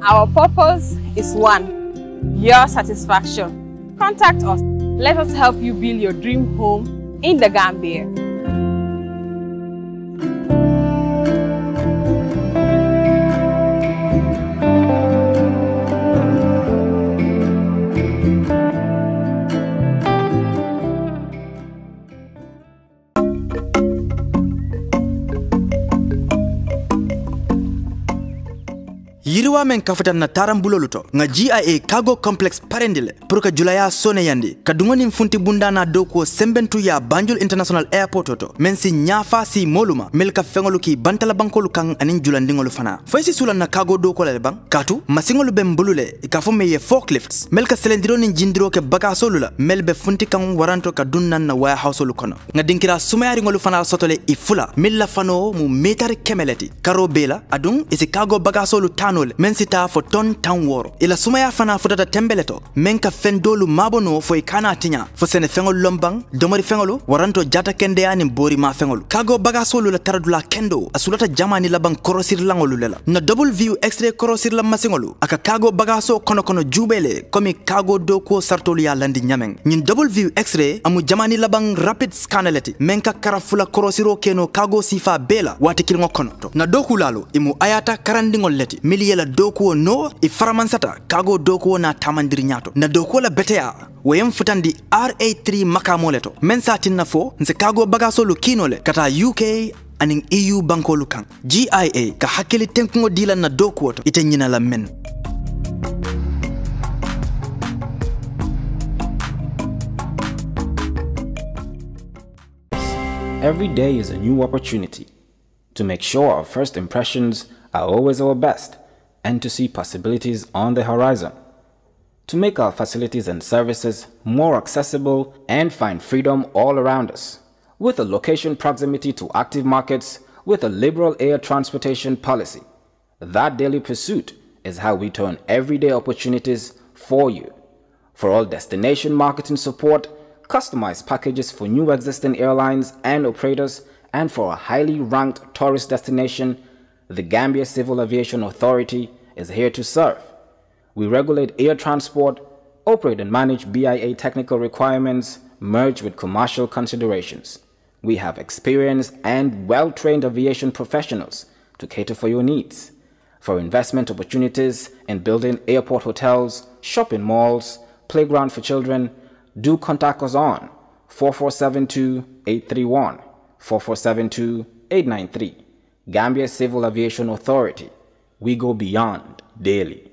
Our purpose is one, your satisfaction. Contact us. Let us help you build your dream home in the Gambia. yiriwa men taram tarambulolu to nga GIA cargo complex parendile puruka julaya sone yandi ka mfunti funti na dow sembentu ya banjul international airport to men si nyafa si moluma mel ka feŋolu ki bantala bankolu lukang anin julandiŋolu fana faisi si na cargo dow la le katu masiŋolu be mbulule ka ye forklifts mel ka selendiro ni jindiro ke baka la melbe be funti kang waranto ka na warehouse lukono kono nga dinkira sumayariŋolu fana sotole ifula fula la fano mu metari kemeleti karo bela la adun isi cargo bagasolu tanole men si fo ton tan wɔɔrɔ ila sumaya fana futata le to men ka fɛn doolu maabo no fo i kana tiɲa fo sene feŋolu lɔn baŋ domori fɛŋolu waranto jata kɛndeya nin ma fɛŋolu kago bagasolu la taradula kendo a sulata jama ni laban kɔrɔsirilaŋolu le la na double view extray kɔrɔsirila masiŋolu a ka kago bagaso kono kono juube le komi kago dokuo sartolu y'a landi ɲamɛŋ ɲin double view extray amu ni laban rapid scanner le ti min ka karafula korosiro keno kago sifa bee la waati kiliŋo kono to na doku lalo imu ayata karandiŋolu le ti dokuwo no e faramansata kago dokuwo na tamandiri ñaato na dokuwo la beteya woyen futandi ra3 makamo le to men sa tinna fo nse kago bagasolu kino le kata uk anin eu bankolu kan gia ka hakkili tenkuŋo dila na dokuwo to ite ñina la men Every day is a new opportunity to make sure our first impressions are always our best. and to see possibilities on the horizon. To make our facilities and services more accessible and find freedom all around us. With a location proximity to active markets, with a liberal air transportation policy. That daily pursuit is how we turn everyday opportunities for you. For all destination marketing support, customized packages for new existing airlines and operators, and for a highly ranked tourist destination the Gambia Civil Aviation Authority is here to serve. We regulate air transport, operate and manage BIA technical requirements, merged with commercial considerations. We have experienced and well-trained aviation professionals to cater for your needs. For investment opportunities in building airport hotels, shopping malls, playground for children, do contact us on 4472-831, 4472-893. Gambia Civil Aviation Authority. We go beyond daily.